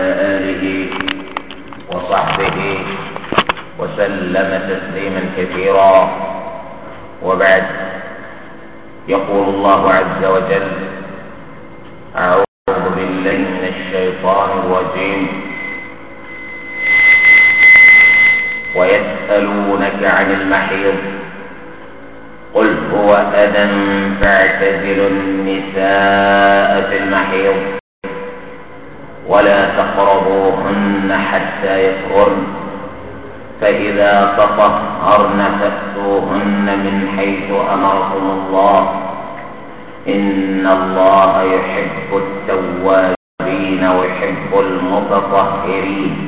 آله وصحبه وسلم تسليما كثيرا وبعد يقول الله عز وجل أعوذ بالله من الشيطان الرجيم ويسألونك عن المحيض قل هو أذى فاعتزلوا النساء في المحيض ولا تقربوهن حتى يطهرن فإذا تطهرن فأتوهن من حيث أمركم الله إن الله يحب التوابين ويحب المتطهرين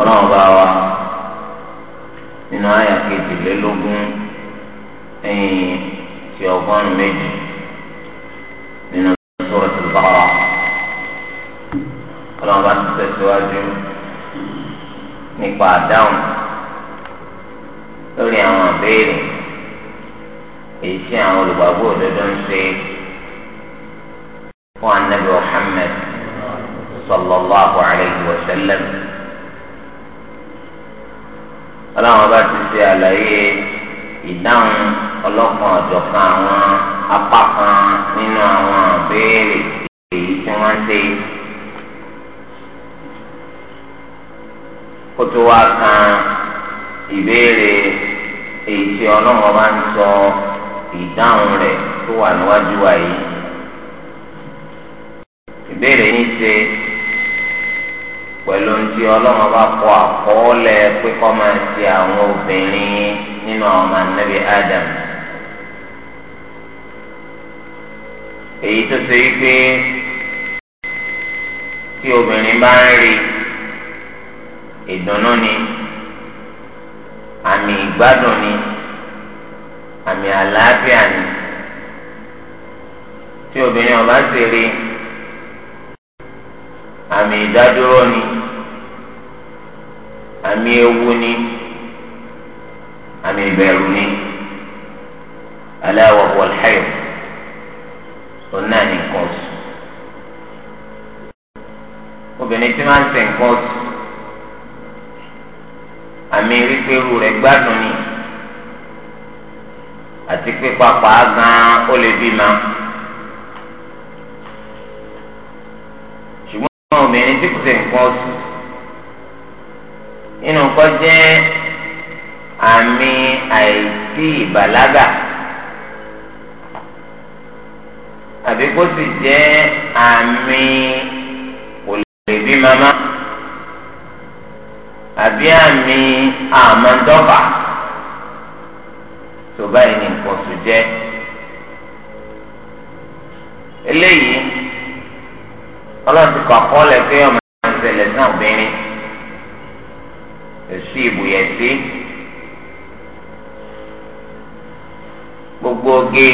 ọlọ́run bá wa آية aya أي kejìlélógún ẹ̀yìn الثمرات ọlọ́run bá ti tẹ̀síwájú nípa àdáhùn lórí àwọn àbẹ́ẹ̀rẹ̀ èyí tí àwọn olùgbàgbọ́ òdodo ń ṣe fún anabi Muhammad sallallahu alayhi wa sallam ọlọ́run bá ti ṣe àlàyé ìdáhùn ọlọ́kan ọ̀jọ̀kan àwọn apá kan nínú àwọn àbẹ́ẹ̀rẹ̀. èyí tí wọ́n ṣe kó tó wá kan ìbéèrè èyí tí ọlọ́run bá ń sọ ìdáhùn rẹ̀ tó wà níwájú wa yìí. ìbéèrè yìí ṣe pẹ̀lú bá kọ àkọọ́lẹ̀ pé kọ́ máa ṣe àwọn obìnrin nínú ọmọ Ádámù. èyí tó ṣe wípé tí obìnrin bá ń rí ìdùnnú ni àmì ìgbádùn ni àmì àlàáfíà ni tí obìnrin ọba sì rí àmì ìdádúró ni àmì ewu ni àmì ìbẹ̀rù ni aláwọ̀ wọ̀lẹ́yìn òun náà ní nǹkan oṣù obìnrin tí máa ń ṣe nǹkan oṣù àmì wípé irú rẹ̀ gbádùn ni àti pé papà gan ó lè bímọ ṣùgbọ́n obìnrin tí kò ṣe nǹkan oṣù inú nǹkan jẹ́ àmì àìsí ìbàlágà. àbí kó sì jẹ́ àmì kò lè bí mama àbí àmì àmọ́dọ́bà tó báyìí ní nǹkan oṣù jẹ́ eléyìí ọlọ́run ti kọ́ àkọọ́lẹ̀ pé ọmọ ìṣẹ̀lẹ̀ náà obìnrin èsì ìbùyẹ̀sí gbogbo oge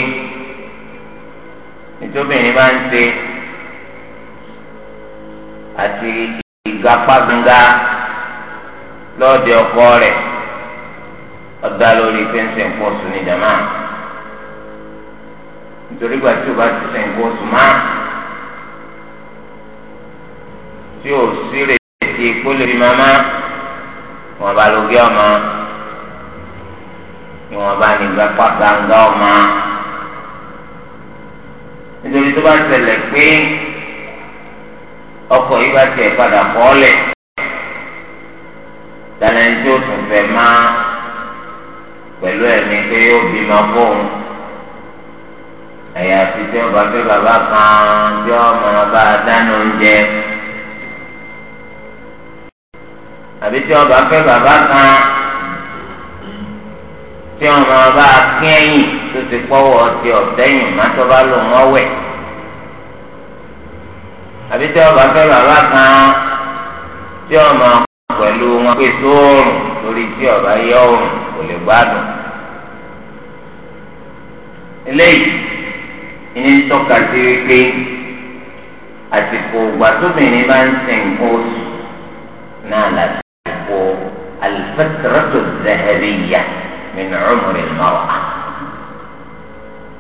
nítòbìnrin máa ń ṣe àti ìgapágbínga lọ́ọ̀dẹ ọkọ rẹ̀ ọ̀dà lórí pẹ́ńsẹ̀ ń pọ̀sù ní jàmá nítorí gbà tí o bá ti sẹ̀ ń pọ̀sù má tí o sì retí kó lè fi mamá wọn bá lóge ọmọ ni wọn bá ní ìgbapágbínga ọmọ tó bá ṣẹlẹ̀ pé ọkọ̀ yìí bá tiẹ̀ padà bọ́ọ̀lẹ̀ dáná ní tí ó tún fẹ́ máa pẹ̀lú ẹ̀mí pé yóò bímọ fóun àyàfi tí ọba pé bàbá kan tí ọmọ bá dáná oúnjẹ àbí tí ọba pé bàbá kan tí ọmọ bá kí ẹ̀yìn tó ti pọ́wọ́ ti ọ̀tẹ́yìn má tó bá lò wọ́n wẹ̀ àbí tí ọba fẹ́ bàbá kan tí ọmọ pẹ̀lú wọn pé sóòrùn lórí tí ọba yẹ òrùn kò lè gbádùn. eléyìí ìní tọ́ka sí wípé àsìkò ìgbà tóbìnrin bá ń sin nǹkan oṣù náà lásìkò alifatiratu zahariya min umri al-mar'a.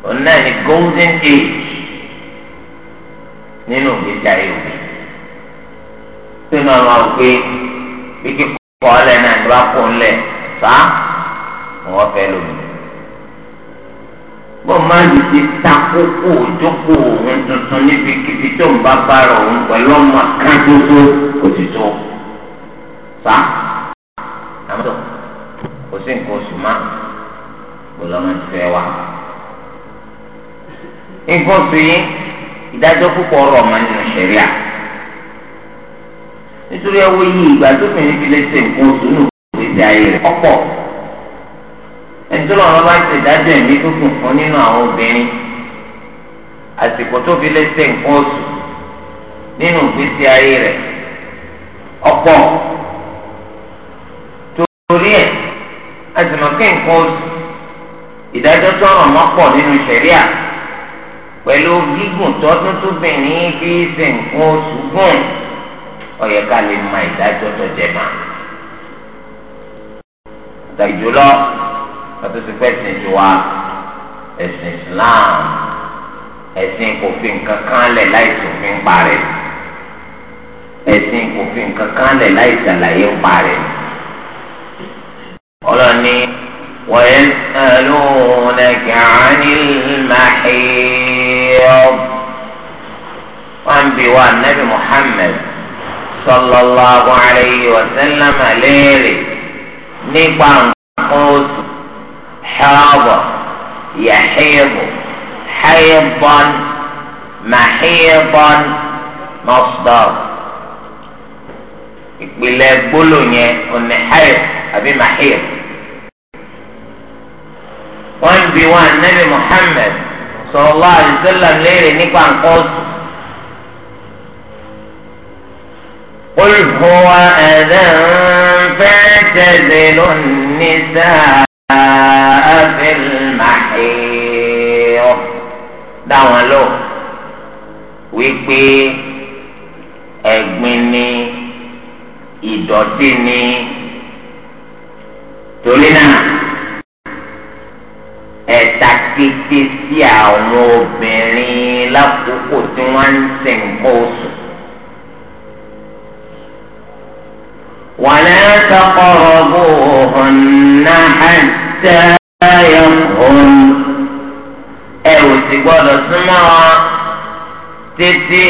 òun náà ni golden age nínú ìgbésí ayé òbí tó máa ma wò pé bí kíkọ́ ọ̀lẹ́ náà ni wàá kó ńlẹ̀ sá wọ́n fẹ́ lómi. bó máa ń ti takókò òjòkó òun tuntun níbi kíbi tó ń bá bára òun pẹ̀lú ọmọ kan gbogbo òtítọ́ sá àmọ́ kò sí nǹkan oṣù má kò lọ́mọ ti fẹ́ wa. nǹkan oṣù yìí ìdájọ́ púpọ̀ ọ̀rọ̀ ọ̀ma nínú ṣẹ̀ríà nítorí ẹwọ́ yìí ìgbà tó fi ní fi lè ṣe nǹkan oṣù nù ìgbésí ayé rẹ̀ ọ̀pọ̀ ẹ̀ńtọ́lọ́ ọ̀rọ̀ bá ṣe ìdájọ́ ẹ̀mí tó kù fún nínú àwọn obìnrin àsìkò tó fi lè ṣe nǹkan oṣù nínú ìgbésí ayé rẹ̀ ọ̀pọ̀ torí ẹ̀ àtìmọ̀kẹ́ nǹkan oṣù ìdájọ́ tó ọ̀rọ̀ mọ́pọ̀ nínú ṣẹ̀ríà pẹ̀lú gígùn tọdún tóbìnrin fi ṣe nǹkan oṣù gùn ọ̀yẹ̀ ká lè mọ ìdájọ́ tó jẹ mọ́. Àtàkì jùlọ ọtún ti fẹ́ sìn ju wa ẹ̀sìn Islam ẹ̀sìn kò fi nǹkan kan lẹ̀ láì sòfin parẹ́ ẹ̀sìn kò fi nǹkan kan lẹ̀ láì sàlàyé parẹ́. Ọlọ́ni wọ́n yẹn ń sẹ́lónà kí á ní màáyé yawm wọ́n bi wá nabi muhammed sallallahu alayhi wa sallam léèrè nípa nǹkan oṣù xaaba yaxiibu xayiban maxiiban masdar ìpìlẹ̀ gbólóyè òní xayib àbí maxiib wọ́n bi wá nabi muhammed sallallahu alaihi wasallam léèrè nípa nǹkan ọ̀sùn. قل هو أذى فاعتزلوا النساء في المحيض dá wọn lò wípé ẹ̀gbin ni ìdọ̀tí ni torí ẹ̀ta kété sí àwọn obìnrin lákòókò tí wọ́n ń sìn nǹkan oṣù. ولا تقربوهن حتى يطهرن ẹ ò sì gbọ́dọ̀ súnmọ́ wọn títí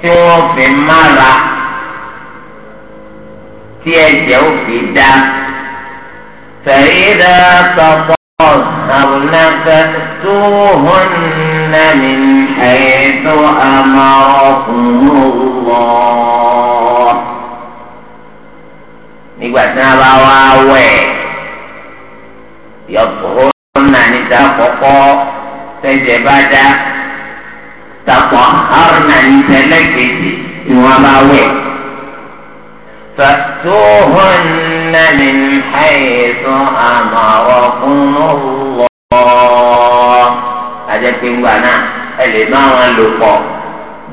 tí wọ́n fi mára tí ẹ̀jẹ̀ ò fi dá fẹ̀yìndà tọpọ ọsùn. فاستفتوهن من حيث أمركم الله nígbà tí wọn bá wá wẹ̀ yọkùrọ náà níta kọ́kọ́ tẹ̀jẹ̀ bá dá takọ àrùn náà níta lẹ́gbẹ̀ẹ́jì ni wọn bá wẹ̀ fàtóhùn. من حيث أمركم الله أجل بنا الإمام اللقاء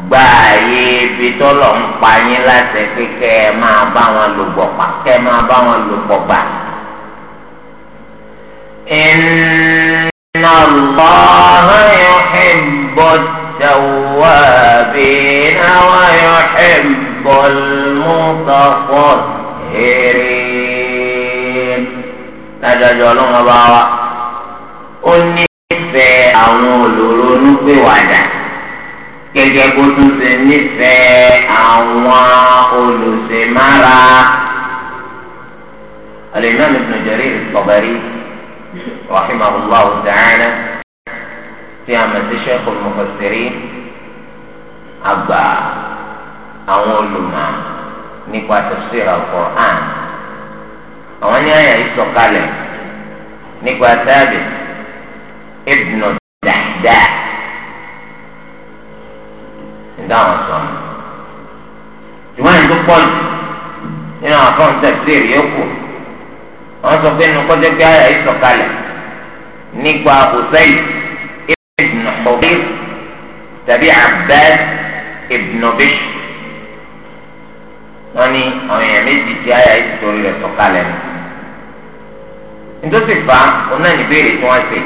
gbààyè ibi tọ́lọ̀ ń pa yín láti pé kẹ́ ẹ máa bá wọn lò pọ̀ pa kẹ́ ẹ máa bá wọn lò pọ̀ gbà. Inna Allaha yuhibbu at-tawwabina wa yuhibbu al èrè lájọjọ ọlọ́run ọba wa ó nífẹ̀ẹ́ àwọn olóronú pé wàdà gẹ́gẹ́ bó tún ṣe nífẹ̀ẹ́ àwọn olùṣèmára. الإمام ابن جرير الطبري رحمه الله تعالى في عمة شيخ المفسرين أبا أقول ما nípa tafsir al-Qur'an àwọn ní àyà ìsọ̀kalẹ̀ nípa Thabit ibn Dahdah nígbà wọn sọ ọ́nà ṣùgbọ́n ìlú pọ́ọ̀lù nínú àwọn fọ́ọ̀mù tafsir yòókù wọ́n sọ pé nínú kọ́jọ́ pé àyà ìsọ̀kalẹ̀ nípa Usayd ibn Hubayr tàbí Abbas ibn Bishr wọn ní àwọn èèyàn méjì tí àyà yìí ti torí rẹ̀ sọ̀kalẹ̀ ni nítorí fa òun náà ní béèrè tí wọ́n ṣe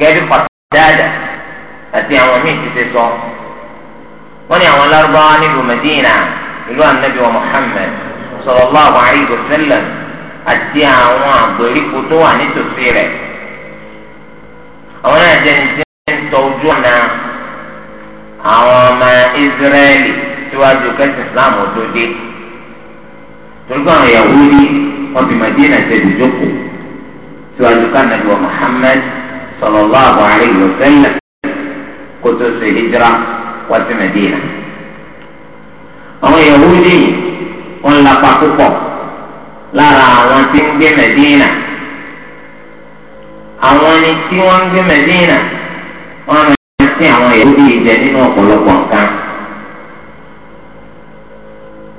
gẹ́gẹ́ bí pàtàkì àti àwọn míì ti ṣe sọ wọ́n ní àwọn lárúbáwá nílùú Medina ìlú anabi wa Muhammad sallallahu alaihi wasallam àti àwọn àgbèríko tó wà nítòsí rẹ̀ àwọn náà jẹ́ ní ti ń tọ́jú ọ̀nà àwọn ọmọ Israẹli síwájú kẹ́sì islam tó dé torí pé àwọn ìyàwó ní wọn fi Madina ṣe ìjókòó síwájú kánàbí wa Muhammad sallallahu alaihi wa sallam kó tó ṣe hijira wá sí Madina àwọn ìyàwó ní wọn lápá púpọ̀ lára àwọn tí ń gbé Madina àwọn tí wọn ń gbé Madina wọn máa ń sin àwọn ìyàwó ní ìjẹ nínú ọ̀pọ̀lọpọ̀ nǹkan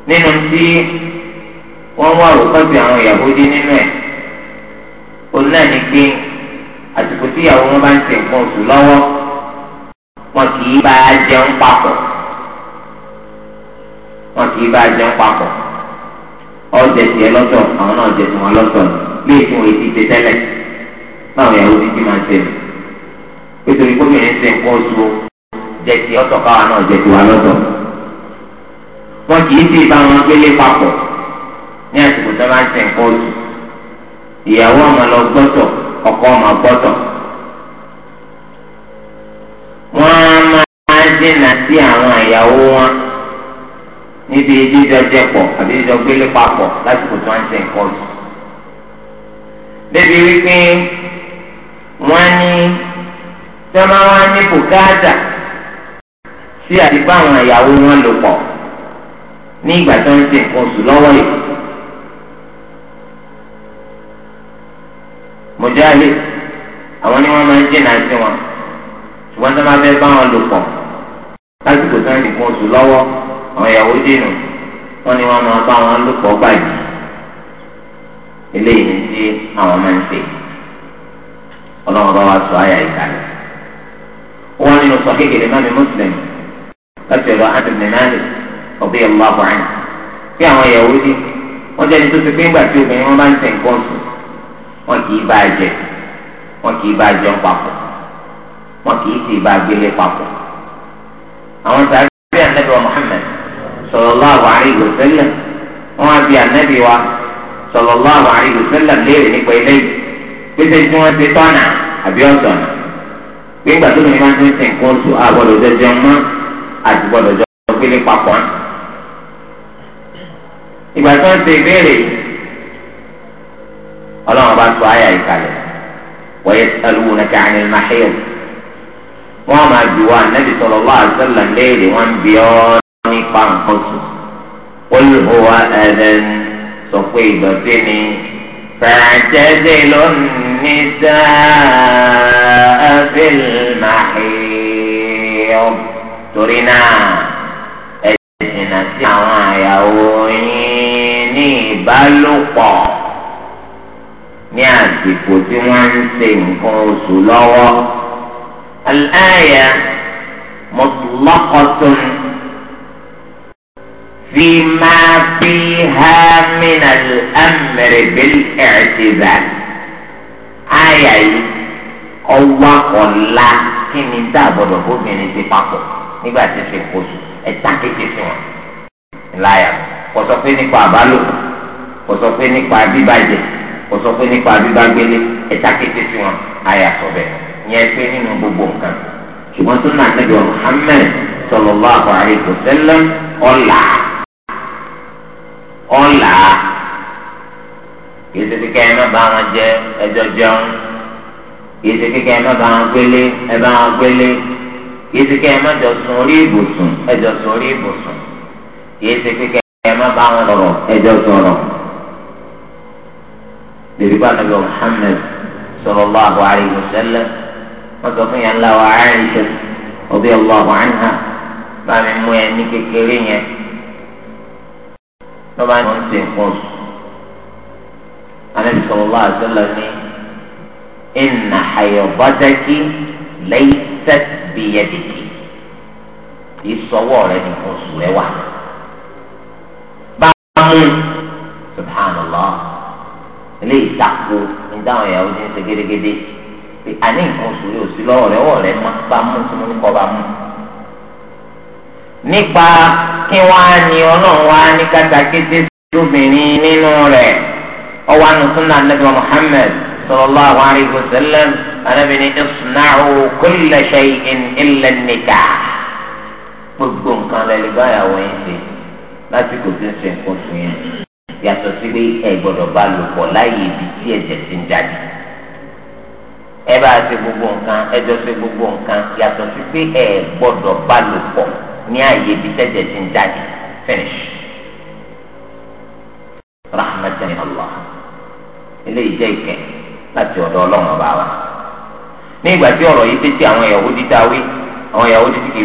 nínú tí wọ́n wá òkọ́jú àwọn ìyàwó dé nínú ẹ̀ òun náà ni pé àsìkò tí ìyàwó wọn bá ń ṣe nǹkan oṣù lọ́wọ́ wọn kì í bá a jẹun papọ̀ wọn kì í bá a jẹun papọ̀ ọ̀jẹ̀ tiẹ̀ lọ́tọ̀ àwọn náà jẹ̀ tiwọn lọ́tọ̀ bí ìfún èsì ti tẹ́lẹ̀ báwọn ìyàwó ti ti máa ń ṣe nù gómìnà ń ṣe nǹkan oṣù jẹ̀ tiẹ̀ ọ̀tọ̀ káwa náà jẹ̀ tiwa lọ́tọ̀ wọn kì í sì bá wọn gbélé papọ̀ ní àsìkò tó bá ń sìn kóòtù ìyàwó ọmọ lọ gbọ́tọ̀ ọkọ ọmọ gbọ́tọ̀ wọn máa dènà sí àwọn ìyàwó wọn níbi jíjọ jẹpọ̀ àbí jíjọ gbélé papọ̀ lásìkò tó ń sìn kóòtù débi wípé wọn ní tọ́mọ wọn ní bùkátà sí àdìgbò àwọn ìyàwó wọn lò pọ̀ ní ìgbà tó ń ṣe nǹkan oṣù lọ́wọ́ yìí. mujahid àwọn ni wọ́n máa ń jìnnà sí wọn ṣùgbọ́n tó máa fẹ́ bá wọn lò pọ̀ lásìkò tó ń ṣe nǹkan oṣù lọ́wọ́ àwọn ìyàwó dènù wọ́n ni wọ́n máa bá wọn lò pọ̀ báyìí eléyìí ní tí àwọn máa ń ṣe ọlọ́run bá wa sọ àyà ìkàlẹ̀ wọ́n nínú sọ kékeré mami muslim láti ọ̀dọ̀ àti ọ̀bí ẹ̀ lọ́wọ́ àbọ̀rìn bí àwọn ìyàwó ní wọ́n jẹ́ ní tó ti pé ńgbà tí obìnrin wọn bá ń tẹ̀ nǹkan sùn wọn kì í bá a jẹ wọn kì í bá a jẹun papọ̀ wọn kì í sì bá a gbélé papọ̀ àwọn sáré bí anabi wa Muhammad sallallahu alaihi wa sallam wọn á bí anabi wa sallallahu alaihi wa sallam léèrè nípa eléyìí pèsè tí wọn ti tọ́nà àbí ọ̀sán gbígbà tó lóyún máa ń tẹ̀ nǹkan sùn àgbọ̀dọ̀ jẹjẹun ìgbà tó ń ṣe ìbéèrè ọlọ́run bá sọ àyà ìkàlẹ̀ wọ́n yẹ alùpùpù náà kí àní máa ṣe wọ́n máa jù wá nẹ́bí sọ̀rọ̀ wá àṣẹlẹ̀ léèrè wọ́n bí ọ́ nípa nǹkan sùn ó lè hó wa ẹ̀ẹ́dẹ́n sọ pé ìdọ̀tí ni fẹ̀ẹ́tẹ́dẹ́ ló torí náà ẹ̀sìn àti àwọn àyàwó yín ìbálòpọ̀ ní àsìkò tí wọ́n ń ṣe nǹkan oṣù lọ́wọ́ aláya mọ̀tòlọ́kọ̀tún fi máa fi ha mìnà amẹ̀rẹ̀ bẹ́ẹ̀ ẹ̀ẹ́dẹ̀dà àyà yìí ọwọ́ ọ̀la kí ni dáàbọ̀dọ̀ obìnrin ti papọ̀ nígbà tí ó ṣe kóso ẹ̀ta kékeré wọn láyà kọ̀sọ́ pé nípa àbálòpọ̀ kò sọ pé nípa bíbàjẹ́ kò sọ pé nípa bíbágbélé ẹ̀ta kété sí wọn àyà sọ bẹ́ẹ̀ yẹn pé nínú gbogbo nǹkan ṣùgbọ́n tó náà nàbẹ̀ Muhammad sallallahu alaihi wasallam ọ̀là ọ̀là kìí ṣe kíkẹ́ ẹ má bá wọn jẹ ẹjọ́ jẹun kìí ṣe kíkẹ́ ẹ má bá wọn gbélé ẹ bá wọn gbélé kìí ṣe kíkẹ́ ẹ má jọ sùn orí ibùsùn ẹjọ́ sùn orí ibùsùn kìí ṣe kíkẹ́ ẹ má bá wọn lọ̀rọ̀ ẹjọ́ sọ̀rọ̀ dèrìbà nàbẹ Muhammad sallallahu alayhi wa sallam wọn sọ fún yàn láwa Aisha radiyallahu anha bámi mú ẹ ní kékeré yẹn lọba ní wọn ti nǹkan oṣù anabi sallallahu alayhi wa sallam ní inna haydataki laysat biyadiki ìsọwọ́ rẹ ní oṣù rẹ wà. báwo subhanallah ilé ìtako ní táwọn ìyàwó ti ń ṣe gédégédé pé àní nǹkan oṣù yóò sí lọ́wọ́ rẹ̀ wọ̀ rẹ̀ má bá mú tí mo ní kọ́ bá mú. nípa kí wọ́n á ní ọlọ́run wá ní kátàkété lóbìnrin nínú rẹ̀ ọwọ́ ànùsùn náà nàbẹ̀ Muhammad sallallahu alayhi wa sallam arábìnrin isna'u kulla shay'in illa an-nikah gbogbo nǹkan lẹ́lẹ́gbẹ́ àyàwó yẹn ṣe láti kò tí ń ṣe nǹkan oṣù yẹn yàtọ̀ sí pé ẹ gbọ́dọ̀ bá lò pọ̀ láàyè ibi tí ẹ̀jẹ̀ ti ń jáde ẹ bá ṣe gbogbo nǹkan ẹ jọ ṣe gbogbo nǹkan yàtọ̀ sí pé ẹ gbọ́dọ̀ bá lò pọ̀ ní àyè ibi tí ẹ̀jẹ̀ ti ń jáde finish rahmatan allah eléyìí jẹ́ ìkẹ́ láti ọ̀dọ̀ ọlọ́run ọba wa ní ìgbà tí ọ̀rọ̀ yìí dé sí àwọn Yahudi dáwé àwọn Yahudi tí kì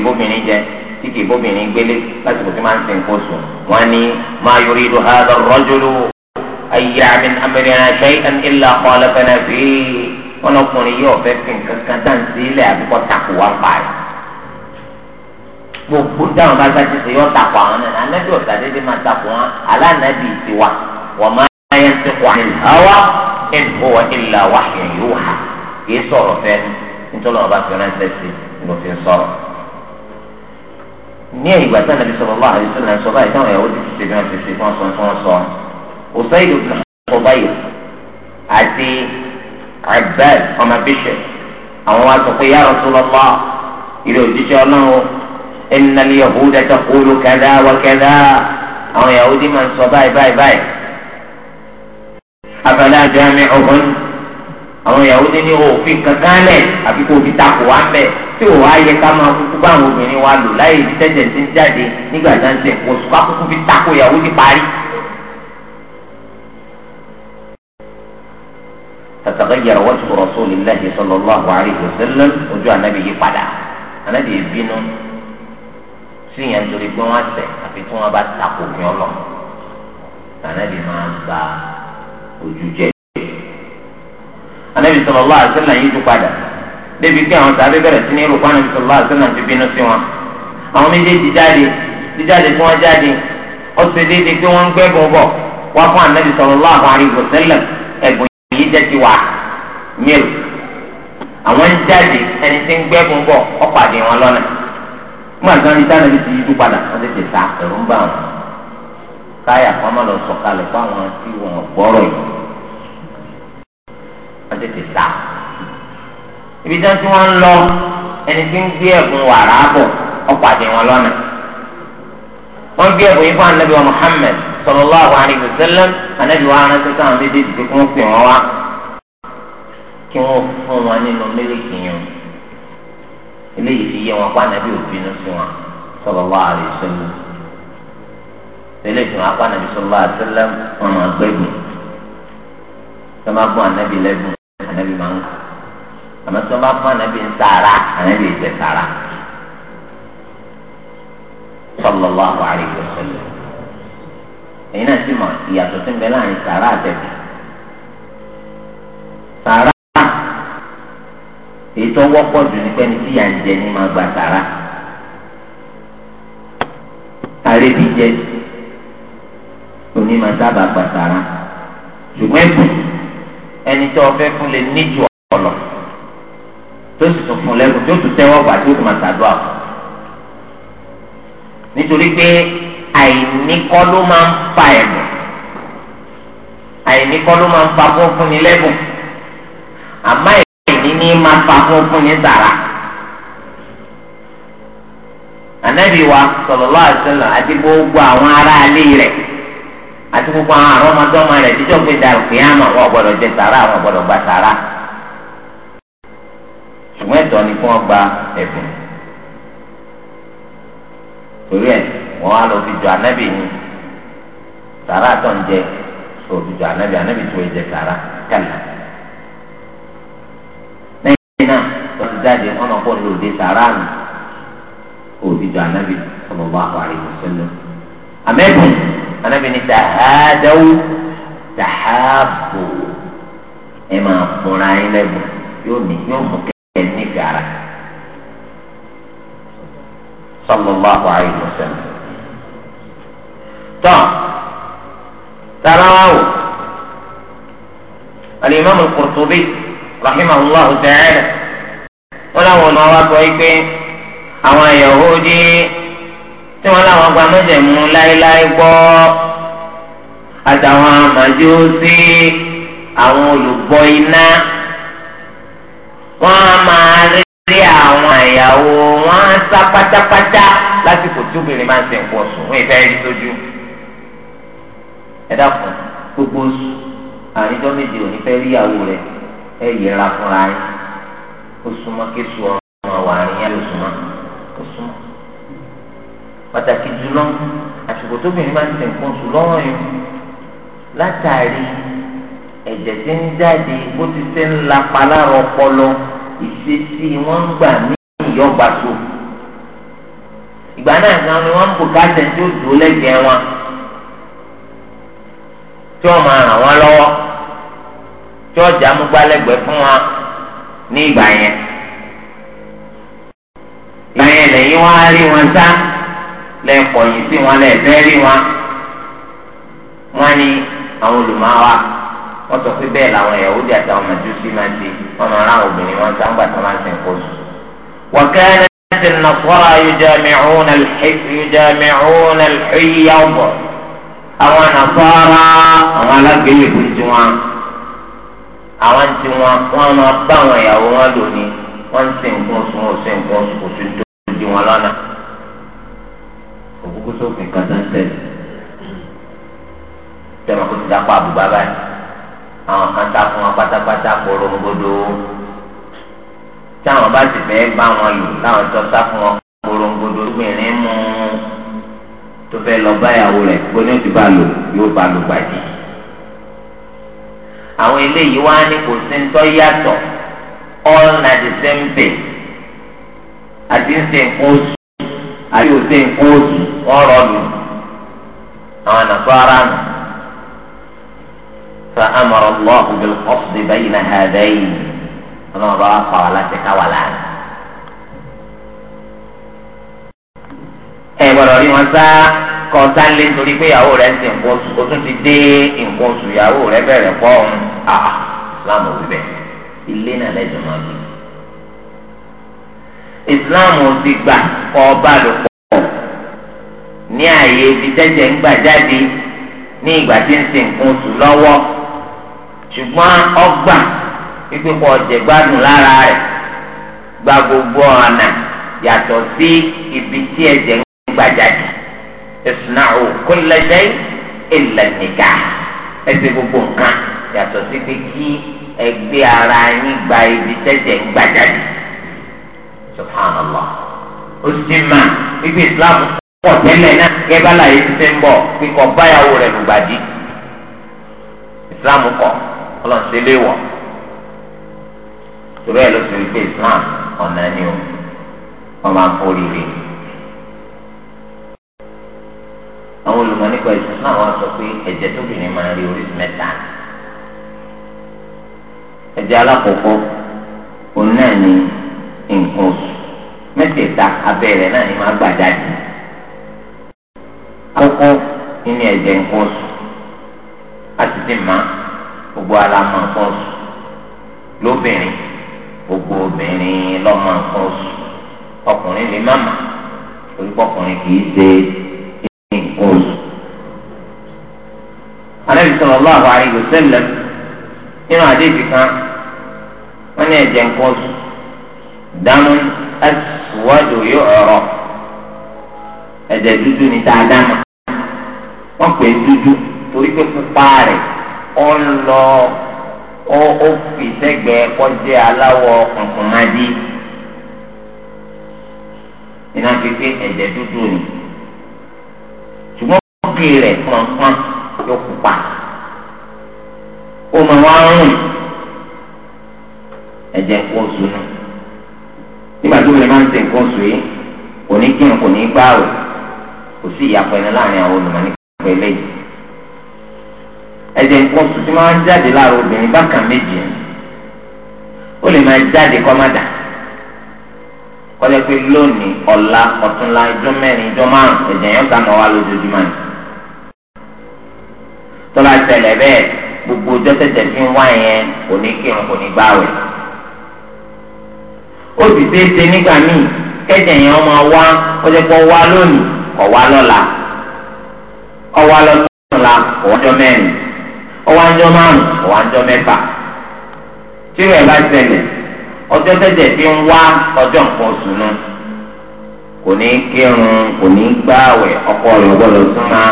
tí kì í bóbìnrin gbélé láti kò tí máa ń sin kó sùn wọn ni ma yuridu hadha ar-rajulu ayé min amrina shay'an illa khalafana fihi wọn ọkùnrin yóò fẹ́ fi nǹkan kan dáǹtí ilẹ̀ àbíkọ́ takò wá pààyà gbogbo dáhùn bá sáà ti sè yọ takò àwọn náà anábì ọ̀sà dédé máa takò wọn alánàbì tiwa wọ́n máa yẹn ti kọ́ àyè hawa in huwa illa wahyun yuha kì í sọ̀rọ̀ fẹ́ nítorí wọn bá fi ránṣẹ́ sí i ló fi sọ̀rọ̀ ní ìgbà tí anabi sọ̀rọ̀ bá àyè sọ̀rọ̀ sọ̀rọ̀ báyìí táwọn ẹ̀wọ́ ti ti ṣe bí wọ́n ti ṣe fún ọ̀sán fún ọ̀sán Usaid ibn Hubayr àti Abbad ọmọ bishop àwọn wa sọ pé ya Rasulullah ìrè òjíṣẹ́ ọlọ́run innal yahuda taqulu kadha wa kadha àwọn Yahudi máa sọ báyìí báyìí báyìí abala jami'uhun àwọn Yahudi ní òfin kankan lẹ̀ àbí takò wá mẹ́ẹ̀ tí ò wá yẹ ká máa kúkú bá àwọn obìnrin wa lò láyé ìdíjẹ́jẹ́ ti ń jáde nígbà tá ń sẹ̀ pọ̀ sùkọ́ akókó fi tako ìyàwó ti parí. تتغير وجه رسول الله صلى الله عليه وسلم وجوه النبي padà النبي bínú sí yẹn torí pé wọ́n ṣẹ̀ àfi tí wọ́n bá tako fi ọlọ النبي máa ń ba ojú jẹ́. النبي صلى الله عليه وسلم yìí tún padà débi pé àwọn sàbẹ bẹ̀rẹ̀ sí ní rúpa nàbí sọlá àtúnà ti bínú sí wọn àwọn méjèèjì jáde jíjáde tí wọn jáde ó ṣe déédéé pé wọn ń gbẹbùn bọ wá fún ànábì sallallahu alaihi wasallam ẹbùn yìí jẹ ti wà mílò àwọn ń jáde ẹni tí ń gbẹbùn bọ ó pàdé wọn lọ́nà nígbà tí wọn ní sànàbí ti yíjú ibi tí wọn ti wọn lọ ẹni tí ń gbé ẹ̀bùn wàrà bọ̀ ọkọ àti wọn lọ́nà wọn gbé ẹ̀bùn yìí fún anabi wa muhammed sallallahu alayhi wa sallam anabi wa aránsẹ sáwọn dédé dìde kí wọn pè wọn wá kí wọn fún wọn nínú mílíkì yẹn eléyìí fi yé wọn pa anabi òbínú sí wọn sallallahu alayhi wa sallam eléyìí wọn pa anabi sallallahu alayhi wa sallam wọn máa gbẹgbẹ sọ ma anabi lẹgbẹ anabi máa ń kọ àmọ́ tí wọ́n bá fún ànábì ń sàrà ànábì ìjẹ sàrà sallallahu alaihi wasallam èyí náà sì mọ ìyàtọ̀ tí ń bẹ láàrin sàrà àtẹ̀bí sàrà èyí tó wọ́pọ̀ jù ní pẹ́ni tí yà ń jẹ ní máa gba sàrà àrèbí jẹ òní máa sábà gba sàrà ṣùgbọ́n ẹni tó o fẹ́ fún lè níjù ọ̀pọ̀lọpọ̀ tó sì tún fún lẹ́kùn tó tún tẹ́wọ́ gbà tó tún máa ṣàdúrà fún. nítorí pé àìníkọ́ ló máa ń fa ẹ̀mọ̀ àìníkọ́ ló máa ń fa fún fúnni lẹ́bùn àmọ́ àìní ní máa fa fún fúnni sàrà. ànábì wa sallallahu alaihi wasallam àti gbogbo àwọn ará ilé rẹ̀ àti gbogbo àwọn àrọ́mọdọ́mọ rẹ̀ jíjọ́ gbé dàrú kìí àmọ̀ gbọ́dọ̀ jẹ sàrà wọ́n gbọ́dọ̀ gba sàrà ṣùgbọ́n ẹ̀tọ́ ni kí wọ́n gba ẹ̀bùn torí ẹ̀ wọ́n á lọ fi jọ ànábì yìí sàrà àtọ̀ ń jẹ sọ fi jọ ànábì ànábì tó jẹ sàrà kàlà lẹ́yìn náà wọ́n ti jáde wọ́n náà kọ́ lòdì sàrà nù òbí jọ ànábì sallallahu alaihi wasallam àmẹ́bù ànábì ni tàhádáwó tàhábò ẹ̀ máa fúnra yín lẹ́bùn yóò ní yóò mú kẹ́ ẹni gara sallallahu alayhi wa sallam tán tarawaawo alimam al-Qurtubi rahimahullahu ta'ala wọn làwọn ọmọ wa sọ pé àwọn Yahudi tí wọn làwọn gba mẹjẹmú láéláé gbọ́ àtàwọn Májúsí àwọn olùgbọ́ iná wọ́n á máa rí àwọn àyàwó wọ́n á sá pátápátá lásìkò tóbìnrin máa ń ṣe nǹkan oṣù wọ́n ìfẹ́ rí sójú. ẹ dákun gbogbo oṣù àríjọ méje ò ní fẹ́ rí ìyàwó rẹ ẹ yẹra fúnra yín oṣù mọ́kẹ́sù ọ̀run àwọn àríyàn oṣù mọ́ oṣù mọ́. pàtàkì jùlọ àsìkò tóbìnrin máa ń ṣe nǹkan oṣù lọ́wọ́ yìí látàrí ẹ̀jẹ̀ tí ń jáde bó ti ṣe ń lapa lára ọpọlọ. ìṣesí wọn ń gbà ní ìyọgbà ìgbà náà gan ni wọn ń bò káṣẹ tí ó dùn wọn tí wọn máa ràn wọn lọ́wọ́ tí ọjà amúgbálẹ́gbẹ̀ fún wọn ní ìgbà yẹn ìgbà yẹn lẹ́yìn wọn á rí wọn sá lẹkọyìn sí wọn lẹẹfẹ rí wọn wọn ni àwọn olùmọ̀ wa. wọ́n sọ pé bẹ́ẹ̀ làwọn ìyàwó di àtàwọn màjúsí máa ń di wọ́n máa rán obìnrin wọn sáńgbà tó máa ń sìn kóso. وكانت النصارى يجامعون الحي يجامعون الحي يوم àwọn nasara àwọn àwọn ti wọn wọn máa bá àwọn ìyàwó wọn lò wọn ń ṣe nǹkan oṣù wọn ò ṣe nǹkan oṣù kò sí tó di wọn lọ́nà. òkúkú sófin kan tó ń tẹ̀lé kó ti dápọ̀ àbúgbá báyìí àwọn kan ta fún wọn pátápátá korongodo tí àwọn bá ti fẹ́ bá wọn lò láwọn tó sá fún wọn korongodo obìnrin mú tó fẹ́ lọ báyàwó rẹ̀ gbóná ti bá lò yóò bá lò gbàdí. àwọn eléyìí wá ní kò sí ń yàtọ̀ all na the same thing àti ń ṣe nǹkan oṣù àti ò ṣe nǹkan oṣù wọ́n rọ̀ lù àwọn ànàfọ́ ara nù. فأمر الله بالقصد بين هذين أنا رأى ولا تكولا ẹ gbọ́dọ̀ rí wọn sá kọta lé nítorí pé ìyàwó rẹ̀ ń ti nǹkan oṣù ó tún ti dé nǹkan oṣù ìyàwó rẹ̀ bẹ̀rẹ̀ pọ ọhún àà láàmú wíbẹ ilé náà lẹjọ máa bí. islam ti gbà kọ́ ọba lò pọ̀ ní ààyè ibi tẹ́jẹ̀ ń gbà jáde ní ìgbà tí ń ṣe nǹkan oṣù lọ́wọ́ ṣùgbọ́n ọgbà ìgbìkọ̀ ọ̀jẹ̀ gbádùn lára rẹ̀ gba gbogbo ọ̀nà yàtọ̀ sí ibi tí ẹ̀jẹ̀ ń gbàjáde ìsúnáwó kólẹ́jẹ́ ìlànìkà ẹsẹ̀ gbogbo nǹkan yàtọ̀ sí pé kí ẹgbẹ́ ara yín gba ibi tẹ́jẹ̀ ń gbàjáde subhanallah ó sì máa ibi islam pọ̀ tẹ́lẹ̀ náà kẹ́bàlà yìí ti fẹ́ ń bọ̀ kíkọ báyàwó rẹ̀ lùgbàdì islam kọ̀ ọlọ́run ṣe lé wọ̀ torí ẹ̀ ló fi wípé islam ọ̀nà ni o wọ́n máa ń forí rè àwọn olùmọ̀ nípa islam wọn sọ pé ẹ̀jẹ̀ tóbìnrin máa ń rí oríṣi mẹ́ta ẹ̀jẹ̀ alákọ̀ọ́kọ́ òun náà ni nǹkan oṣù mẹ́tẹ̀ẹ̀ta abẹ́rẹ́ náà ni máa gbà jáde àkọ́kọ́ ní ẹ̀jẹ̀ nǹkan oṣù a sì máa gbogbo ara mọ nǹkan oṣù lóbìnrin gbogbo obìnrin lọ́mọ nǹkan oṣù ọkùnrin lè má mà orúkọ ọkùnrin kì í ṣe nǹkan oṣù. Ànábì sallallahu alaihi wasallam nínú àdéhùn kan wọ́n ní ẹ̀jẹ̀ nǹkan oṣù dánú aswadu yu'raf ẹ̀jẹ̀ dúdú ni dáadáa wọ́n pè é dúdú torí pé pupa rẹ̀ ó ń lọ ó ó fi sẹ́gbẹ̀ẹ́ kọjá aláwọ̀ kùnkùnmadì iná pípé ẹ̀jẹ̀ dúdú ni ṣùgbọ́n òkè rẹ̀ pọ̀npọ̀n yóò pupa ó máa wá rùn ẹ̀jẹ̀ kó oṣù nù nígbà tó lè máa ń ṣe nǹkan oṣù yìí kò ní kírun kò ní gbààwẹ̀ kò sí ìyàpọ̀ ẹni láàrin àwọn olùmọ̀ nípa ẹlẹ́yìí ẹ̀jẹ̀ nǹkan oṣù tí máa ń jáde láàárọ̀ obìnrin bákan méjì ni ó lè máa jáde kọ́ má dà kọ́jà pé lónìí ọ̀la ọ̀túnla ijọ́ mẹ́rin ijọ́ márùn ẹ̀jẹ̀ yẹn kà máa wá lójoojúmọ́ ni tọ́lá tẹ̀lẹ̀ bẹ́ẹ̀ gbogbo ọjọ́ tẹ̀tẹ̀ fi ń wá yẹn kò ní kírun kò ní gbáwẹ̀ ó sì ṣe é ṣe nígbà míì kẹ́jẹ̀ yẹn máa wá kọ́jà pé ọwá lónìí ọ̀wá lọ́la ọwá lọ́túnla ọ̀wá ọjọ́ mẹ́rin ọwọ́ àjọ márùn ọwọ́ àjọ mẹ́fà tí rẹ̀ bá ṣẹlẹ̀ ọjọ́ tẹ̀jẹ̀ ti ń wá ọjọ́ nǹkan oṣù nu kò ní kírun kò ní gbààwẹ̀ ọkọ rẹ̀ gbọ́dọ̀ súnmọ́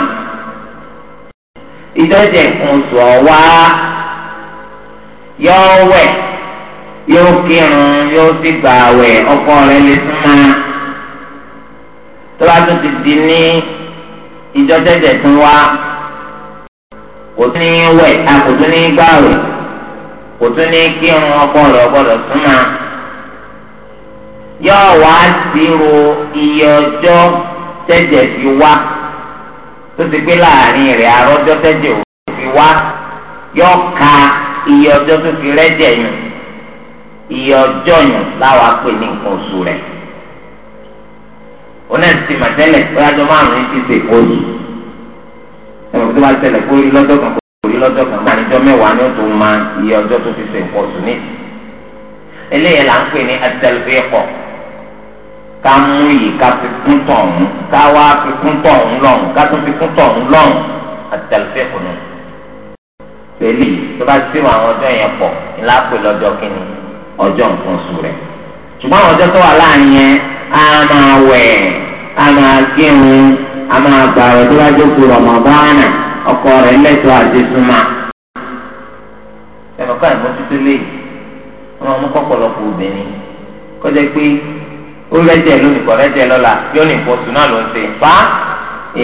ìtẹ̀jẹ̀ nǹkan oṣù ọ̀wá yọ wẹ̀ yóò kírun yóò sì gbààwẹ̀ ọkọ rẹ̀ lè súnmọ́ tó bá tún ti di ní ìjọ tún wá kò tún ní wẹ̀ a kò tún ní gbàwẹ̀ kò tún ní kírun ọgbọ́dọ̀ ọgbọ́dọ̀ súnmọ́ yóò wá sírò iye ọjọ́ tẹ́jẹ̀ fi wá tó ti pé láàrin rẹ̀ arọ́jọ́ tẹ́jẹ̀ fi wá yóò ka iye ọjọ́ tó fi rẹ́jẹ̀ yùn iye ọjọ́ yùn láwa pè ní nǹkan oṣù rẹ̀ onáà ti màtẹ́lẹ̀ pé márùn-ún ti ṣèkóyè ẹ̀rọ tó bá tẹ̀lé kó rí lọ́jọ́ kan kó rí lọ́jọ́ kan máa níjọ́ mẹ́wàá ni ó tó máa iye ọjọ́ tó fi ṣe nǹkan sùn ní. eléyìí là ń pè ní atẹlifíkọ ká mú yìí ká fi kún tọ̀hún ká wá fi kún tọ̀hún lọ́hùn ká tún fi kún tọ̀hún lọ́hùn atẹlifíkọ nù. pẹ̀lú tó bá ti wọn àwọn ọjọ́ yẹn pọ̀ ńlá pè lọ́jọ́ kínní ọjọ́ a máa gbà rẹ̀ tó bá jókòó rọ̀mọ̀bánà ọkọ rẹ̀ lẹ́tọ̀ọ́ àti súnmọ́. ẹ̀mọ̀ká ìmọ̀tútù lè wọn mú kọ́pọ̀lọpọ̀ obìnrin kọjá pé ó rẹ́jẹ̀ lónìí kọ́ rẹ́jẹ̀ lọ́la yóò ní nǹkan náà ló ń ṣe pa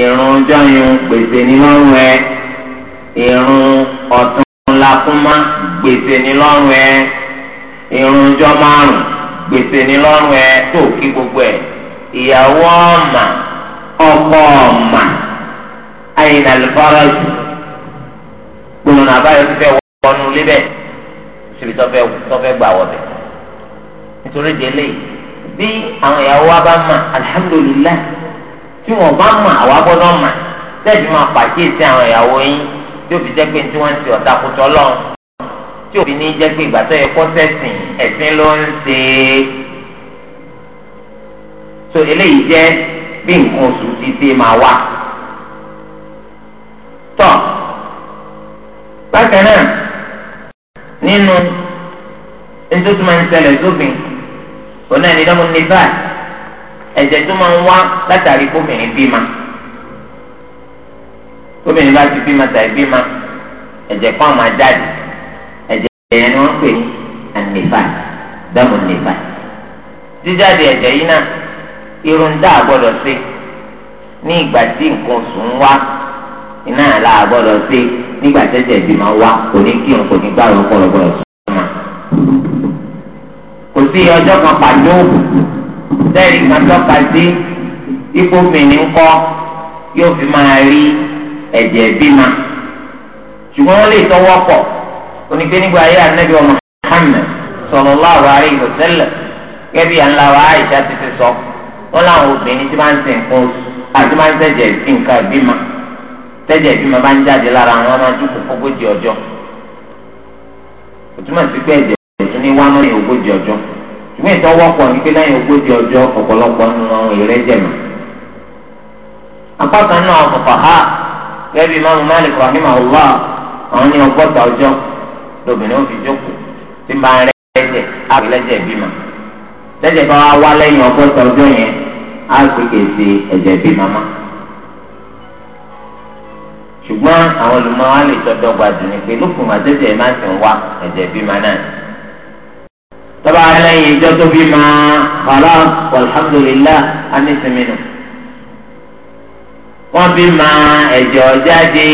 ìrùn ọjọ́ yun gbèsè ní lọ́rùn ẹ ìrùn ọ̀tún lakúnmá gbèsè ní lọ́rùn ẹ ìrùn ọjọ́ márùn gbèsè ní lọ́rùn ẹ tó kí gbogbo ẹ ìyàwó ọ̀mà ọkọ ọ̀mà àyìn àlùfáàrà jù gbòòrùn àbáyọ fífẹ́ wọnú lébẹ̀ síbi tọ́fẹ́ tọ́fẹ́ gbà wọ̀bẹ̀ nítorí délé bí àwọn ìyàwó wa bá mà alihamudulilayi tí wọn bá mà àwa gbọ́dọ̀ mà sẹẹdì máa pàkíyèsí àwọn ìyàwó yín tí ó fi jẹ́ pé tí wọ́n ń ṣe kutọ lọ tí òbí ní jẹ́ pé ìgbà tó yẹ kó sẹ̀sìn ẹ̀sìn ló ń ṣe so eléyìí jẹ́ bí nǹkan oṣù ti ṣe máa wá. tọ́ bákan náà nínú nítorí máa ń ṣẹlẹ̀ sófin òun náà ní lọ́mú ní báyìí ẹ̀jẹ̀ tó máa ń wá látàrí kóbìnrin bímọ kóbìnrin bá ti bímọ tàbí bímọ ẹ̀jẹ̀ kan máa jáde ẹ̀jẹ̀ yẹn ni wọ́n pè ní ànífà dọ́mù nífà jíjáde ẹ̀jẹ̀ yìí náà irun dá a sí ní ìgbà tí nǹkan oṣù ń wá iná àlá àgbọ́dọ̀ sí nígbà tẹ́jẹ̀ bí máa wá kò ní kí òun kò ní gbàrọ̀ ọ̀pọ̀lọpọ̀lọ sọ́mà. kò sí ọjọ́ kan pàtó sẹ́ẹ̀rì kan tọ́ka sí ipò mìíní ńkọ́ yóò fi máa rí ẹ̀jẹ̀ bímọ. ṣùgbọ́n wọ́n lè tọwọ́ pọ̀ onígbé nígbà ayé ànábì ọmọ Muhammad sallallahu alaihi wasallam gẹ́bí àńlá wa Àìṣà ti ti sọ wọ́n láwọn obìnrin tí máa ń sìn kún oṣù àti máa ń tẹ̀jẹ̀ nǹkan ìbímọ tẹ̀jẹ̀ ìbímọ bá ń jáde lára wọn máa dúkù ọjọ́ pé ẹ̀jẹ̀ ní wánú ní ogójì ọjọ́ ìwé ìtọ́ ní pé ogójì ọjọ́ ọ̀pọ̀lọpọ̀ nínú àwọn ìrẹ́jẹ̀ mọ́ ha àwọn ní ọgọ́ta ọjọ́ lóbìnrin òfin jókòó tí máa rẹ́ ẹ̀jẹ̀ bímọ lẹ́jẹ̀ bá wá lẹ́yìn ọgọ́ta á sì kéde ẹ̀jẹ̀ bí màmá. ṣùgbọ́n àwọn olùmọ̀ wa lè tọ́jọ́ gbajù ni pé lókun àtẹ́tẹ́ máa ti ń wá ẹ̀jẹ̀ bí màmá náà tọ́ba lẹ́yìn ìjọ tó bí ma kọ́lá alhamdulilá anísìmínú. wọ́n bí ma ẹ̀jọ̀ jáde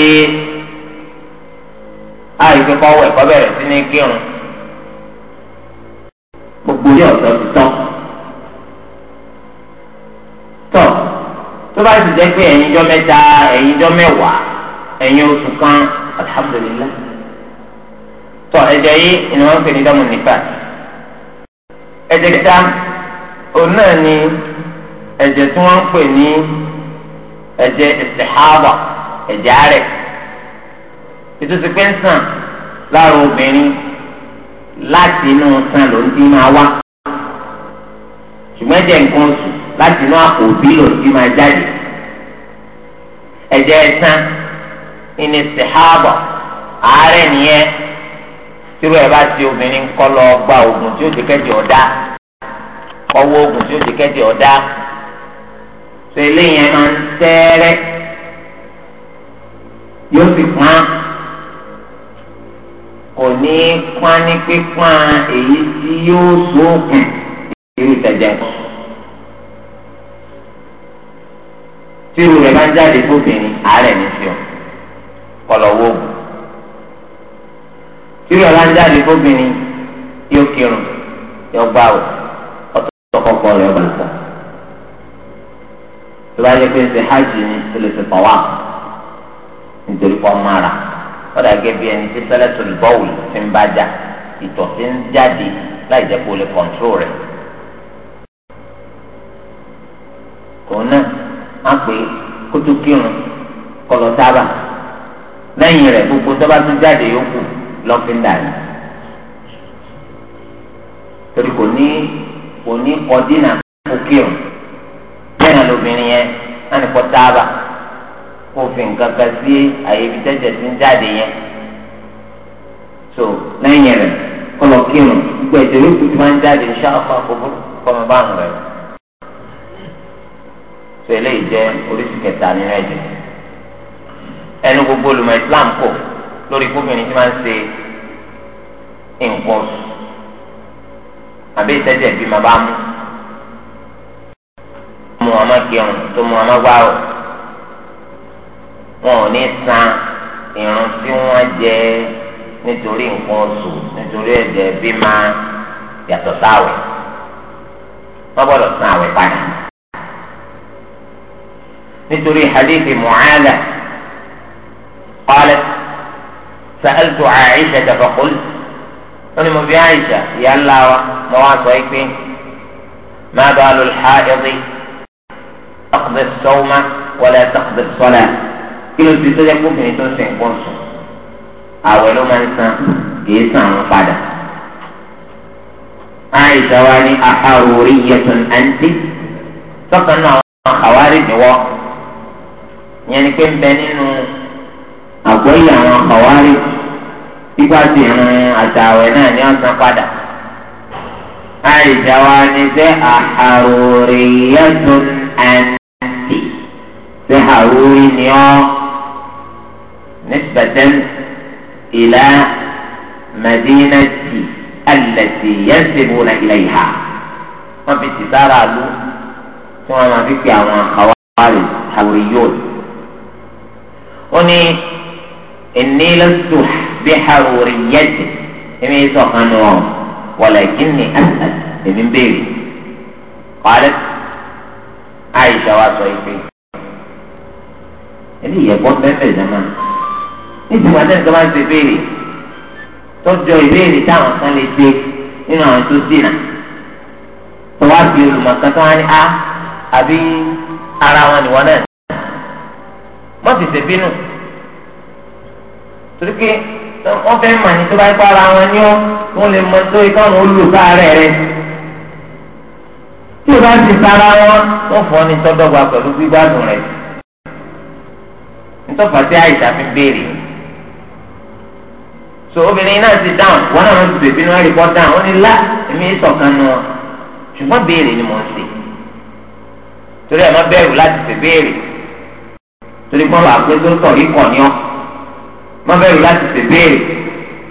àìsí kọ́wọ́ ẹ̀kọ́ bẹ̀rẹ̀ sí ní kírun. gbogbo yóò tọ́ ti tán tọ̀ tó bá ti jẹ́ pé ẹ̀yin jọ mẹ́ta ẹ̀yin jọ mẹ́wàá ẹ̀yin oṣù kan alhamdulillah tọ̀ ẹ̀jẹ̀ yìí ni wọ́n ń pè ní dámù nípa ẹ̀jẹ̀ kíta òun náà ni ẹ̀jẹ̀ tí wọ́n ń pè ní ẹ̀jẹ̀ ìsìhábà ẹ̀jẹ̀ àárẹ̀ ìtòsí pé ń sàn lára obìnrin láti inú sàn ló ń dín máa wá ṣùgbọ́n ẹ̀jẹ̀ nǹkan oṣù láti inú àpò òbí lòdì máa jáde ẹ̀jẹ̀ ẹ̀sán ìní sèhábà àárẹ̀ nìyẹn tírú ẹ̀ bá ti obìnrin kọ́ lọ gba oògùn tí ó ti kẹ́jẹ̀ ọ̀dá ọwọ́ oògùn tí ó ti kẹ́jẹ̀ ọ̀dá tó máa ń tẹ́ẹ́rẹ́ yóò sì pọ́n kò ní pọ́n ní pípọ́n èyí tí yóò sókun irú ìtẹ̀jẹ̀ tí irú rẹ̀ máa ń jáde fóbìnrin àárẹ̀ ní sí ọ kọlọ̀ wo ògùn tí irú rẹ̀ máa ń jáde fóbìnrin yóò kírun yóò gbà wò ọtọkọkọ rẹ̀ ọba nǹkan tó bá yẹ pé ṣe hajj ni ó lè ṣe tọ̀wá nítorí pọ́ mára wọ́n dàgẹ́ bí ẹni tí sẹ́lẹ̀ tó lù bọ́ọ̀lù ti ń bá jà ìtọ̀ ti ń jáde láì jẹ́ kó lè kọ̀ǹtró rẹ̀. pé kótó kírun kọlọ tábà lẹ́yìn rẹ̀ gbogbo tó bá tún jáde yòókù lọ́fíńdà yìí torí kò ní kò ní kọdínà kó kírun bẹ́ẹ̀ náà lóbìnrin yẹn náà ní kọ́ tábà kó fi nǹkan kan sí àyè ibi tí ń jáde yẹn so lẹ́yìn rẹ̀ kọlọ kírun gbogbo ẹ̀jẹ̀ yòókù tí wọ́n ń jáde ṣáà fún àkókò kọ́ ọmọ báwọn rẹ̀ tẹ̀lé ìjẹ́ oríṣi kẹta nínú ẹ̀jẹ̀ ẹnu gbogbo olùmọ̀ Islam kò lórí gómìnà tí máa ń ṣe nǹkan oṣù àbí ìtẹ́jẹ̀ bí máa bá mú mu àmọ́ kírun tó mu àmọ́ gbárò wọn ò ní san irun tí wọ́n jẹ nítorí nǹkan oṣù nítorí ẹ̀jẹ̀ bí máa yàtọ̀ sáwẹ̀ wọ́n gbọ́dọ̀ san àwẹ̀ padà. مثل لي حديث معاذة قالت سألت عائشة فقلت أنا ما في عائشة يا الله مواسو ما بال الحائض تقضي الصوم ولا تقضي الصلاة كيلو في سجن كوفي نتون سين كونسو أول ما نسا يسام قادة عائشة واني أحرورية أنت فقلنا خوارج وقت ìyẹn ni pé ń bẹ nínú àgbọ́yé àwọn àwárí gbígbà tí ìrìn àtàwẹ̀ náà ní ọ̀sán padà. àìjà wa ni ṣé àhàròrè yẹ́dùn àǹtí ṣé àròrí ni ọ́ nísbẹ̀tẹ́n ìlà mẹ̀dínàtì àlẹ̀tì yẹ́sìnbó na ilẹ̀ ìhà. wọ́n fi tìsára lu tí wọ́n máa fi pe àwọn àwárí àwòrè yóò lò ó ní inni lastu bi hawriyyati èmi sọ̀kan nù ọ́ walakinni as'al èmi ń béèrè qalat Aisha wa sọ ife ẹni ìyẹ̀bọ́ bẹ́ẹ̀ dama níbi wà lẹ́nu tó bá ṣe béèrè tọ́jọ́ ìbéèrè táwọn kan lè ṣe nínú àwọn tó dìnnà tó wá fi olùmọ̀kan tó ní a ah, àbí ara wọn nìwọ náà má tètè bínú torí pé wọ́n fẹ́ mà ní tó bá pa ara wọn ní ọ́ wọ́n lè mọ tó ikọ́ àwọn olùkárẹ̀ rẹ̀ tí o bá ti sára wọn wọ́n fọ́ ní tọ́dọ̀gba pẹ̀lú gbígbádùn rẹ̀ nítọ́fà tí àyíṣà fi béèrè so obìnrin náà ti dáhùn wọn náà wọn ti bèbí náà rí kọ́ dáhùn ó ní lá èmi sọ̀kan nù ọ́ béèrè ni mò ń ṣe torí ẹ̀ má bẹ̀rù láti ṣe béèrè torí kọ́ bá pé sóńtọ̀ yìí kàn ní ọ́ má bẹ̀rù láti ṣèbéèrè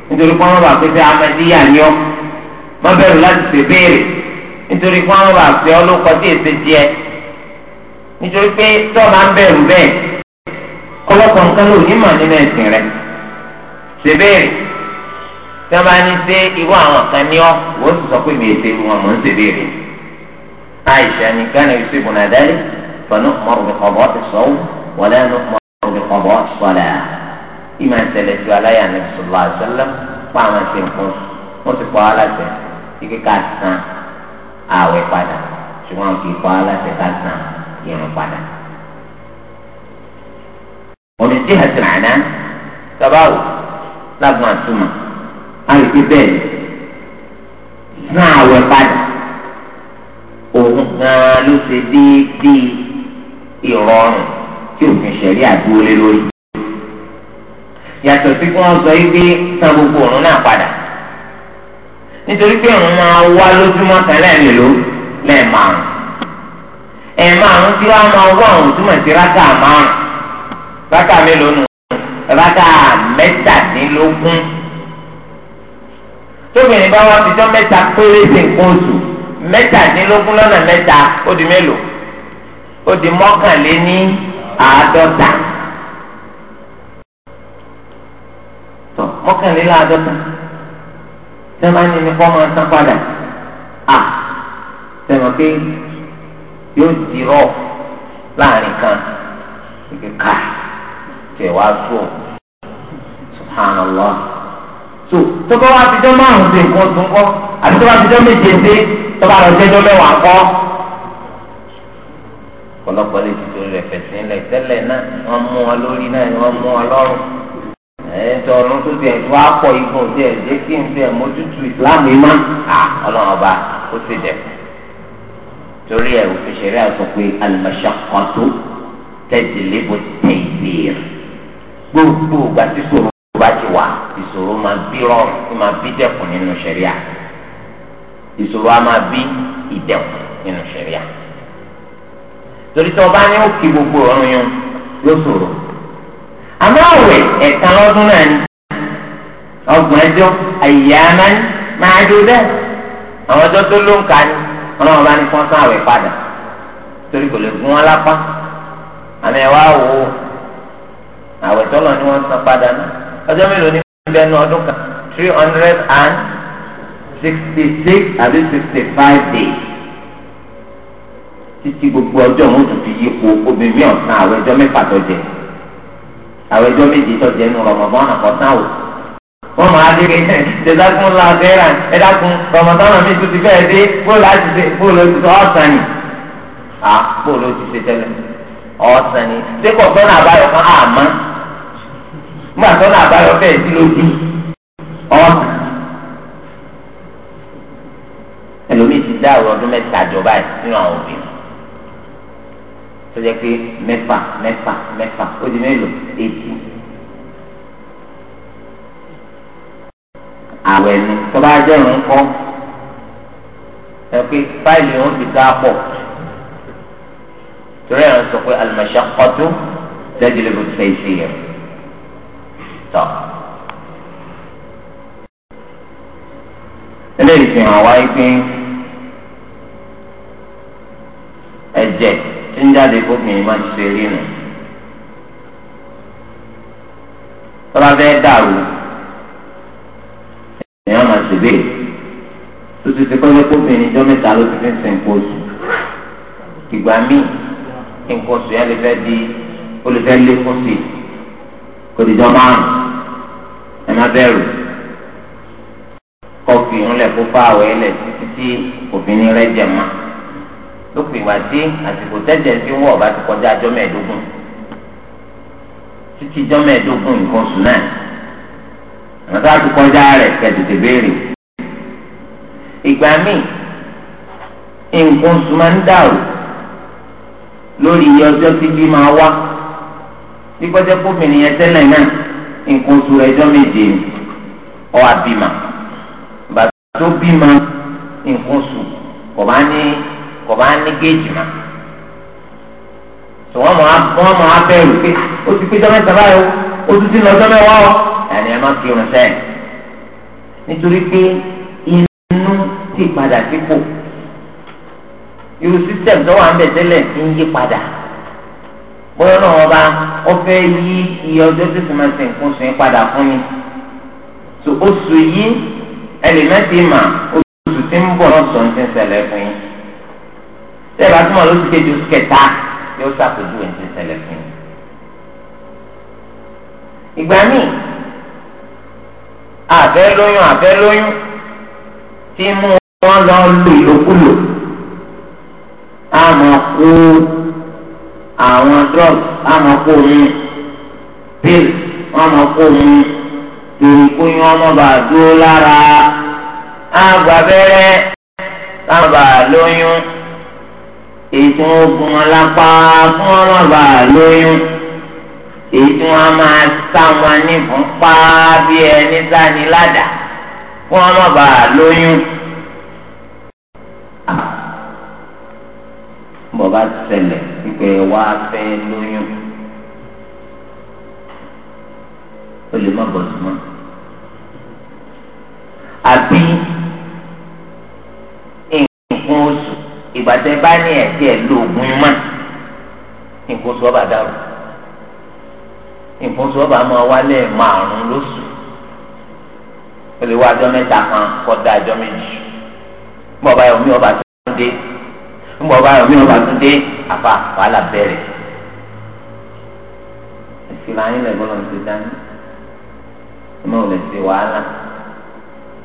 nítorí kọ́ bá pé sẹ́ amẹ́díyà ní ọ́ má bẹ̀rù láti ṣèbéèrè nítorí kọ́ bá pé ọlọ́kọ tí èsè jẹ nítorí pé tọ́ máa ń bẹ̀rù bẹ́ẹ̀ ọlọ́kọ̀ nǹkan ló ní mà nínú ẹ̀sìn rẹ̀ ṣèbéèrè tí wọ́n bá ní ṣe irú àwọn kan ní ọ́ wọ́n sì sọ pé mi èsè wọn mò ń ṣèbéèrè àìsàn nìkan ní ìṣègùn àdáyé fọnù mọ̀rùn ọ̀bọ̀ ti sọ ọ́ ولا نؤمر بقضاء الصلاة إما أنت لك ولا يا صلى الله عليه وسلم فاما تنقص إذا كانت كاتنا آوي قادا شوان في قال كانت كاتنا يوم قادا ومن جهة المعنى تباو لابنا ثم أي في بيت نا آوي قادا وغنالو سديد دي إيراني tí òfin ṣẹ̀rí àdúró lé lórí. yàtọ̀ sí kí wọ́n sọ wípé san gbogbo òrùn náà padà nítorí pé òun máa wá lójúmọ́ kan lẹ́ẹ̀mélòó lẹ́ẹ̀márùn ẹ̀ márùn tí wọ́n máa wá òun túmọ̀ sí rákà márùn rákà mélòó nù rákà mẹ́tàdínlógún tóbìnrin bá wá fi jọ́ mẹ́ta péré sí nǹkan oṣù mẹ́tàdínlógún lọ́nà mẹ́ta ó di mélòó ó di mọ́kànléní àádọ́ta tó mọ́kànléláàádọ́ta sẹ́mánì ni kọ́ máa san padà à sẹ́mọ̀ pé yóò dìrọ̀ láàrin kan ìkẹ́kà tẹ̀ wá sùn subhanallah so tọ́ba wa ti jẹ́ márùn-ún ṣe nǹkan tó ń kọ́ àti tọ́ba ti jẹ́ méje ṣe tọ́ba rẹ̀ jẹ́jọ́ mẹ́wàá kọ́ ọ̀pọ̀lọpọ̀ lè ti torí rẹ̀ fẹ̀sí ńlẹ̀ tẹ́lẹ̀ náà wọ́n mú wọn lórí náà ni wọ́n mú wọn lọ́rùn ẹ̀ẹ́dọ̀ ọ̀run tó ti ẹ̀tọ́ akọ̀ igun tí ẹ̀jẹ̀ kí n fi ẹ̀mójútu ìsìláàmù yìí máa à ọlọ́run ọba ó ti dẹ̀ torí ẹ̀ òfin ṣẹ̀rí àtọ̀ pé al-mashaqqatu tajlibu at-taysir gbogbo ìgbà tí ìṣòro bá ti wà ìṣòro máa bí rọrùn ó máa bí dẹ̀kùn nínú ṣẹ̀rí à ìṣòro á máa bí ìdẹ̀kùn nínú ṣẹ̀rí à torí tí ọba ní òkè gbogbo ọ̀run yẹn yóò ṣòro àmọ́ àwẹ̀ ẹ̀kan lọ́dún náà ni ọgbọ̀n ẹjọ́ àyàmá máa dó bẹ́ẹ̀ àwọn ọjọ́ tó ló ń ka ni ọlọ́run bá ní kí wọ́n sán àwẹ̀ padà torí kò lè gún wọn lápá àmì ẹ̀ wò ó àwẹ̀ tọ́lọ̀ ni wọ́n san padà náà ọjọ́ mélòó ni wọ́n bẹ́ẹ̀ nu ọdún kan three hundred and sixty six àbí sixty five days títí gbogbo ọjọ́ òun tún fi yípo obìnrin ọ̀sán àwọn ẹjọ́ mẹ́fà tó jẹ àwọn ẹjọ́ méje tó jẹ nù rọmọbọ́n àkọ́tán o wọ́n máa dé ké ṣẹ̀dákun la fẹ́ra ẹ̀dákun rọmọbọ́n mi tún ti fẹ́ dé bóòlù àti ṣe bóòlù ti sọ ọ̀sán ni à bóòlù ti ṣe tẹ́lẹ̀ ọ̀sán ni sẹ́kọ̀ tọ́nà àbáyọ kan àmọ́ nígbà tọ́nà àbáyọ bẹ́ẹ̀ sí lójú ọ̀sán ẹlòmíì ti dá ọ̀rọ̀ ọdún mẹ́ta jọba nínú àwọn obìnrin tọ́jà pé mẹ́fà mẹ́fà mẹ́fà ó di mélòó èjì. àwẹ̀ ni tọ́ba jẹ́ òun kọ́ ẹ pé fáìlì òun ti dá pọ̀ torí àwọn sọ pé al-mashaqqatu tajlibu at-taysir tọ́. eléyìí fi hàn wáyé pé ẹ̀jẹ̀ tí ń jáde kóbìnrin máa ń ṣe rí nù. tọ́lá fẹ́ dàrú èèyàn máa ṣe bẹ́ẹ̀ tó ti ti kọ́lé kóbìnrin jọ́ mẹ́ta ló ti fi ń sin nǹkan oṣù ìgbà míì nǹkan oṣù yẹn lè fẹ́ di ó lè fẹ́ lékún sí i kò dìjọ́ márùn ẹ má bẹ̀rù kọ́ọ̀fì ńlẹ̀ kó fáwọ̀ ẹ̀ lẹ̀ títí tí obìnrin rẹ̀ jẹ̀ máa lópin ìgbà tí àsìkò tẹ́jẹ̀ tí wọ́n ọba ti kọjá ọjọ́ mẹ́ẹ̀ẹ́dógún títí ọjọ́ mẹ́ẹ̀ẹ́dógún nǹkan sùn náà àwọn tá a ti kọjá rẹ̀ kẹ̀tẹ̀tẹ̀ béèrè. ìgbà míì nǹkan sùn máa ń dàrú lórí iye ọjọ́ tí bí máa wá bí kọjá kóbìnrin yẹn tẹ́lẹ̀ náà nǹkan sùn rẹ̀ ọjọ́ méje ọ̀ àbímà bàtà tó bímà nǹkan sùn kò bá ní kò bá ní géèjì mọ́ tó wọ́n mọ̀ á bẹ̀rù pé ó ti pé jọ́mọ́ ìtàbá yìí ó tún ti lọ jọ́mọ́ ìwá ọ ẹ̀ni ẹ̀ má fi irun sẹ́yìn nítorí pé inú ti padà sípò irú sísẹ̀mù tó wà ń bẹ̀ tẹ́lẹ̀ ń yí padà bóyá náà wọ́n bá ó fẹ́ yí iye ọjọ́ tó ti máa ṣe nǹkan oṣù yẹn padà fún mi tó oṣù yìí ẹlẹ́mẹ́tì mà oṣù tí ń bọ̀ náà ń ti ń ṣẹlẹ̀ fún yín tẹ́lẹ̀ bá túmọ̀ lóṣù kejì oṣù kẹta yóò ṣàpèjúwe ní ṣẹlẹ̀ fún mi. ìgbà míì àfẹ́ lóyún àfẹ́ lóyún tí mú wọn lọ lò ìlòkulò àmọ́ kó àwọn drugs àmọ́ kó mu pill àmọ́ kó mu torí kó yún ọmọ bá dúró lára àgbà bẹ́rẹ́ àmọ́ bá lóyún èyí tí wọ́n gun wọn lápá fún ọmọ bàá lóyún èyí tí wọ́n máa sá wọn ní fúnpá bí ẹni sáni ládàá fún ọmọ bàá lóyún. Ah! bọ̀bá ṣẹlẹ̀ pípẹ́ wá fẹ́ lóyún ó lè má bọ̀ súnmọ́ àbí nǹkan oṣù ìbàdàn bá ní ẹ̀sìn ẹ̀ lo oògùn mọ́ nǹkan sọ bá dàrú nǹkan sọ bá máa wálé márùn lóṣù ó lè wá àjọ mẹ́ta kan kọ́ da àjọ méjì mbọ̀ báyọ̀ mi ọba tún dé mbọ̀ báyọ̀ mi ọba tún dé àfa wàhálà bẹ̀rẹ̀ ìfìlà yín lẹ̀ bọ́lọ̀ ti dání ọmọ ò lè ṣe wàhálà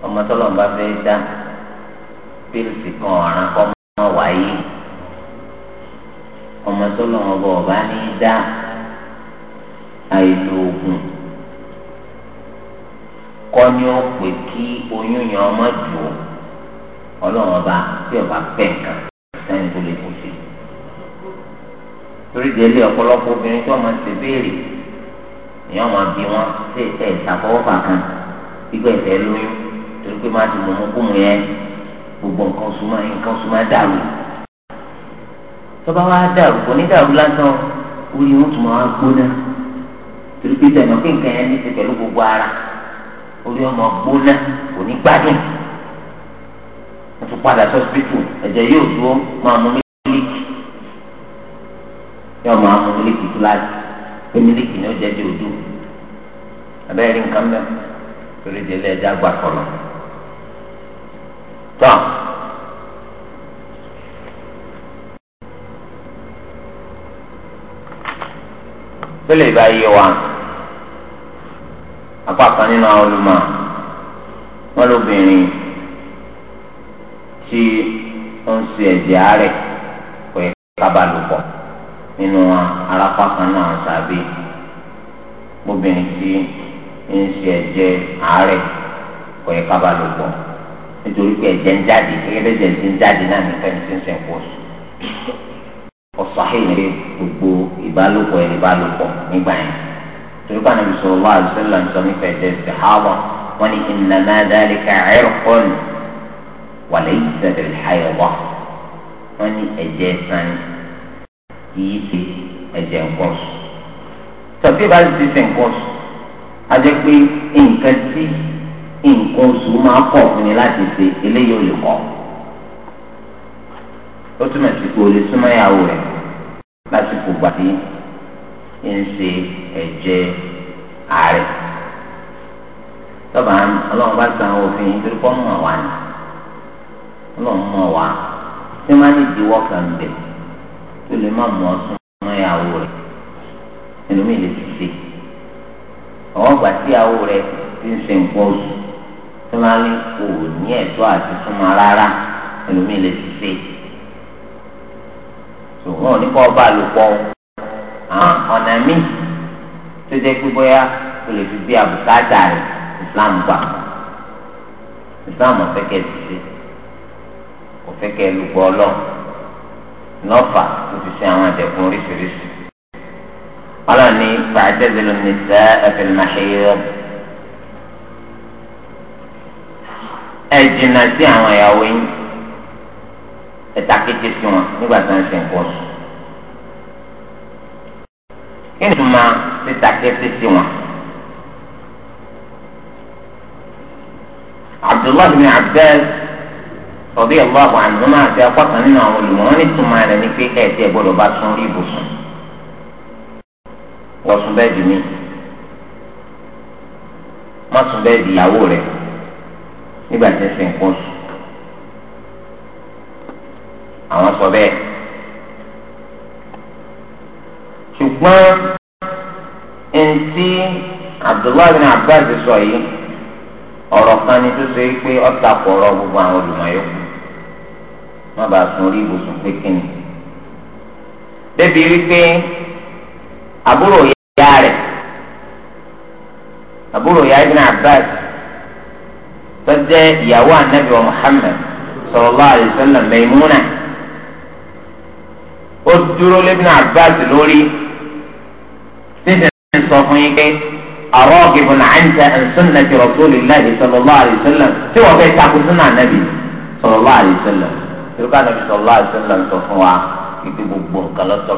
ọmọ tọ́lọ̀ bá fẹ́ dá pílìsì kan ọ̀ràn kọ́ wọn wáyé ọmọ tó lọ́wọ́ ọba ọba ní í dá àìlò oògùn kọ́ ni ó pè kí oyún yẹn ọmọ jù ú ọlọ́run ọba tí ọba pẹ̀ sẹ́yìn tó lè sí i. torí délé ọ̀pọ̀lọpọ̀ obìnrin tí béèrè bí wọn ṣe kan gbígbẹ́ gbogbo nǹkan súnmọ́ nǹkan súnmọ́ dàrú tọ́ba wa dàrú kò ní dàrú lásán orí wọn tún máa gbóná torí pé tẹ̀mọ́ pé nǹkan yẹn ní ti pẹ̀lú gbogbo ara orí ọmọ gbóná kò ní gbádùn wọ́n tún padà sọ sípítù ẹ̀jẹ̀ yóò dúró máa mú mílíkì yóò máa mú mílíkì kíláàsì pé mílíkì ni ó jẹ́ bí ojú abẹ́rẹ́ nǹkan mẹ́rin torí délé ẹja gbà kọ̀ọ̀lọ́. tán. tó lè bá yé wa apá kan nínú àwọn olùmọ̀ wọn lóbìnrin tí ó ń ṣe ẹ̀jẹ̀ àárẹ̀ kò yẹ nínú arápá náà sàbí obìnrin tí ń ẹ̀jẹ̀ nítorí pé ẹ̀jẹ̀ ń jáde gẹ́gẹ́ bí ẹ̀jẹ̀ ti ń jáde náà ní fẹ́ni tí ń sìn kó sùn. ọ̀sọ̀ àhìnrè gbogbo ìbálòpọ̀ ẹni ìbálòpọ̀ nígbà yẹn. torí pé Ànábì sallallahu alaihi wasallam sọ nípa ẹ̀jẹ̀ sàhábà wọn ni innama dhalika irqun wa ní ẹ̀jẹ̀ sàn kìí ṣe ẹ̀jẹ̀ nǹkan sùn. tọ́bí bá ti nǹkan oṣù máa kọ̀ fún ni láti ṣe eléyìí ò ó túmọ̀ sí pé o lè súnmọ́ ìyàwó rẹ̀ lásìkò gbà tí ń ṣe ẹ̀jẹ̀ ààrẹ tọ́ba ọlọ́run bá san òfin nítorí pọ́ mọ̀ wá ni ọlọ́run mọ̀ wá tí wọ́n á ní ìdíwọ́ kan bẹ̀ tó lè má mọ̀ ọ́ súnmọ́ ìyàwó rẹ̀ ẹlòmíì lè ti ṣe ọ̀wọ́ gbà tí ìyàwó rẹ̀ ti ń ṣe nǹkan oṣù tí wọ́n á ní kò ní ẹ̀tọ́ àti súnmọ́ rárá ẹlòmíì lè ti ṣe ṣùgbọ́n ò ní kọ́ ọba àlòpọ̀ ọ̀nà míì tó jẹ́ pé bóyá o lè fi bí àbùkátà rẹ̀ Islam gbà Islam ọ̀fẹ́ kẹ́ ti ṣe ọ̀fẹ́ kẹ́ lùpọ̀ ọlọ́run lọ́fà tó fi ṣe àwọn àjẹkùn oríṣiríṣi ọlọ́run ní fàájẹ́ zẹlẹ̀ ní sẹ́ ẹ̀fẹ̀ máa ṣe yẹ ọ́. ẹ jìnnà sí àwọn ìyàwó yín ẹ takété sí wọn nígbà tí wọ́n ṣe nǹkan sùn kí ni ma ti takété sí wọn. abdullahi bin abdel ọbí ẹ̀gbọ́n àbọ̀ àdúrà àti akọ́kàn nínú àwọn olùmọ̀ wọn ní túmọ̀ rẹ̀ ní pé ẹ̀ tí bá sùn rí ibùsùn wọ́n sùn bẹ́ẹ̀ dì mí má sùn bẹ́ẹ̀ dì ìyàwó rẹ̀ nígbà tí ń sin nǹkan oṣù àwọn sọ bẹ́ẹ̀ ṣùgbọ́n ẹntì Abdullahi bin Abbas sọ yìí ọ̀rọ̀ kan ni tó ṣe é pé ọ̀tà kọ̀ọ̀rọ̀ gbogbo àwọn olùmọ̀yọ́kù má bàa sun orí ibùsùn pé kíni débi wípé àbúrò ìyá rẹ̀ àbúrò ìyá Ibn Abbas tọ́jẹ́ ìyàwó anabi wa muhammed sallallahu alaihi wasallam Maimuna ó dúró lébìnà abbas lórí títí ní sọ fún yín pé àwọn ọ̀gẹ̀bùn àǹtà ẹ̀sùnà ti rasulillahi sallallahu alaihi wasallam tí wọ́n fẹ́ takò sínú anabi sallallahu alaihi wasallam tìrúkà nàbì sallallahu alaihi wasallam sọ fún wa ibi gbogbo nǹkan lọ́tọ́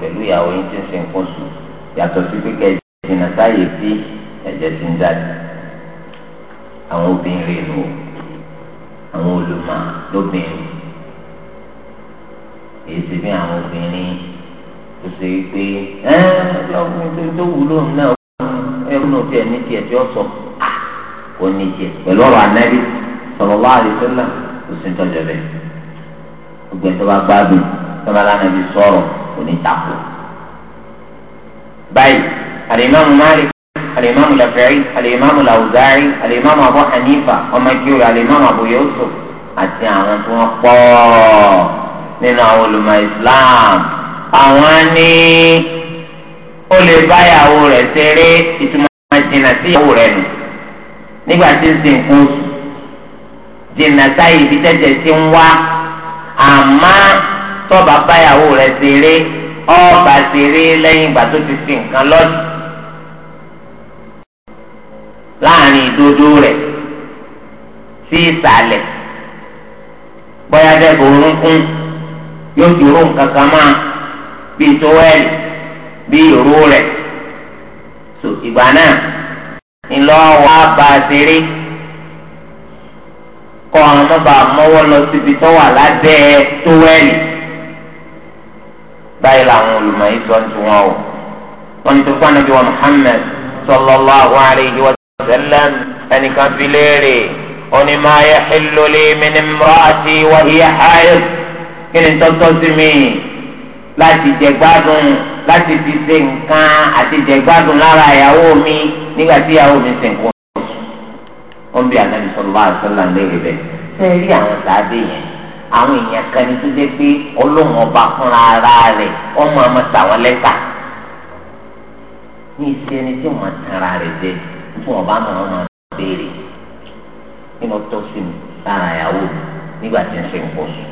pẹ̀lú ìyàwó yín tí ń sin fún sùn yàtọ̀ sí pé kẹ̀sì nàṣàyè sí ẹ̀jẹ̀ ti ń jáde àwọn obìnrin nù àwọn olùmọ̀ lóbìnrin èyí ti bí àwọn obìnrin tó ṣe pé ẹ ọlọ́run tó wúlò náà ẹrú náà tiẹ̀ ní tiẹ̀ tí ó sọ kò ní tiẹ̀ pẹ̀lú ọ̀rọ̀ anábì sallallahu alaihi wasallam kò sí tọ́jọ́ bẹ́ẹ̀ ọgbẹ́ tó bá gbádùn tọ́mọlá náà fi sọ̀rọ̀ kò ní takò. báyìí àdìmọ́ mu máa rí alimami lafi'i alimami lauzari alimami abu hanifa ọmọ kiri alimami abu yusuf àti àwọn tí wọ́n pọ̀ nínú àwọn olùmọ̀ islam àwọn ní ó lè báyàwó rẹ̀ ṣeré ìtumọ̀ jìnnà sí ìyàwó rẹ̀ nù nígbà tí ń sin nǹkan oṣù jìnnà sáyé ibi tẹ́tẹ́ ti ń wá àmọ́ tọ́ba báyàwó rẹ̀ ṣeré ọba ṣeré lẹ́yìn ìgbà tó ti sin nǹkan lọ́dún láàrin ìdodo rẹ̀ sí ìsàlẹ̀ bóyá dẹ́gbẹ̀ orúnkún yóò fi ró nǹkan kan máa bíi tówẹ́ẹ̀lì bíi ìró rẹ̀ so ìgbà náà ńlọ́wọ́ bá a ṣeré kọ́ àwọn ọmọọba mọ́wọ́ lọ síbi tó wà lábẹ́ tówẹ́ẹ̀lì báyìí làwọn olùmọ̀ yìí sọ ti wọn o wọn ti fún anabi wa Muhammad sallallahu alayhi wa sẹlẹm ẹnìkan fi léèrè oní máa yẹ xilolé mínímúrọ àti wàhíyà háyẹ kí ni tọ́tọ́ sí mi láti jẹ gbádùn láti fi ṣe nǹkan àti jẹ gbádùn lára ìyàwó mi nígbà tí ìyàwó mi sì ń kú. wọ́n bí àná ìsọ̀rọ̀ àṣọlá léèrè bẹ́ẹ̀ ṣé rí àwọn sáadé yẹn àwọn èèyàn kan ní tó dé pé ọlọ́run ọba fúnra ara rẹ̀ ọmọ àmọ́ sàwọn lẹ́tà ní ìṣe ẹni tí wọ́n tan ara rẹ̀ jẹ́ fún ọba mọ̀ ọ́n máa béèrè nínú tó sì mí lára ìyàwó mi nígbà tí ń ṣe nǹkan oṣù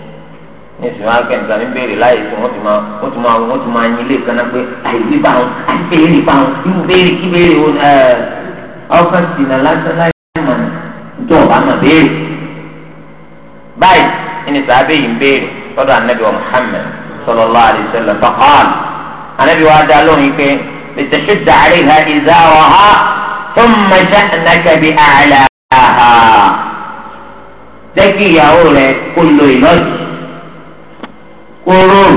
ní ìsìn máa kẹ́ńtà ní béèrè láyé tí wọ́n ti máa wọ́n ti máa wọ́n ti máa yin ilé kan náà pé àìbí bá wọn àìbéèrè bá wọn irú béèrè kí béèrè wọn ẹ ọkàn sì nà lásán láyé mọ̀ ní tó ọba mọ̀ béèrè báyìí ẹni sàábé yìí ń béèrè lọ́dọ̀ anabi wa Muhammad sallallahu alaihi wasallam faqal anabi wa dá lóhùn yìí pé lè tẹ̀sí dàrí ha ثم ṣá ànákàbí àlà àhà jẹ́ kí ìyàwó rẹ kó lo ìlọ́jì kó rọrùn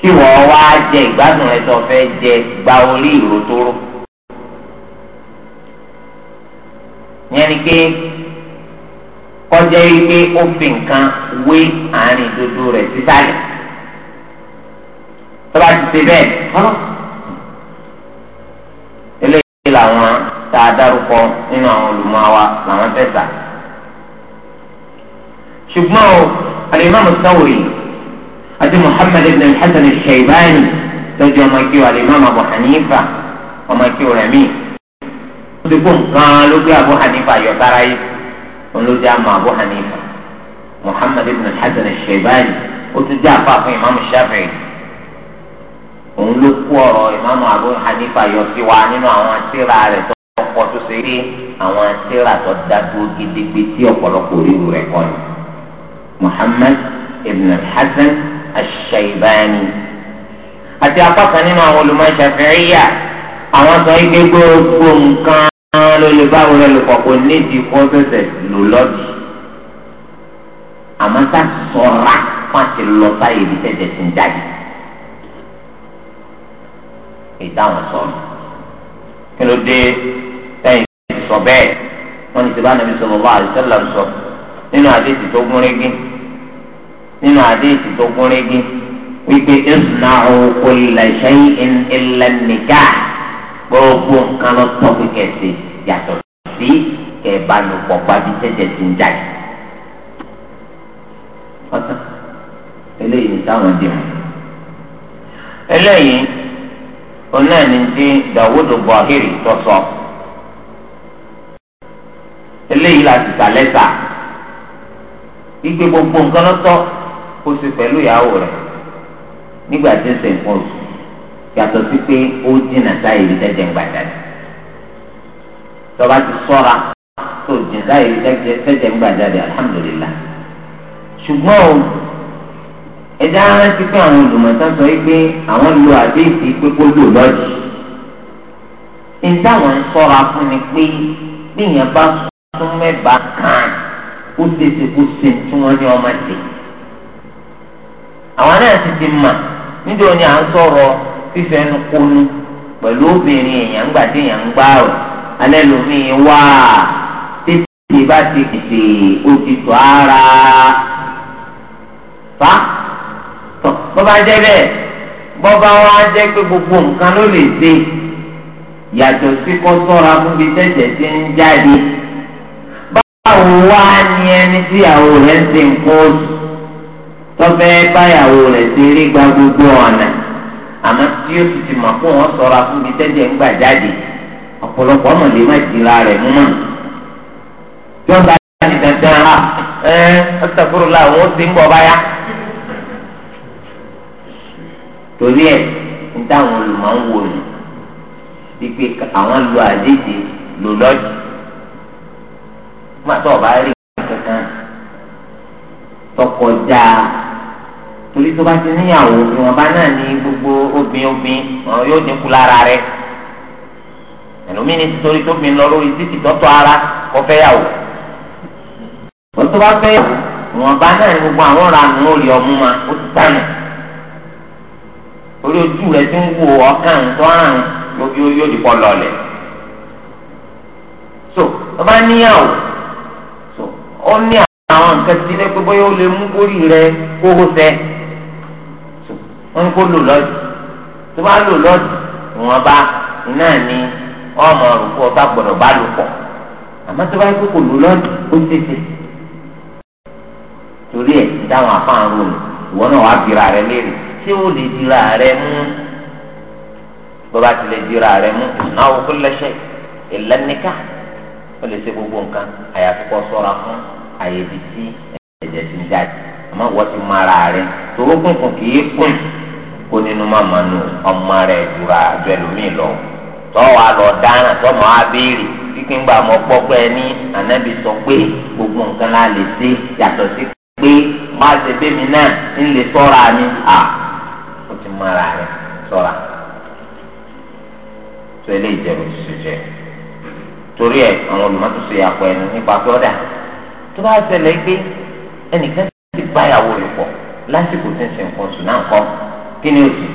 kí wọ́n wá jẹ ìgbádùn rẹ tó fẹ́ jẹ gba orí ìró tó rọ. yẹn ni pé kọjá yìí pé ó fi nǹkan wé àárín dodo rẹ̀ sísàlẹ̀ tọ́ba ti ṣe bẹ́ẹ̀ kọ́nà. eléyìí làwọn tá a dárúkọ nínú àwọn olùmọ̀wá làwọn fẹ́sà. ṣùgbọ́n o al-Imam An-Nawawi àti Muhammad ibn al-Hasan al-Shaybani lọ́jọ́ ọmọ kí o al-Imam Abu Hanifa ọmọ kí o rẹ̀ mí. ó ti kó nǹkan ló gbé Abu Hanifa yọ sára yìí òun ló jẹ́ àmọ́ Abu Hanifa Muhammad ibn hasan al ó tún jẹ́ àpá fún Imam Shafi'i òun ló kú ọ̀rọ̀ ìmáàmù Abu Hanifa yọ sí wa nínú àwọn àtìrà rẹ̀ tó ọkọ̀ tó ṣe rí àwọn àtìrà tó dádúró gidigbe tí ọ̀pọ̀lọpọ̀ ríru rẹ̀ kọ́ ni. Muhammad ibn al-Hasan al-Shaybani àti apá kan nínú àwọn olùmọ̀ Shafi'iyya àwọn sọ ike gbogbo nǹkan ló báwo lè lò pọ̀pọ̀ nídìí kó ṣẹ̀ṣẹ̀ lò lọ́dì àmọ́ sá sọ̀ra fún àti lọ́ta ìdí tẹ̀tẹ̀ sí ń jáde ìdáhùn sọ̀rọ̀ kí ló dé ẹ̀yìn sọ bẹ́ẹ̀ wọ́n ní sèbá nàbí sallallahu alaihi wasallam sọ nínú àdéhìí tó gún régé nínú àdéhìí tó gún régé wípé isna'u kulla shay'in illa an-nikah gbogbo nǹkan lọ tọ́ pé kẹ̀sì yàtọ̀ sí kẹ̀bá ló pọ̀ pàbí tẹ̀tẹ̀ tó ń jáde. eléyìí táwọn dì mọ́ eléyìí onáà ní ti dàwúdù bọ̀hírì tó sọ eléyìí láti sàlẹ́sà igbe gbogbo nǹkan lọ́tọ́ kó sì pẹ̀lú ìyàwó rẹ̀ nígbà tí ń ṣe nǹkan oṣù yàtọ̀ sí pé ó jìnnà sáyé ibi tẹ́jẹ̀ ń gbàdá ni tọ́ba ti sọ́ra tó jìnnà sáyé ibi tẹ́jẹ̀ ni alihamudulilayi ṣùgbọ́n o ẹ̀dá rántí pé àwọn olùmọ̀tá sọ yìí pé àwọn lo àdéhìí pípó lò lọ́jì ẹ̀dá wọn sọ́ra fún mi pé bí èèyàn bá sún mẹ́bàá kan ó tètè kó se tí wọ́n ní ọmọ tè àwọn náà ti ti mà nítorí ni à ń sọ̀rọ̀ fífẹ́ nu kónú pẹ̀lú obìnrin èèyàn gbà tí èèyàn ń gbà rẹ̀ alẹ́ lómii wá tètè bá ti tètè ó ti tọ́ ara fa. bọba jẹ́ bọba wa jẹ pé gbogbo nǹkan ló lè ṣe yàtọ̀ sí kó sọ́ra fún bí tẹ̀sẹ̀ ti ń jáde báwo wá ní ẹni tí ìyàwó ń gba gbogbo ọ̀nà àmọ́ tí ó ti mọ̀ fún wọn sọra fún bí tẹ̀sẹ̀ ń gbà jáde ọ̀pọ̀lọpọ̀ ọmọ lè má rẹ̀ mú mọ́ tí wọ́n bá torí ẹ̀ ń táwọn olùmọ̀ ń wò ní pípé àwọn lo àdéhìí lò lọ́jì mọ́tò ọ̀bá rí kankan tọkọjá torí tó bá ti níyàwó ìwọ̀nba náà ní gbogbo obìnrin obìnrin ọ̀rọ̀ yóò dínkù lára rẹ̀ ẹlòmíì ní torí tó bìn lọ lórí títì tọ́tọ́ ara kò fẹ́ yàwó wọ́n tó bá fẹ́ yàwó ìwọ̀nba náà ní gbogbo àwọn ọ̀rọ̀ àná ó ọmú ma ó ti tànù orí ojú rẹ ti ń wo ọkàn tó àrùn yóò yóò di pọ lọlẹ so tó bá níyàwó so ó ní àwọn nǹkan tí ilé pé bóyá ó lè mú kórì rẹ kó o fẹ so wọn kó lò lọdì tó bá lò lọdì ìwọn bá iná ní ọmọ òkú ọba gbọ́dọ̀ bá lò pọ̀ àmọ́ tó bá yẹ kó kò lò lọdì ó tètè torí ẹ dáhùn afáàrùn ìwọ náà wàá bìrà rẹ léèrè. tí ó lè dira rẹ mú bọ́ba ti lè dira rẹ mú ìsúná wo kó lẹ́sẹ̀ ìlànìkà ó lè ṣe gbogbo nǹkan àyàfi sọ́ra fún àyèbí tí ẹ̀jẹ̀ ti ń jáde àmọ́ wọ́n ti rẹ kì í kó nínú màmá ọmọ rẹ dura lọ tọ́wọ́ àlọ́ dáná tọ́mọ́ gbogbo nǹkan la lè ṣe yàtọ̀ sí pé má ṣe bẹ́mi náà ń lè sọ́ra mọ́ra rẹ̀ sọ́ra tó ilé ìjẹ̀bù ti ṣe jẹ́ torí ẹ̀ àwọn olùmọ̀tòsí àpò ẹnu nípa pé ọ̀dà tó bá ṣẹlẹ̀ pé ẹnìkan ti gbáyàwó rẹ̀ pọ̀ lásìkò tí ń ṣe nǹkan sùn náà kọ́ kí ni òsì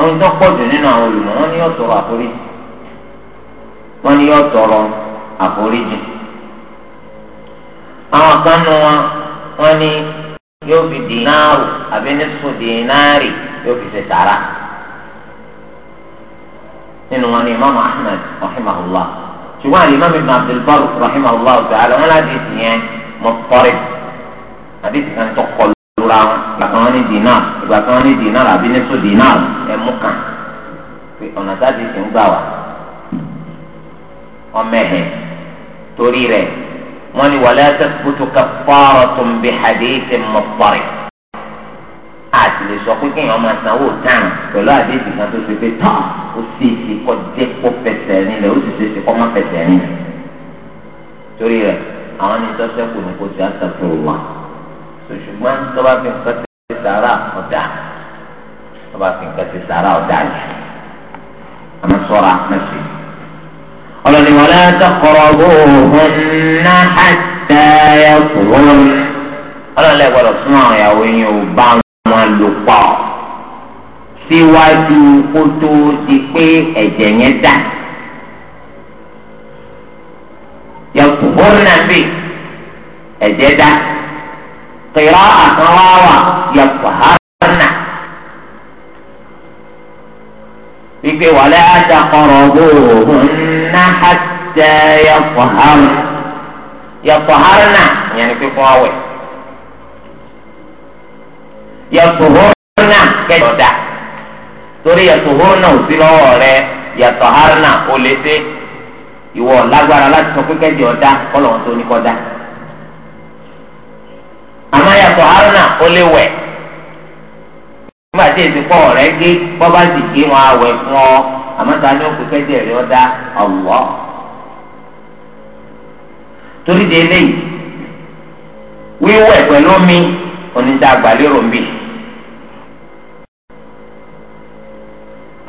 mana ìtọ́ pọ̀ jù nínú àwọn olùmọ̀ wọn ni yóò tọrọ àforíjì ni yóò tọrọ àforíjì àwọn kan nu wọn wọn ni yóò fi dìínàrù àbí nísù dìínàrì. yóò fi ṣe sàrà nínú wọn ni imaamu ahmed rahimahullah ṣùgbọ́n Imam ibn Abdul Bar rahimahullah ta'ala wọn láti ṣe yẹn mọ̀tọ́rì àti ìsìnkàn tó kọlu lura wọn ìgbà kan wọn ní dinar ìgbà kan wọn ní dinar àbí nísò dinar ẹ̀ mú kàn pé ọ̀nà táàbí ti ń gbà wá ọmọ ẹ̀hẹ̀ torí rẹ̀ wọ́n ní wàlẹ́ àtẹ̀kùtù kàfàrọ̀ tó ń bi hadith mọ̀tọ́rì. àti lè sọ pé kéèyàn máa sanwó tán pẹ̀lú àdéhùn kan tó ṣe pé tán ó sì ti kọ́ jẹ́ kó fẹsẹ̀ nílẹ̀ ó sì ṣe ṣe kọ́ má fẹsẹ̀ nílẹ̀. torí rẹ̀ àwọn ní sọ́sẹ́ kò ní kó ti àtàkùrù wá. ṣùgbọ́n tọ́ba fi nǹkan ti sàrà ọ̀dà tọ́ba fi nǹkan ti sàrà ọ̀dà jù. àmọ́ sọ́ra mẹ́sì. ọlọ́ni wọlé àtàkọ̀rọ̀ bóun náà àtàyà kúrò ọlọ́lẹ̀ gbọ́dọ̀ máa lò pọ̀ síwájú kó tó di pé ẹ̀jẹ̀ yẹn dà yàtò bọ́ọ̀nà bì ẹ̀jẹ̀ dà kìlá àtàwáwà yàtò hàrànà wípé wàlẹ́ àdàkọ̀rọ̀ bóòhùn náà hàtẹ́ yàtò hàrànà yàtò hàrànà yẹn ni pípọ́n àwẹ̀ yàtò hóná kẹjọ dà torí yàtò hóná ò sí lọ́wọ́ rẹ yàtò hárnà ò lè dé ìwọ lágbára láti sọ pé kẹjọ dá kọlọ̀ tó ní kọ́ dá àmọ́ yàtò hárnà ò lè wẹ̀ nígbà tí èsì pọ̀ rẹ gé bọ́bá sì gé wọn àwẹ̀ fún ọ àmọ́ ta ni ó pè kẹjọ rẹ ọ dá ọ̀wọ́ torí de eléyìí wíwẹ̀ pẹ̀lú mi onídàgbà lérò mi.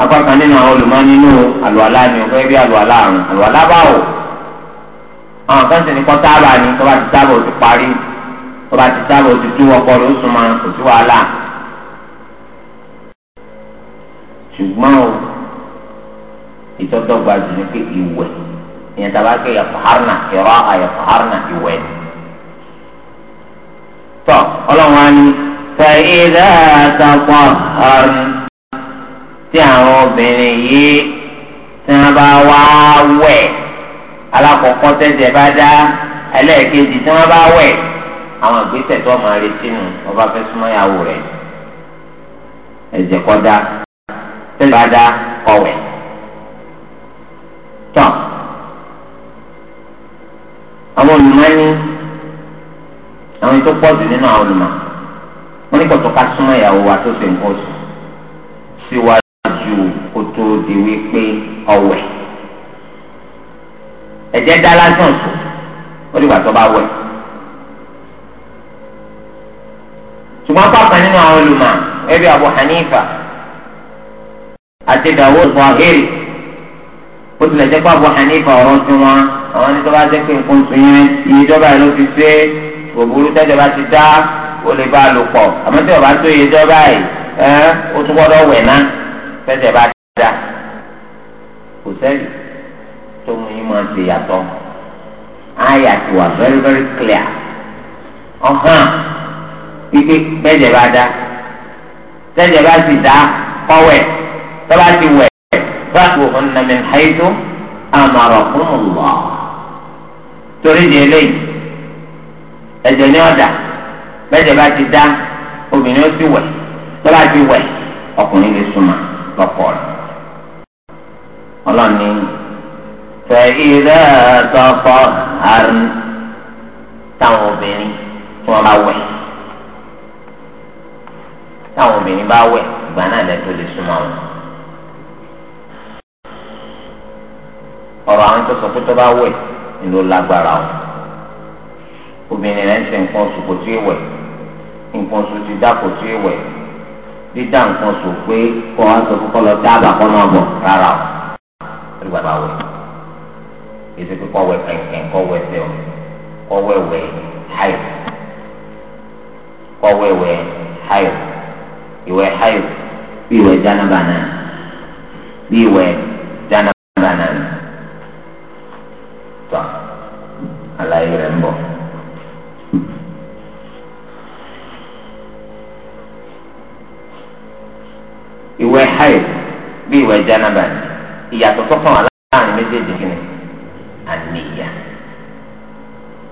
apákan nínú àwọn olùmọ nínú àlùwàlá ni o fẹ́ bí àlùwàlá àrùn àlùwàlá báwò àwọn kan sì ní kọ́ táàbà ni tó bá ti táàbà ó ti parí tó bá ti táàbà ó ti tú ọkọ rẹ̀ ó sùn máa kò sí wàhálà ṣùgbọ́n o ìtọ́dọ́gba jù ní pé ìwẹ̀ ìyẹn tàbá kẹ́ yàtọ̀hárnà ìrọ̀ àyàtọ̀hárnà ìwẹ̀ tọ́ ọlọ́run á ní fẹ́ ìdá àtàkùn àrùn tí àwọn obìnrin yìí tí wọ́n bá wá wẹ̀ alákọ̀ọ́kọ́ tẹ̀sẹ̀ bá dá ẹlẹ́ẹ̀kejì tí wọ́n bá wẹ̀ àwọn ìgbésẹ̀ tó máa retí nù wọ́n bá fẹ́ súnmọ́ ìyàwó rẹ̀ ẹ̀jẹ̀ kọ́ dá tẹ̀sẹ̀ bá dá kọ́ wẹ̀ tán àwọn olùmọ̀ ní àwọn ètò pọ̀ jù nínú àwọn olùmọ̀ wọ́n ní kòtò ká súnmọ́ ìyàwó wa tó ṣe nǹkan oṣù síwájú ṣáájú kó tó di wípé ọ̀wẹ̀ ẹ̀jẹ̀ dá lásán sùn ó dìgbà tó bá wẹ̀ ṣùgbọ́n pàápàá nínú àwọn olùmọ̀ ẹbí Abu Hanifa àti Dawud Zahiri ó tilẹ̀ jẹ́ pé Abu Hanifa ọ̀rọ̀ tí wọn àwọn ní tó bá jẹ́ pé nǹkan oṣù yẹn iye dọ́gba yẹn ló fi ṣe gbogbo tẹ́jọ́ bá ti dá ó lè bá a lò pọ̀ àmọ́ tí wọ́n bá tó iye dọ́gba yìí ẹ́ ó tún gbọ́dọ̀ wẹ̀ náà tẹ́tẹ̀ bá dá kò sẹ́yìn tó mú yín máa ṣe yàtọ̀ àyà ti wà very very clear ọ̀hán pípé tẹ́tẹ̀ bá dá tẹ́tẹ̀ bá sì dá kọ́wẹ̀ tọ́ba ti wẹ̀ fáwọn ọ̀nà mi hàìtó àmàrà fún ọ̀lá torí di eléyìí ẹ̀jẹ̀ ní ọ̀dà tẹ́tẹ̀ bá ti dá obìnrin ó sì wẹ̀ tọ́ba ti wẹ̀ ọkùnrin lè súnmọ́ tọkọ rẹ̀ ọlọ́ni fẹ̀yìrẹ́ tọkọ àrùn táwọn obìnrin tí wọ́n bá wẹ̀ táwọn obìnrin bá wẹ̀ ìgbà náà lẹ́tọ́ lè súnmọ́ wọn. ọ̀rọ̀ àwọn tó sọ pé tó bá wẹ̀ ló lágbára o obìnrin rẹ̀ ń ṣe nǹkan oṣù kò tí ì wẹ̀ nǹkan oṣù ti dá tí ì wẹ̀ dídá nǹkan sùn pé kọ́ wá sọ kọ́kọ́ lọ dábàá kọ́ máa bọ̀ rárá o lórí bàbá wẹ̀ èsì pé kọ́ wẹ̀ kẹ̀kẹ́ kọ́ wẹ̀ sẹ́ o kọ́ wẹ̀ wẹ̀ háyò kọ́ wẹ̀ wẹ̀ háyò ìwẹ̀ háyò bí ìwẹ̀ jánàbà náà bí ìwẹ̀ jánàbà náà tọ́ àlàyé rẹ̀ ń bọ̀. wẹ̀ jánábà ni ìyàtọ̀ tó kàn aláàárín méjèèjì kìíní àníyà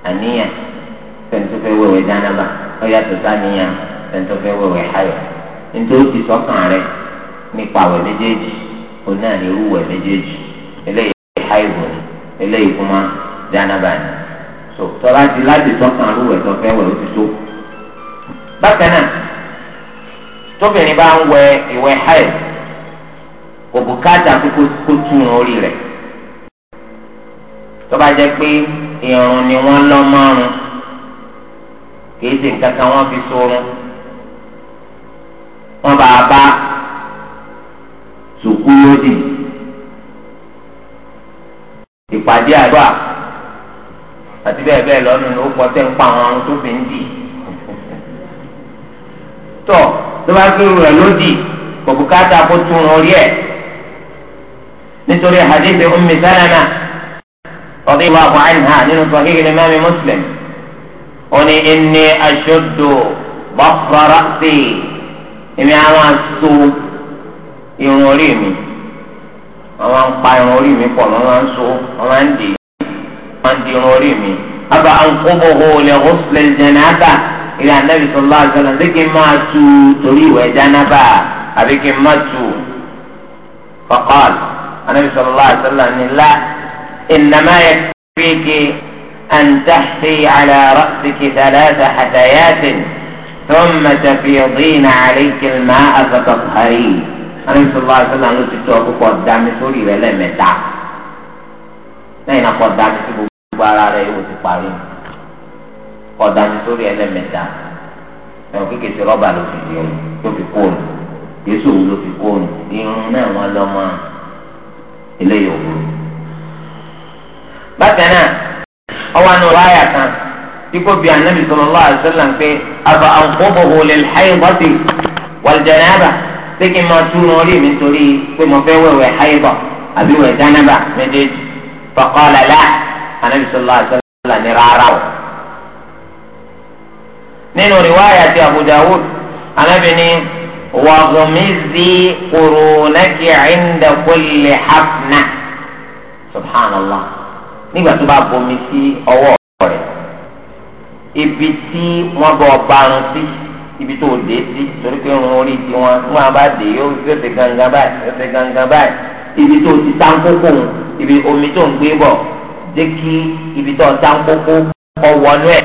àníyà tẹni wẹ̀wẹ̀ jánábà ó yàtọ̀ sáníyà wẹ̀wẹ̀ háyà nítorí ti sọ́kàn rẹ̀ nípa àwẹ̀ méjèèjì ó náà ní wẹ̀ méjèèjì eléyìí háìbò ni eléyìí kúmá jánábà ni so tọ́lá ti láti sọ́kàn irú wẹ̀ wẹ̀ ó ti tó bákan náà tóbìnrin bá ń wẹ̀ ìwẹ̀ háìbò kòkò káàtà kókó kó túnú orí rẹ̀ tó bá jẹ́ pé ìrùn ni wọ́n lọ́ márùn kìí ṣe nǹkan kan wọ́n fi sọ̀rọ̀ wọ́n bá a bá sùkú lódì ìpàdé àdúrà àti bẹ́ẹ̀ bẹ́ẹ̀ lọ́nu ló kọ́ tẹ́ ń pa àwọn ọ̀run tó fi ń dì tọ́ tó bá gbèrú rẹ̀ lódì kòkò kó túnú orí ẹ̀ nítorí hadithi ummi salama radiyallahu anha nínú sahih imaami muslim oní inni ashuddu bafra ra'si èmi àwọn aṣọ irun orí mi àwọn apá irun orí mi pọ̀ lọ́wọ́ ń so àwọn ń dì wọ́n di irun orí mi. aba ankubuhu li ghusl al-janaba ìlà anabi sallallahu alaihi wasallam ṣé kí n máa tu torí ìwẹ̀ janaba àbí kí n má tu. faqala. النبي صلى الله عليه وسلم إن الله إنما يكفيك أن تحفي على رأسك ثلاث حثيات ثم تفيضين عليك الماء فتطهرين النبي صلى الله عليه وسلم قال تشتو أبو قوة دام سوري ولا متع نين أقوة متاع لو بارا ريو تقارين قوة دام سوري ولا متع يعني كي كي ربا لو في اليوم كي في كون يسوع لو في كون إنه ما لما eléyìí ò burú. bákan náà ọwọ́ àna ọ̀rọ̀ àyà kan kíkó bíi anabi sallallahu alaihi wasallam pé àbà anqubuhu lil haydati wal janaba pé kí n máa tún un orí mi torí pé mo fẹ́ wẹ̀wẹ̀ haydọ̀ àbí wẹ̀ janaba méjèèjì faqala la anabi sallallahu alaihi ní rárá o. nínú riwaya ti Abu Dawud anabi ní. واغمزي قرونك عند كل حفنة سبحان الله nígbà tó bá bomi sí ọwọ́ rẹ̀ ibi tí wọ́n bọ̀ barun sí ibi tó dé sí torí pé irun orí ti wọn wọn bá dé yóò yóò ṣe gangan báyìí yóò ṣe gangan báyìí ibi tó ti táǹkókò ibi omi tó ń gbé bọ̀ jẹ́ kí ibi tó táǹkókò ọwọ́ nú ẹ̀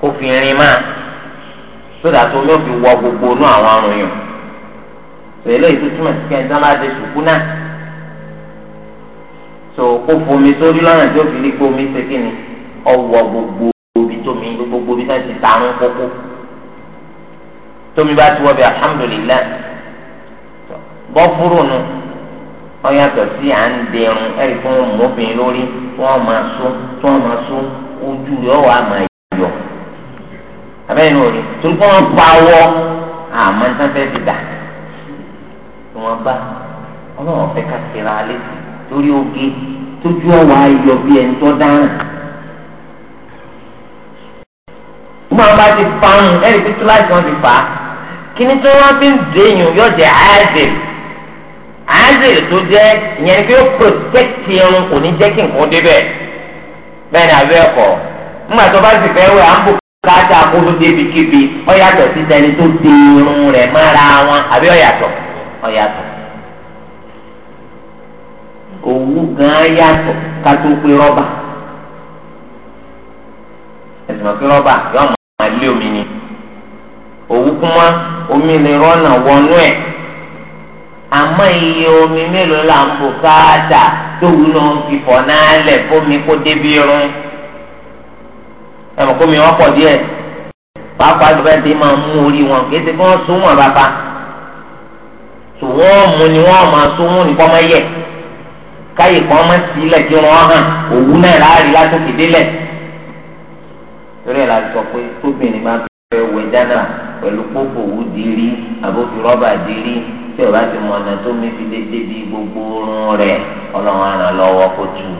kó fi rin máa sódà tó omi ò fi wọ gbogbo inú àwọn arùn yàn tó eléyìí tó túmọ̀ sí kẹ́ńtà máa de sùkú náà tó kó fomi sórí lọ́nà tí ó fi rí pé omi ṣe kí ni ọwọ́ gbogbo omi tómi gbogbo omi náà ti tààrùn kókó tómi bá ti wọ́ bí alhamdulilayi bọ́ fúrò nu wọ́n yàtọ̀ sí à ń dẹrun ẹ̀rí fún ọmọbìnrin lórí wọ́n máa sún tí wọ́n máa sún ojú rẹ̀ ọ̀wà máa abẹ́yẹn ò rí torí kí wọ́n pa ọwọ́ àmọ́ nígbà fẹ́ ti dà kí wọ́n bá ọlọ́wọ́n fẹ́ ká tẹ̀ra alẹ́ torí oge tójú ọwọ́ ayọ̀ bí ẹni tó dáràn. Mo bá ti fa ń ẹni tí kíláàsì wọn ti fà á. Kíní tí wọ́n fi ń dèèyàn yóò jẹ́ ààzìl. Ààzìl tó jẹ́ ìyẹn ni pé ó pòtẹ́kì irun kò ní jẹ́ kí nǹkan débẹ̀. Bẹ́ẹ̀ni àbẹ́ ẹ̀kọ́. Nígbà tó bá sì fẹ́ wẹ̀ à káàtà kótó débi kébi ọ̀yàtọ̀ sí tẹni tó de irun rẹ̀ mọ́ra wọn àbí ọ̀yàtọ̀ ọ̀yàtọ̀ òwú gan yàtọ̀ kátó pé rọ́bà ẹ̀sìn ọ̀pẹ rọ́bà yóò máa lé omi ni òwú kúmọ́ omi lè rọ́nà wọnú ẹ̀ àmọ́ iye omi mélòó là ń bò káàtà tó wúlò ń fi fọ̀ náà lẹ̀ fómi kó débi irun ẹ̀mọ̀ kó mi wọ́n pọ̀ díẹ̀ pàápàá jù bẹ́ẹ̀ tí máa mú orí wọn kì í ṣe kí wọ́n sún wọn bàbá tò wọ́n mú ni wọ́n máa sún wọn nìkan máa yẹ káyè kan máa sílẹ̀ kí wọ́n hàn òwú náà láàrin látòkè délẹ̀ torí ẹ̀ la sọ pé tóbìnrin máa fẹ́ wẹ dáná pẹ̀lú pópò òwú di rí àbófi rọ́bà di rí tí ò ti mọ̀ ọ̀nà tó mi fi dé débi gbogbo oorun rẹ̀ ọlọ́run àràn lọ́wọ́ kó tù ú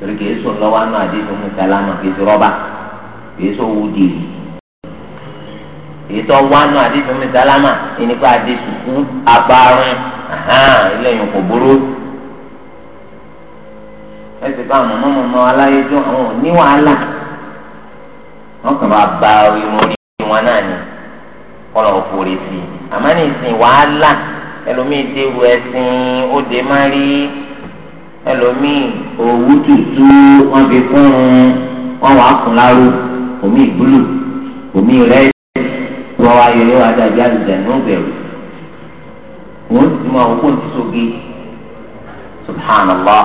torí kìí sùn lọ́wọ́ nínú àdéhùn mú kálámà kìí sùn rọ́bà kìí sùn owó dìrì èyí tó wá nínú àdéhùn mú kálámà ìnípa àdéhùn kú abarun ẹlẹ́yìn kò burú. ẹ sì bá àwọn mọ́mọ́mọ́ aláyéjọ́ àwọn ò ní wàhálà wọ́n kàn máa ba irun orí wọn náà ni kọ́lọ̀ òfòrè sí i àmọ́ ní wàhálà ẹlòmíì dé wu ẹ̀sìn ó dé má rí i ẹlòmíì òwú tutù wọn fi kún un wọn wàá kún láró omi búlù omi rẹ́ẹ̀dì wọn wá yọ yọ adájọ́ àlùjáde ń bẹ̀rù wọn sì máa wọ́n kó ti sóge subhanallah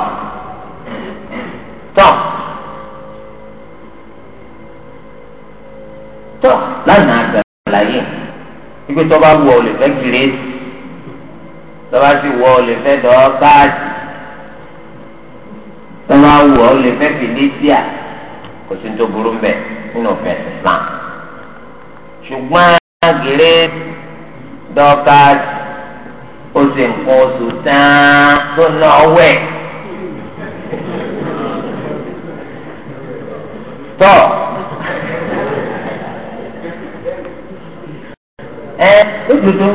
tọ́ tọ́ lánàá àgbàláyé ibi tó bá wù ọ́ lè fẹ́ kiri tó bá sì wù ọ́ lè fẹ́ dọ́ọ́ káàdì wọ́n máa wù ọ́ lè fẹ́ fìlísíà kò sí tó burú mbẹ̀ nínú òfin Islam ṣùgbọ́n gèrè dọ́kas ó sì nǹkan oṣù tán tó ná ọwẹ́ tọ́ ẹ lójoojú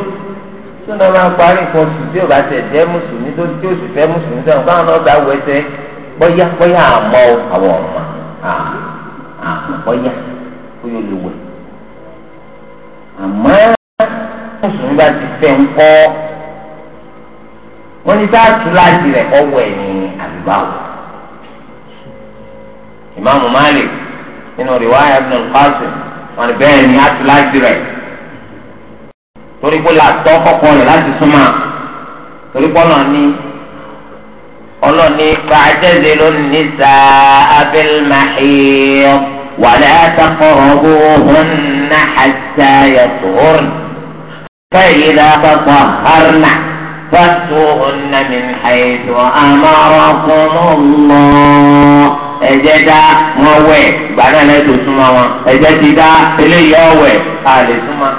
tó náà máa parí nǹkan oṣù tí ò bá tẹ̀ jẹ́ mùsùlùmí tó tí ó sì fẹ́ mùsùlùmí sọ̀rọ̀ báwọn náà gbà wọ ẹsẹ̀ bóyá bóyá àmọ́ àwọn ọ̀ma àmọ́ bóyá bóyá olùwẹ̀ àmọ́ mùsùlùmí bá ti fẹ́ ń kọ́ wọ́n ní sáà tún láti rẹ̀ ọwọ́ ẹ̀ ní àdúgbàwọ̀ ìmáàmù Malik nínú rìwáyà Ibn al-Qasim wọn ni bẹ́ẹ̀ ni á tún láti rẹ̀ torí pé làtọ́ kọ́kọ́ rẹ̀ láti súnmọ́ torí pé ọ̀nà ni ọlọ́ni fàájẹ́sẹ̀ ló ní sa abilmahir wàlẹ́ àtàkọ́rọ́bù hùnà àtàyà tóorùn fẹ́yìlá bàbá harnà fàtúhùnà mi àyètò àmàràkùnmọ́ ẹ̀jẹ̀ dá wọn wẹ̀ gbàdá náà tó súnmọ́ wọn ẹ̀jẹ̀ ti dá eléyìí ọ̀wẹ̀ a lè súnmọ́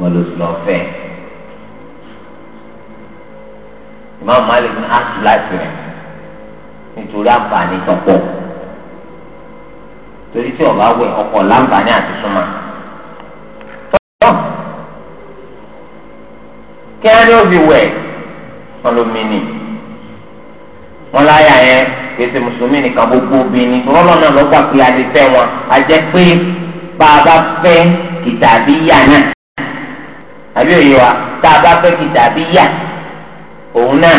wọn ló sùn lọ fẹ́ẹ́. Imam Malik ní áṣíláṣí rẹ̀ nítorí àǹfààní tọ̀pọ̀ torí tí ọba wẹ̀ ọkọ̀ láǹfààní àti súnmọ́. kí á ní ó fi wẹ̀ wọn ló mi nì wọn láyà yẹn pèsè mùsùlùmí nìkan gbogbo obìnrin rọ́lọ́ náà lọ́gbà pé a lè fẹ́ wọn a jẹ́ pé bá a bá fẹ́ kìtàbí yà náà àbí òye wa tá a bá fẹ́ kìtàbí yà náà. òun náà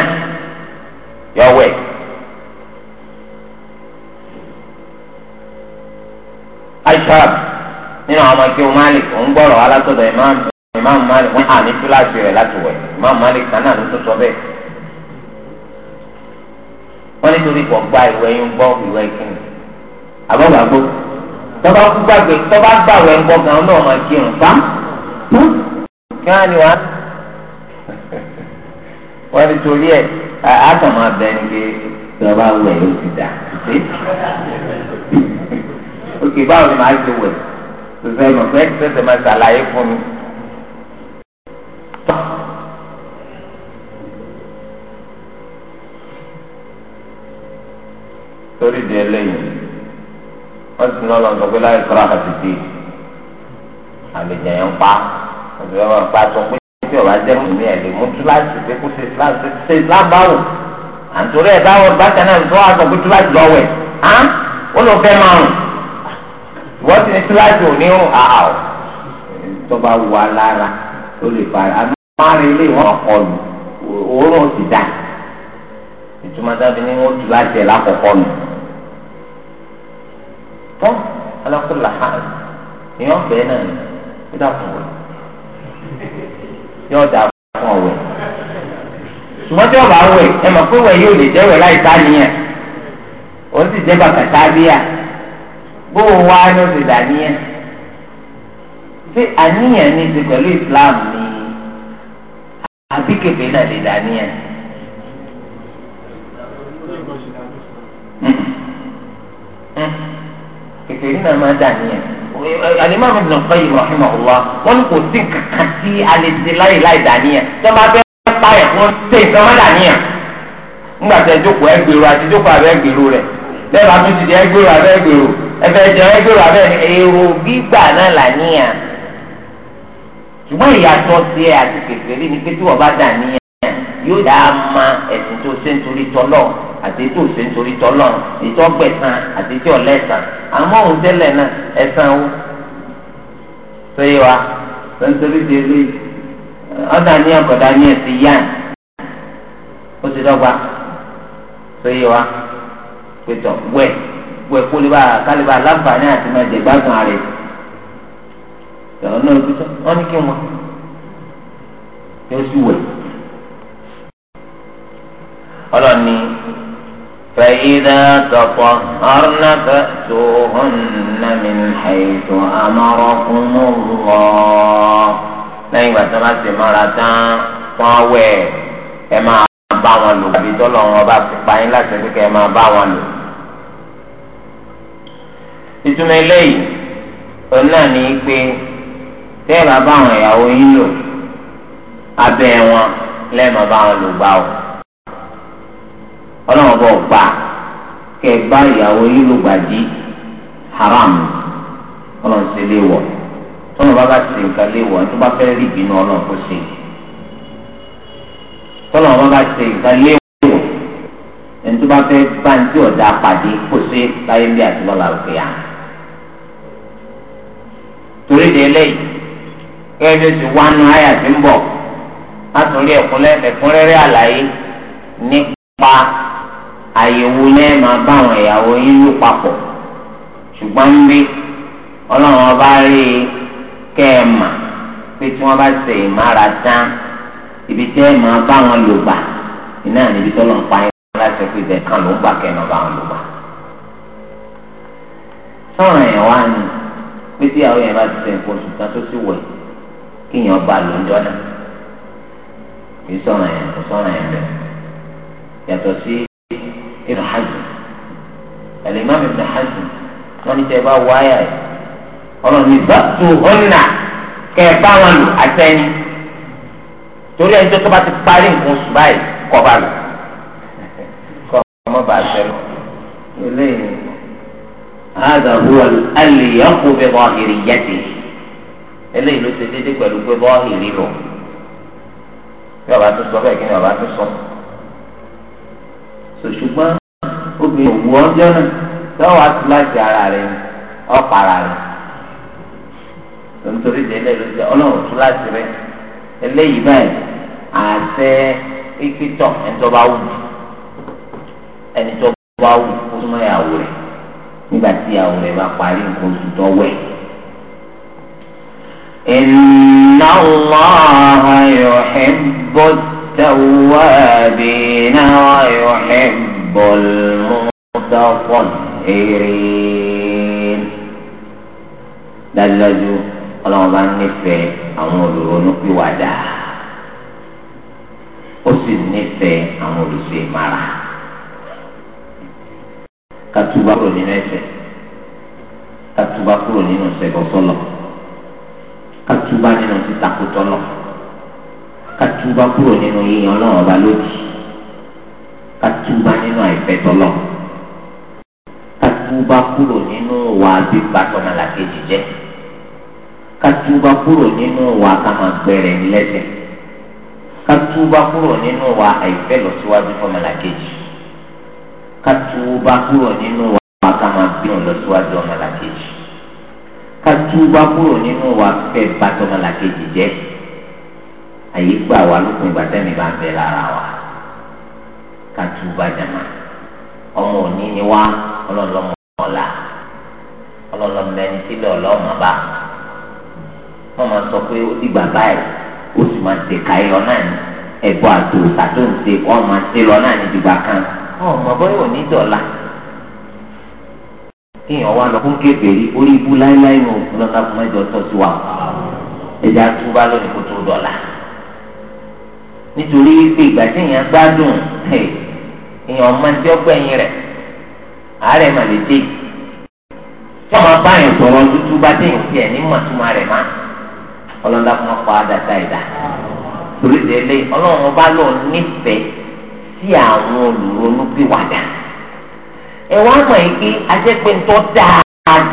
yọwẹ. aishab nínú àwọn ọmọ ìkéwù òun gbọ́rọ̀ alásọ̀dọ̀ imam imam malik wọ́n hàn kíláàsì rẹ̀ láti wẹ̀ imam malik kanáà ló sọ nítorí kò gba yín gbàgbé náà máa kírun kí wọ́n ti torí ẹ̀ àtọ̀ máa bẹ ẹni pé ìjọba wẹ̀ ló ti dà òkè báwo ni màá ti wẹ̀ tòṣe ẹ̀ mọ̀fẹ́ tẹ̀sẹ̀ máa ṣàlàyé fún mi. torí di eléyìí wọ́n ti náà lọ sọ pé láyé àti di àlejò yẹn pa àti wọ́n pa tó pé ọba jẹ́ mùmí ẹ̀ lè mú túláàsì pé kó ṣe islam ṣe islam báwò àtúrẹ́ ẹ̀ báwò bákan náà tó wà sọ pé túláàsì lọ́wọ́ ẹ̀ á ó lọ fẹ́ máa rùn wọ́n ti ní túláàsì ò ní rùn àá ọ̀ tọ́ba wà lára tó lè parí àmì máa rí ilé wọn kọlù òórùn ti dà ìtumọ̀ dábì ní wọ́n túláàsì ẹ̀ lákọ̀ọ́kọ́ nù tọ́ alákùlà hàn ìyọ́n bẹ́ẹ̀ náà ní kí dàpọ̀ wọ̀nyí yóò dà fún ọ̀wẹ̀ ṣùgbọ́n tí ọba wẹ̀ ẹ mọ̀ pé wẹ̀ yóò lè jẹ́ wẹ̀ láì bá nìyẹn ó sì jẹ́ bàtà tábíà bó o wá ní oṣù dàníyàn ṣé àníyàn ní ti pẹ̀lú Islam ni àbí kébé náà lè dàníyàn. Hmm. Hmm. kèfèrí náà máa dàníyàn alimami Ibn Qayyim rahimahullah wọn ni kò sí kankan tí alẹ́ ti láyè láì dàníyàn tó bá fẹ́ pààyàn fún ṣe ìsọmọ dàníyàn ńgbà tẹ jókòó ẹgbèrò àti jókòó àbẹ ẹgbèrò rẹ bẹ́ẹ̀ bá tún ti di ẹgbèrò àbẹ ẹgbèrò ẹfẹ jẹ ẹgbèrò àbẹ èrò gbígbà náà làníyàn ṣùgbọ́n ìyàtọ̀ sí ẹ àti kèfèrí ni pé tí wọ́n bá dàníyàn yóò dá a ma ẹ̀sìn tó ṣe ń torí tọ́lọ̀ àti tó ṣe ń torí tọ́lọ̀ ètò àti tó ọlẹ́sàn àmọ́ òun tẹ́lẹ̀ náà ẹ̀sán wo sọyẹ wa sọ̀ntorí délé ọ̀dà ní ọ̀kọ̀dà ní ẹ̀sìn yàn ó ti dọ́gba sọyẹ wa pẹ̀tọ̀ wẹ̀ wẹ̀ kólébà kálíbà láǹfààní àti mẹ́jẹ gbádùn ààrẹ ìyàwó náà lójútọ́ wọ́n ní kí wọ́n yóò sì wẹ̀ ọlọ́ni. فإذا تطهرن فأتوهن من حيث أمركم الله lẹ́yìn ìgbà tí wọ́n bá ti mọ́ra tán wọ́n wẹ̀ ẹ máa bá wọn lò àbí tọ́lọ̀ wọn bá ti pa yín láti ẹgbẹ́ kẹ́ ẹ máa bá wọn lò. ìtumọ̀ eléyìí òun náà ní í pé tẹ́ ẹ bá bá àwọn ìyàwó yín lò abẹ́ wọn lẹ́ẹ̀ máa bá wọn lò gbà ọ́ ọlọ́run ọba ọgbà kẹ bá ìyàwó lílùgbàdì haram ọlọ́run ṣe léwọ̀ tọ́nà bá bá ṣe nǹkan léwọ̀ tó bá fẹ́ rí ìbínú ọlọ́run kó ṣe tọ́nà bá bá ṣe nǹkan léwọ̀ ẹni tó bá fẹ́ bá ń tí ọ̀dà pàdé kó ṣe láyé bí àti lọ́la òkè yá torí de eléyìí kẹ́ bí o ti wá nu àyà tí ń bọ̀ látòrí ẹ̀kúnrẹ́rẹ́ àlàyé nípa. àyẹ̀wò lẹ́ẹ̀ máa bá àwọn ìyàwó yín lò papọ̀ ṣùgbọ́n ń bí ọlọ́run ọba rí i kẹ́ ẹ mà pé tí wọ́n bá ṣe ibi tẹ́ ẹ máa bá wọn lò gbà iná níbi tọ́lọ̀ ń pa yín láti fi bẹ̀ kàn ló ń gbà kẹ́ ẹ bá wọn lò gbà. sọ̀rọ̀ wá pé tí àwọn yẹn bá ti ṣe nǹkan oṣù kan tó sì wẹ̀ kí bá lò ibn Hazm alimami ibn Hazm wọn ní tẹ bá wáyà yìí ọlọ́run ní bàtú ọ̀nà kẹ ẹ bá wọn lò àtẹni torí ẹni tó tó bá ti parí nǹkan oṣù báyìí kọ́ bá lò kọ́ ọmọ bá tẹ lọ eléyìí hàdà huwa alìyànkú bẹ bọ́ ọ̀hìrì yẹtì eléyìí ló ti dédé pẹ̀lú pé bọ́ ọ̀hìrì lò bí ọba tó sọ bẹ́ẹ̀ kí ni ọba tó pé òwú ọjọ́ náà tọ́wọ́ àti láti ara rẹ̀ ọ̀pá ara rẹ̀ nítorí délé ló jẹ ọlọ́run tún láti rẹ̀ eléyìí báyìí àṣẹ pípítọ̀ ẹ̀ńtọ́ bá wù ẹ̀ńtọ́ bá wù kó súnmọ́ ìyàwó rẹ̀ nígbà tí ìyàwó rẹ̀ bá parí nǹkan oṣù tó wẹ̀. إن الله يحب التوابين ويحب المتطهرين dájúdájú ọlọ́run bá nífẹ̀ẹ́ àwọn olùrònú pìwàdà ó sì nífẹ̀ẹ́ àwọn olùsè ìmára katuba kúrò nínú ẹ̀ṣẹ̀ katuba kúrò nínú sẹgọsọlọ katuba nínú títakùtọlọ katuba kúrò nínú yíyan ọlọ́run ọba lòdì katuba nínú àìfẹ́ tọ́lọ̀ kátúbá kúrò nínú wa bíbá tọ́mọlá kejì jẹ́ kúrò nínú wa kàmá gbẹrẹ lẹ́sẹ̀ kúrò nínú wa àìfẹ́ lọ́síwájú tọ́mọlá kejì kúrò nínú wa kàmá bínú lọ́síwájú ọmọlá kúrò nínú wa fẹ́ bá tọ́mọlá kejì jẹ́ àyè gbà ìgbà tẹ́mi bá ń bẹ lára wa kájú bàjàmà ọmọ òní ni wá ọlọ́lọ́mọ ọ̀la ọlọ́lọ́mọ ẹni sílẹ̀ ọlọ́mọ bá wọ́n máa sọ pé ó dìgbà báyìí ó sì máa dèka ẹ lọ náà ní ẹ̀bọ́ àti òòtà tó ń ṣe wọ́n máa ṣe lọ náà ní dìgbà kan wọ́n mọ̀ bọ́yọ̀ ní dọ̀la kéèyàn wá lọ fún kébèrè orí ibú láéláé nù lọ́nà fún ẹjọ́ tọ́ wa ẹ̀dá túbá lónìí kó tó dọ̀la nítorí pé ìgbà tí èèyàn gbádùn èèyàn ọmọ tí ó gbẹ̀yìn rẹ̀ àárẹ̀ mà lè dé tí ọmọ báyìí sọ̀rọ̀ dúdú bá dé ìsì ẹ̀ ní mọ̀túmọ̀ rẹ̀ má ọlọ́dà fún ọkọ̀ àdàtà ìdá torí ìdílé ọlọ́run ọba lọ nífẹ̀ẹ́ sí àwọn olùrònú bí wàdà ẹ wá mọ̀ yìí pé ajẹ́pẹ́ ń tọ́ dáa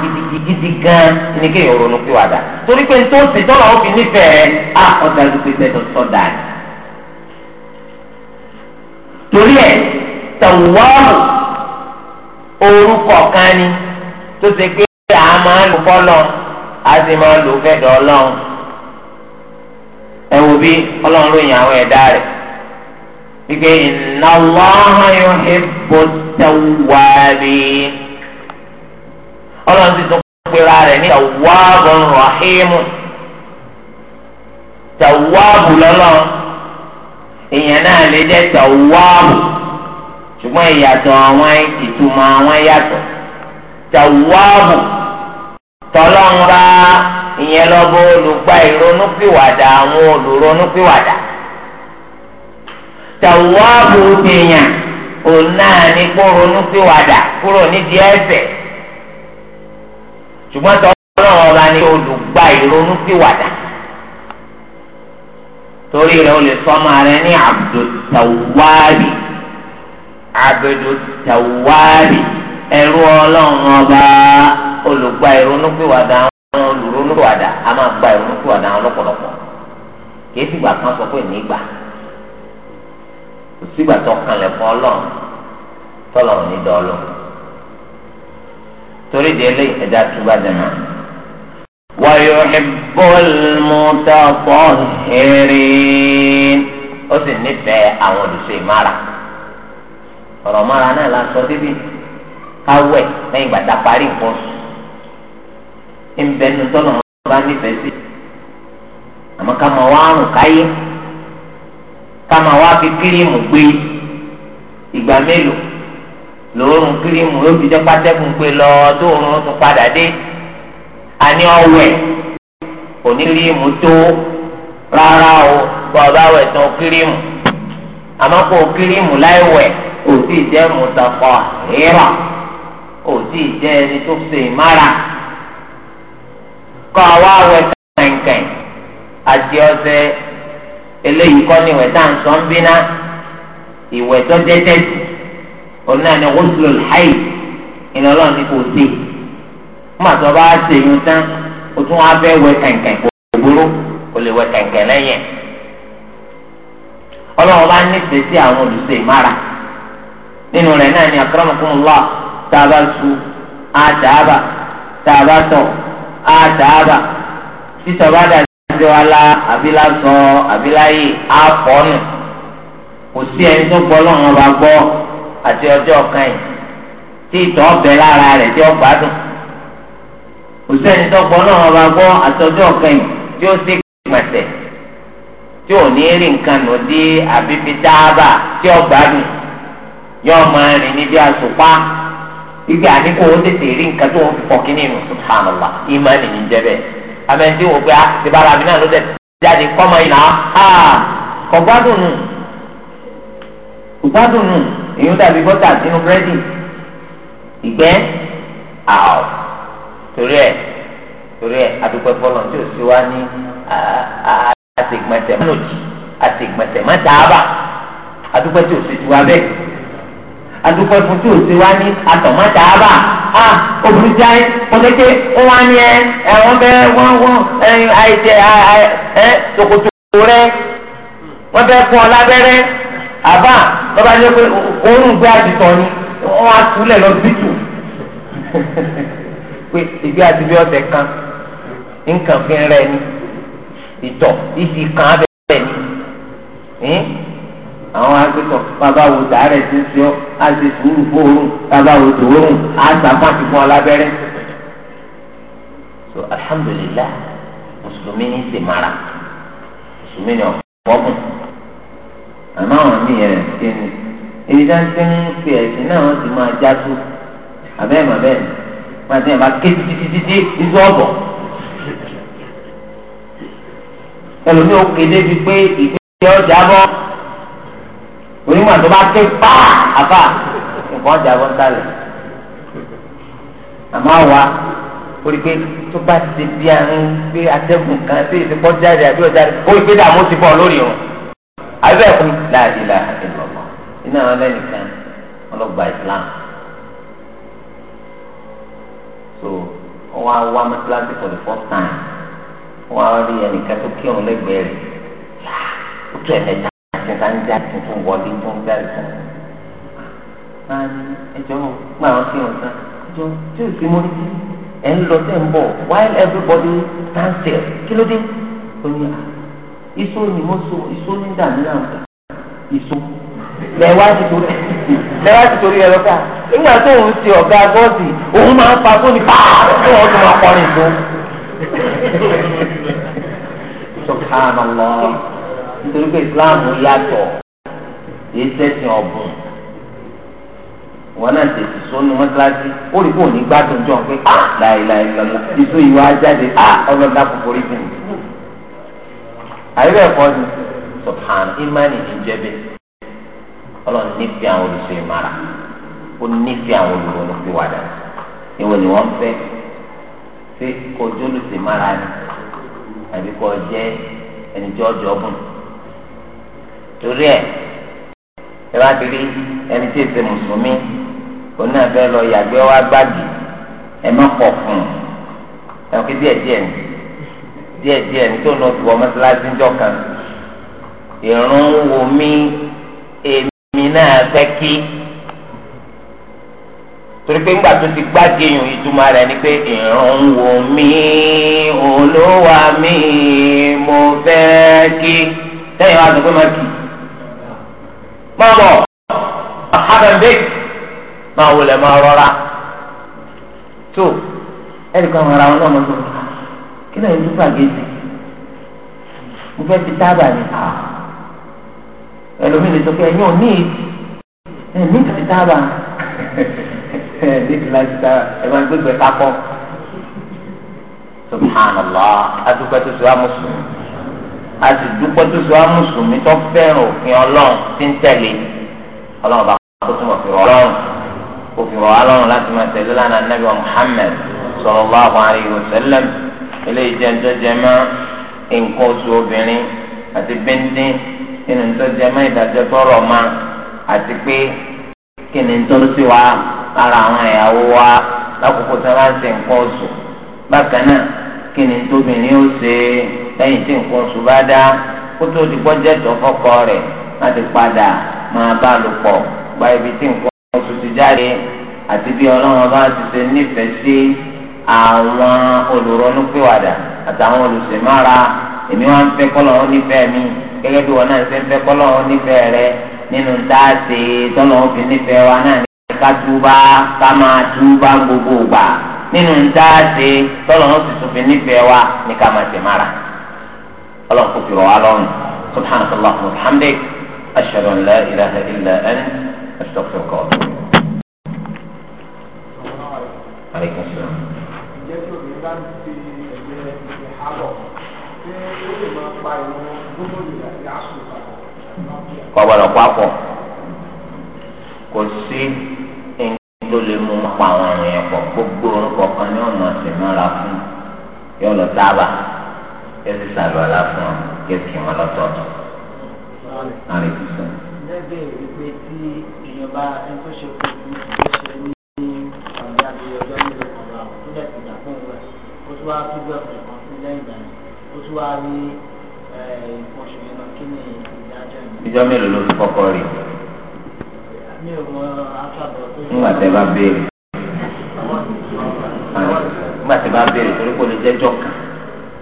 gidigidi gan ni kéèyàn ronú pé wàdà torí pé tó ń sèjọ́ làwọn fi nífẹ̀ẹ́ á ọ̀dà ló pé sẹ́dọ̀ sọ́dà. torí ẹ̀ tàwáàmù orúkọ kan ni tó a máa lò fọlọ a sì máa lò fẹdọ Ọlọ́run ẹ wo bí Ọlọ́run ròyìn àwọn ẹ̀dá rẹ̀ wípé inna Allaha yuhibbu tawwabin Ọlọ́run ti tún pera rẹ̀ ní lọlọ ìyẹn náà ṣùgbọ́n ìyàtọ̀ àwọn ìtumọ̀ àwọn yàtọ̀ tàwáàbù tọ́lọ́nra ìyẹn lọ́bọ̀ olùgbà ìrònúpìwàdà àwọn olùrònúpìwàdà tàwáàbù tèèyàn òun náà ní kó ronúpìwàdà kúrò nídìí ẹ̀ṣẹ̀ ṣùgbọ́n tọ́lọ́nra ni olùgbà ìrònúpìwàdà torí rẹ̀ o lè sọ ọmọ rẹ ní Abdul Tawwabi. abedu tawari ẹrú ọlọ́run ọba olùgbà ìrònúpìwàdà àwọn olùrònúpìwàdà a máa gba ìrònúpìwàdà àwọn lọ́pọ̀lọpọ̀ kìí sìgbà kan sọ pé nígbà kò sígbà tó kanlẹ̀ fún ọlọ́run tọ́lọ́run ní dọ́ọ̀lọ́ torí délé ẹ̀dá túbà dẹ̀mọ́. ويحب المتطهرين ó sì nífẹ̀ẹ́ àwọn olùsọ ọ̀rọ̀ mọ́ra náà la sọ débi káwẹ̀ lẹ́yìn gbàdá parí nǹkan sùn ńbẹ nu tọ́nà wọn bá nífẹ̀ẹ́ sí àmọ́ ká máa wá àrùn káyé ká máa wá fi kírímù gbé ìgbà mélòó lòórùn kírímù yóò fi jẹ́ pátẹ́kùn pé lọ tó òórùn tún padà dé àní ọ̀wẹ̀ òní kírímù tó rárá o bọ̀ ọ̀bá wẹ̀ tán kírímù àmọ́ kò kírímù láì wẹ̀ òtí jẹ́ mùtàkọ ìrọ̀ òtí jẹ́ ẹni tó ṣe ìmára kọ́ àwa wẹ̀ kẹ̀kẹ́ àti ọ̀sẹ̀ eléyìí kọ́ ni ìwẹ̀ tá à ń sọ ń bínà ìwẹ̀ tó jẹ́jẹ́ sí òun náà ni ghuslul hayd ìnà ọlọ́run ní kò sí fún àtọ́ bá ṣe yun tán o tún wá fẹ́ wẹ̀ kẹ̀kẹ́ kò burú kò lè wẹ̀ kẹ̀kẹ́ lẹ́yìn ọlọ́run bá nífẹ̀ẹ́ sí àwọn olùṣe ìmára nínú rẹ̀ náà ni akramakumullah tá a bá su àdàbà tá a bá tọ̀ àdàbà títọ̀ bá dà sí wa la àbí la sọ àbí la yìí àfọ̀nù kò sí ẹni tó gbọ́ lọ́wọ́n bá gbọ́ àti ọjọ́ kan yìí tí ìtọ̀ ọbẹ̀ lára rẹ̀ tí ó gbádùn kò sí ẹni tó gbọ́ lọ́wọ́n bá gbọ́ àti ọjọ́ kan yìí tí ó sì gbẹ̀sẹ̀ tí ò ní rí nǹkan nù dí àbí fi dáábà tí ó gbádùn yóò máa rìn níbi àsùpá ibi àdínkù ó tètè rí nǹkan tó ń kí ní ìmọ̀ subhanallah ìmánì ní jẹ́bẹ̀ amẹ́ndé wò pé a ti bára mi náà ló dẹ̀ jáde kọ́mọ yìí náà a kò gbádùn nù kò gbádùn nù èyí ó dàbí bọ́tà sínú búrẹ́dì ìgbẹ́ àwọ̀ torí ẹ̀ torí ẹ̀ adúpẹ́ fọlọ́ tí ò sí wá ní àtìgbẹ̀tẹ̀ mọ́tàbà adúpẹ́ tí ò sí ju wa bẹ́ẹ̀ adúpẹ́ fún tí òsè wá ní àtọ̀mọ́tà ábà á obìnrin jáì pọ́tẹ́kẹ́ ó wá ní ẹ ẹ wọ́n bẹ wọ́n wọ́n ẹ àìsẹ ẹ ṣòkòtò rẹ wọ́n bẹ fún ọ lábẹ́rẹ́ àbá lọ́ba ní pé òórùn gbé àdìtọ̀ ni wọ́n á túlẹ̀ lọ sí tù pé ìgbé àti bí ọ̀sẹ̀ kan nǹkan fi rẹ̀ ni ìtọ̀ ìsì kan abẹ́rẹ́ ni àwọn akétọ̀ bàbá wo dàárẹ̀ ti ń ṣe ọ́ á ti sùúrù fóorùn bàbá wo tòórùn á sàfà ti fún ọ lábẹ́rẹ́. so alhamdulillah mùsùlùmí ní ti mara mùsùlùmí ni ọ̀pọ̀gùn àmọ́ àwọn míì rẹ̀ ti ní ibi tá ń ti ń pe ẹ̀sìn náà wọ́n ti máa já tó àbẹ́ẹ̀ màbẹ́ẹ̀ máa tẹ̀yìn bá ké títítítí ìzú ọ̀bọ̀ ẹlòmíì ó kéde bíi pé ìpínlẹ̀ ọjà onímọ̀ tó bá ké pa àbá nǹkan ọjà bọ́ sálẹ̀ àmọ́ àwa orí pé tó bá ti bí àrùn pé atẹ́gùn kan sí ìsìnkọ́ jáde àbí ọjà rẹ̀ ó rí pé dààmú ti bọ̀ lórí wọn àbẹ́ẹ̀kún láàdìlà ìlọ́mọ iná àwọn ẹlẹ́nìkan ọlọ́gba Islam so wọ́n á wá mọ́tíláṣí for the first time wọ́n á rí ẹnìkan tó kírun lẹ́gbẹ̀ẹ́ rẹ̀ ó tó ẹ̀mẹ́ta kẹta ń já tuntun wọlé tó ń jáde tó ń máa ní ẹjọ́ máa ń fi hàn sá ẹjọ́ tí ò sí mórí ẹ̀ ń lọ tẹ̀ ń bọ̀ while everybody stand still kí ló dé ó ní iṣó ni mo so iṣó ní dàmí náà gbà iṣó lẹ́wà ti torí lẹ́wà ti torí ẹ lọ́kà nígbà tó ń ṣe ọ̀gá gọ́ọ̀sì òun máa ń fa fóònù pàà tó wọ́n tún máa kọrin tó. subhanallah nítorí pé islam yàtọ̀ yìí sẹ́sìn ọ̀bùn wọn náà tètè sọnù mọ́tíláṣí ó rí fóònù gbádùn jọ pé á láìláì lọ́mọ ìṣó ìwà jáde á ọlọ́dà kòkòrò ìdùn. àyẹ̀wò ẹ̀kọ́ ni subhan imani ní jẹ́bẹ̀ ọlọ́run nífẹ̀ẹ́ àwọn olùsọ ìmàrà ó nífẹ̀ẹ́ àwọn olùwọ̀nùpìwàdà ìwọ ni wọ́n fẹ́ pé kò jólùsì ìmàrà ni àbí kò jẹ́ ẹnìjọ́ ọjọ́ ọ̀bùn torí ẹ̀ ẹ bá ti rí ẹni tí èsè mùsùlùmí òun náà fẹ́ lọ yàgbé wá gbági ẹ má pọ̀ fún un ẹ kí díẹ̀ díẹ̀ ni díẹ̀ díẹ̀ ni tó nà tùwọ́ mọ́sálásí ńjọ kan ìrún wo mí èmi náà fẹ́ kí torí pé ńgbà tó ti gbági yùn ìtumọ̀ rẹ̀ ni pé ìrún wo mí olówó mi mo fẹ́ kí tẹ́yìn wá sọ pé má kì í. máa bọ̀ máa máa rọra tó ẹnì kan ara wọn lọ́mọdé kí mo fẹ́ ti tábà ní ẹlòmíì lè ẹ̀mí ti tábà láti tábà ẹ̀ máa gbégbé kápọ̀ subhanallah adúgbò tó a sì dúpọ́ tó sọ á mùsùlùmí tó fẹ́ràn òfin ọlọ́run tí ń tẹ̀lé ọlọ́run bá kó tó mọ̀ fi rọ̀ ọlọ́run kò fi rọ̀ ọlọ́run láti máa tẹ̀lé lánàá nàbí wa Muhammad sallallahu alayhi wa sallam eléyìí jẹ́ ntọ́jẹ́má nǹkan oṣù obìnrin àti bíndín nínú ntọ́jẹ́má ìdájọ́ tọrọ ma àti pé kí ni ntọ́sí wa lára àwọn ìyàwó wa lákòókò tí bá ń ṣe nǹkan oṣù bákan náà lẹ́yìn tí nǹkan oṣù bá dá kó tó di gbọ́jẹ́ tó fọ́kọ rẹ̀ láti padà máa bá lò pọ̀ gba ibi tí nǹkan oṣù ti jáde àti bí ọlọ́run bá ti ṣe nífẹ̀ẹ́ sí àwọn olùrọ́núpìwàdà àtàwọn olùṣèmára èmi wá ń fẹ́ kọ́lọ̀ ọ́ nífẹ̀ẹ́ mi gẹ́gẹ́ bí wọn náà ṣe ń fẹ́ kọ́lọ̀ ọ́ nífẹ̀ẹ́ rẹ nínú dáàsì tọ́lọ̀ ọ́ fi nífẹ̀ẹ́ wa náà ní ká túbá ká máa túbá gbogbo gbà nínú dáàsì tọ́lọ̀ ọ́ sì tún fi nífẹ̀ẹ́ wa ní ká máa ṣèmára. اللهم kò fi rọ̀ wá lọ́rùn subhanaka allahumma wa bihamdik ashhadu an la ilaha illa anta astaghfiruka wa atubu aleykum salaam. ǹjẹ́ tí obìnrin bá ń fi ẹ̀jẹ̀ ìhálọ̀ pa ìwọ̀n kò sí nǹkan tó lè mú pa àwọn àrùn yẹn pọ̀ gbogbo orúkọ kan ní ọ̀nà àṣìmọ́ra fún yọ̀ọ̀lọ̀ tábà kí ẹ ti sàlù àlá fún ọ kí ẹ kì wọn lọ́tọ̀ọ̀tọ̀. lẹ́gbẹ̀ẹ́ ìpè tí èèyàn bá ẹni tó ṣe kú ní ìṣe ní ọ̀gá bíi ọjọ́ mélòó kan wà ó dẹ̀ ti dàpọ̀ wẹ̀ ó tún wá tó gbẹ̀ pẹ̀lú kan sí lẹ́yìn ìgbà yẹn ó tún wá rí nǹkan oṣù yẹn náà kí ni ìdájọ́ yẹn. ìjọ mélòó ló ti kọ́kọ́ rí? mi ò mọ aṣáàbọ̀ tó yẹ. nígbà tẹ bá béèrè nígbà tẹ bá béèrè torí kò lè jẹ́jọ́ kan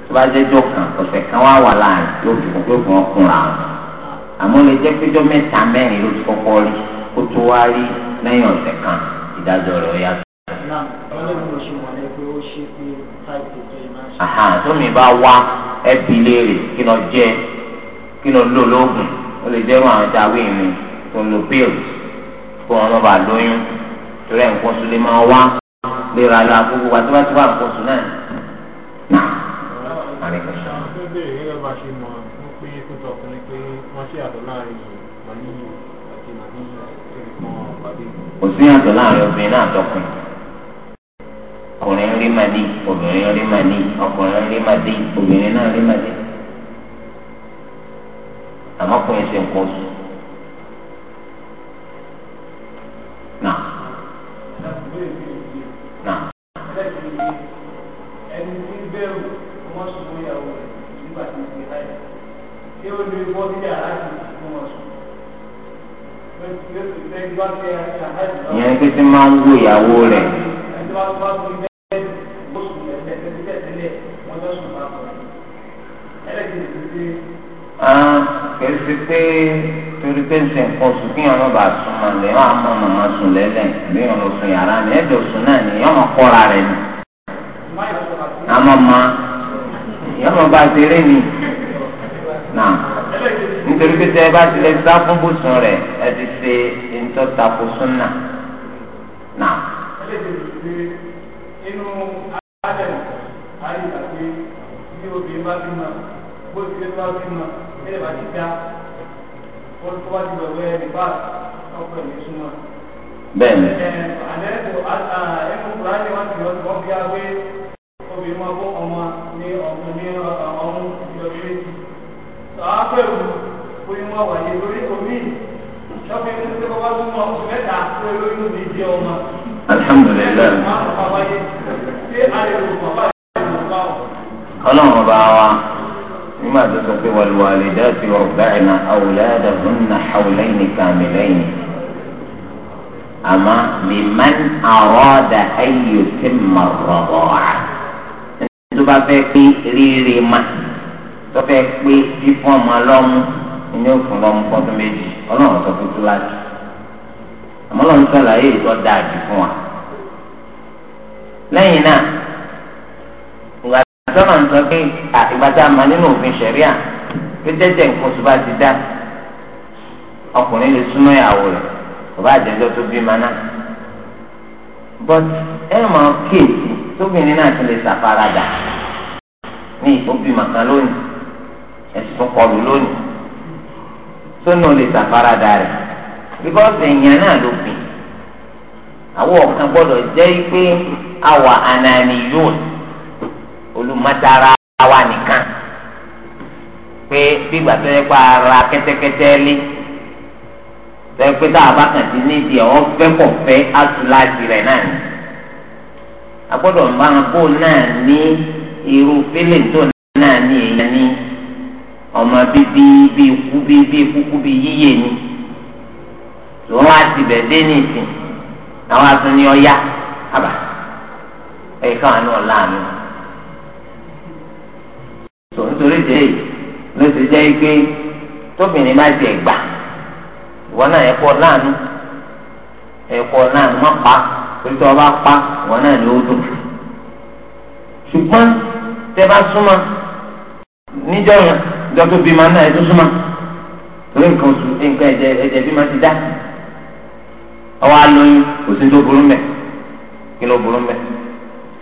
tó bá jẹ́ jọ kan ọ̀sẹ̀ kan wá wà láàrin yóò fi yóò fi wọn kúnra wọn àmọ́ lè jẹ́ pé jọ mẹ́ta mẹ́rin ló ti kọ́kọ́ rí kó tó wá rí lẹ́yìn ọ̀sẹ̀ kan ìdájọ́ rẹ̀ ó yàtọ̀. àhàn tó mi bá wá ẹbí léèrè kí lọ jẹ kí lọ lò lóògùn ó lè jẹ́rú àwọn ìtàwé mi tó ń lo pills kó wọn má bàa lóyún torí ẹ̀ ń kó sulé máa wá léra lọ àkókò wa tí wọ́n ti wá àkókò sùn náà bá ṣe mọ̀ ń pé kótó ọkùnrin pé wọ́n ṣe àtọ̀ láàrin màmí àti màmí ẹnìkan pàdé. kò sí àtọ̀ láàrin obìnrin náà tọkùnrin ọkùnrin rí màdí obìnrin rí màdí ọkùnrin rí màdí obìnrin náà rí màdí àmọ́ kò ń ṣe nǹkan oṣù. náà ẹni tí bẹ́ẹ̀ wọ́n sọ ìyàwó rẹ̀ nígbà tí ó ti láì ṣé ó lè bọ́ sí yàrá ìlú fún wọn sùn. ìyẹn títí máa ń wo ìyàwó rẹ̀. kìí ṣe pé torí pé ń ṣe nǹkan oṣù kí ọmọ bá sùn mọ́ lẹ́yìn wọn àmọ́ màmá sùn lẹ́lẹ̀ bí wọn lọ sùn yàrá ni ẹ̀dọ̀ sùn náà ni ọmọ kọ́ra rẹ̀ ni. àmọ́ máa èèyàn máa bá a ṣeré ni nà nítorí pé tẹ ẹ bá tilẹ̀ sá fún bùsùn rẹ̀ ẹ ti ṣe ìtọ́ta kò súnà nà. inú alẹ́ ayé ìgbàgbé bí obìnrin bá bí mọ bó ti lè bá bí mọ bẹ́ẹ̀ bá ti dá ó tó wá ti lọ́wọ́ ẹ̀ nípa ọkọ̀ ìlú súnmọ́. bẹ́ẹ̀ni. ẹ ẹ àlẹ́ ẹ̀kọ́ ẹ̀kọ́ kúránì wọn ti yọ ọ́ obìnrin máa kó ọmọ ní ọ̀gbìn ní ọ̀hún ìjọba méjì. sàábẹ̀rù oyún máa wà ní lórí omi ṣọ́ọ̀bù ẹni tó bá wá tún mọ oṣù mẹ́ta pé lóyún mi jẹ́ ọmọ. alhamdulilayi. ṣé a lè lo bàbá rẹ̀ ló bá wọ̀? ọlọ́run ọba wa nígbà tó sọ pé wàlúwàlú dá sí ọ̀gbẹ́rìnà àwòlẹ́dà húnna hawlẹ́yìn kàmìlẹ́yìn àmọ́ lè mẹ́n àrọ́dà ayò tí mà rọ̀bọ̀ wá tó bá fẹ́ pé rírì ma tó fẹ́ pé fífún ọmọ lọ́mú ní òfin lọ́mú fọdún méjì ọlọ́run sọ fún kíláàsì àmọ́ lọ́n sàlàyé ìtọ́ dáa jù fún wa. lẹ́yìn náà ìgbà tó máa ń sọ pé ìgbà tá a máa nínú òfin ṣẹ̀ríà pé tẹ́tẹ̀ nǹkan oṣù bá ti dá ọkùnrin lè súnmọ́ ìyàwó rẹ̀ kò bá jẹ́jọ́ tó bí ma náà. but ẹ máa kéèsì tóbìnrin náà ti lè ṣàfaradà ní ìfọ́bìmọ̀ kan lónìí ẹ̀sùn tó kọlù lónìí sónà lè ṣàfaradà rẹ̀ bíkọ́sì èèyàn náà ló pin àwọn ọ̀kan gbọ́dọ̀ jẹ́ pé àwa ànàníyún olùmọ̀tara wa nìkan pé bígbà tó yẹ pa ara kẹ́tẹ́kẹ́tẹ́ lé tó yẹ pé tá a bá kàn sí nídìí ọ̀ fẹ́ kọ̀ fẹ́ á rẹ̀ náà ni. agbọ́dọ̀ bá wọn bó náà ní irú pélé tó náà ní èèyàn ní ọmọ bíbí bí ikú bí bí ikúkú yíyé ni tó ti dé ní ìsìn àwọn àbá ẹ̀yìn káwọn tó nítorí jẹ́ èyí ti jẹ́ tóbìnrin jẹ nítorí ọba pa wọn náà ni ó dùn ṣùgbọ́n tẹ bá súnmọ́ níjọ́ yẹn ìjọ tó bímọ náà ẹ tó súnmọ́ torí nǹkan oṣù nǹkan ẹ̀jẹ̀ ẹ̀jẹ̀ bímọ ti dá ọwọ́ alóyún kò sí tó burú mẹ́ kí ló burú mẹ́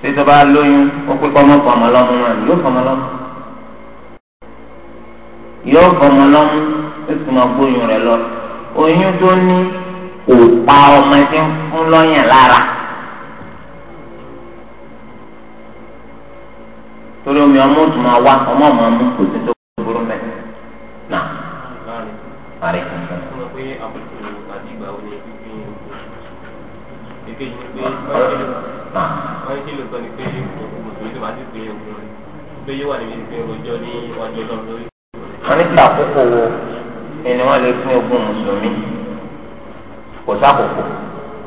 ṣé tó bá lóyún ó pé kọ́mọ́ fọmọ lọ́mú náà yóò fọmọ lọ́mú yóò fọmọ lọ́mú ó sì máa gbóyún rẹ̀ lọ oyún tó ní kò pa ọmọ tí ń fún lọ́yàn lára. torí omi ọmọ tó máa wá ọmọ ọmọ mú kò sí tó burú mẹ. nà ti pè wo ni wọ́n lè fún ogún mùsùlùmí. kò sákòókò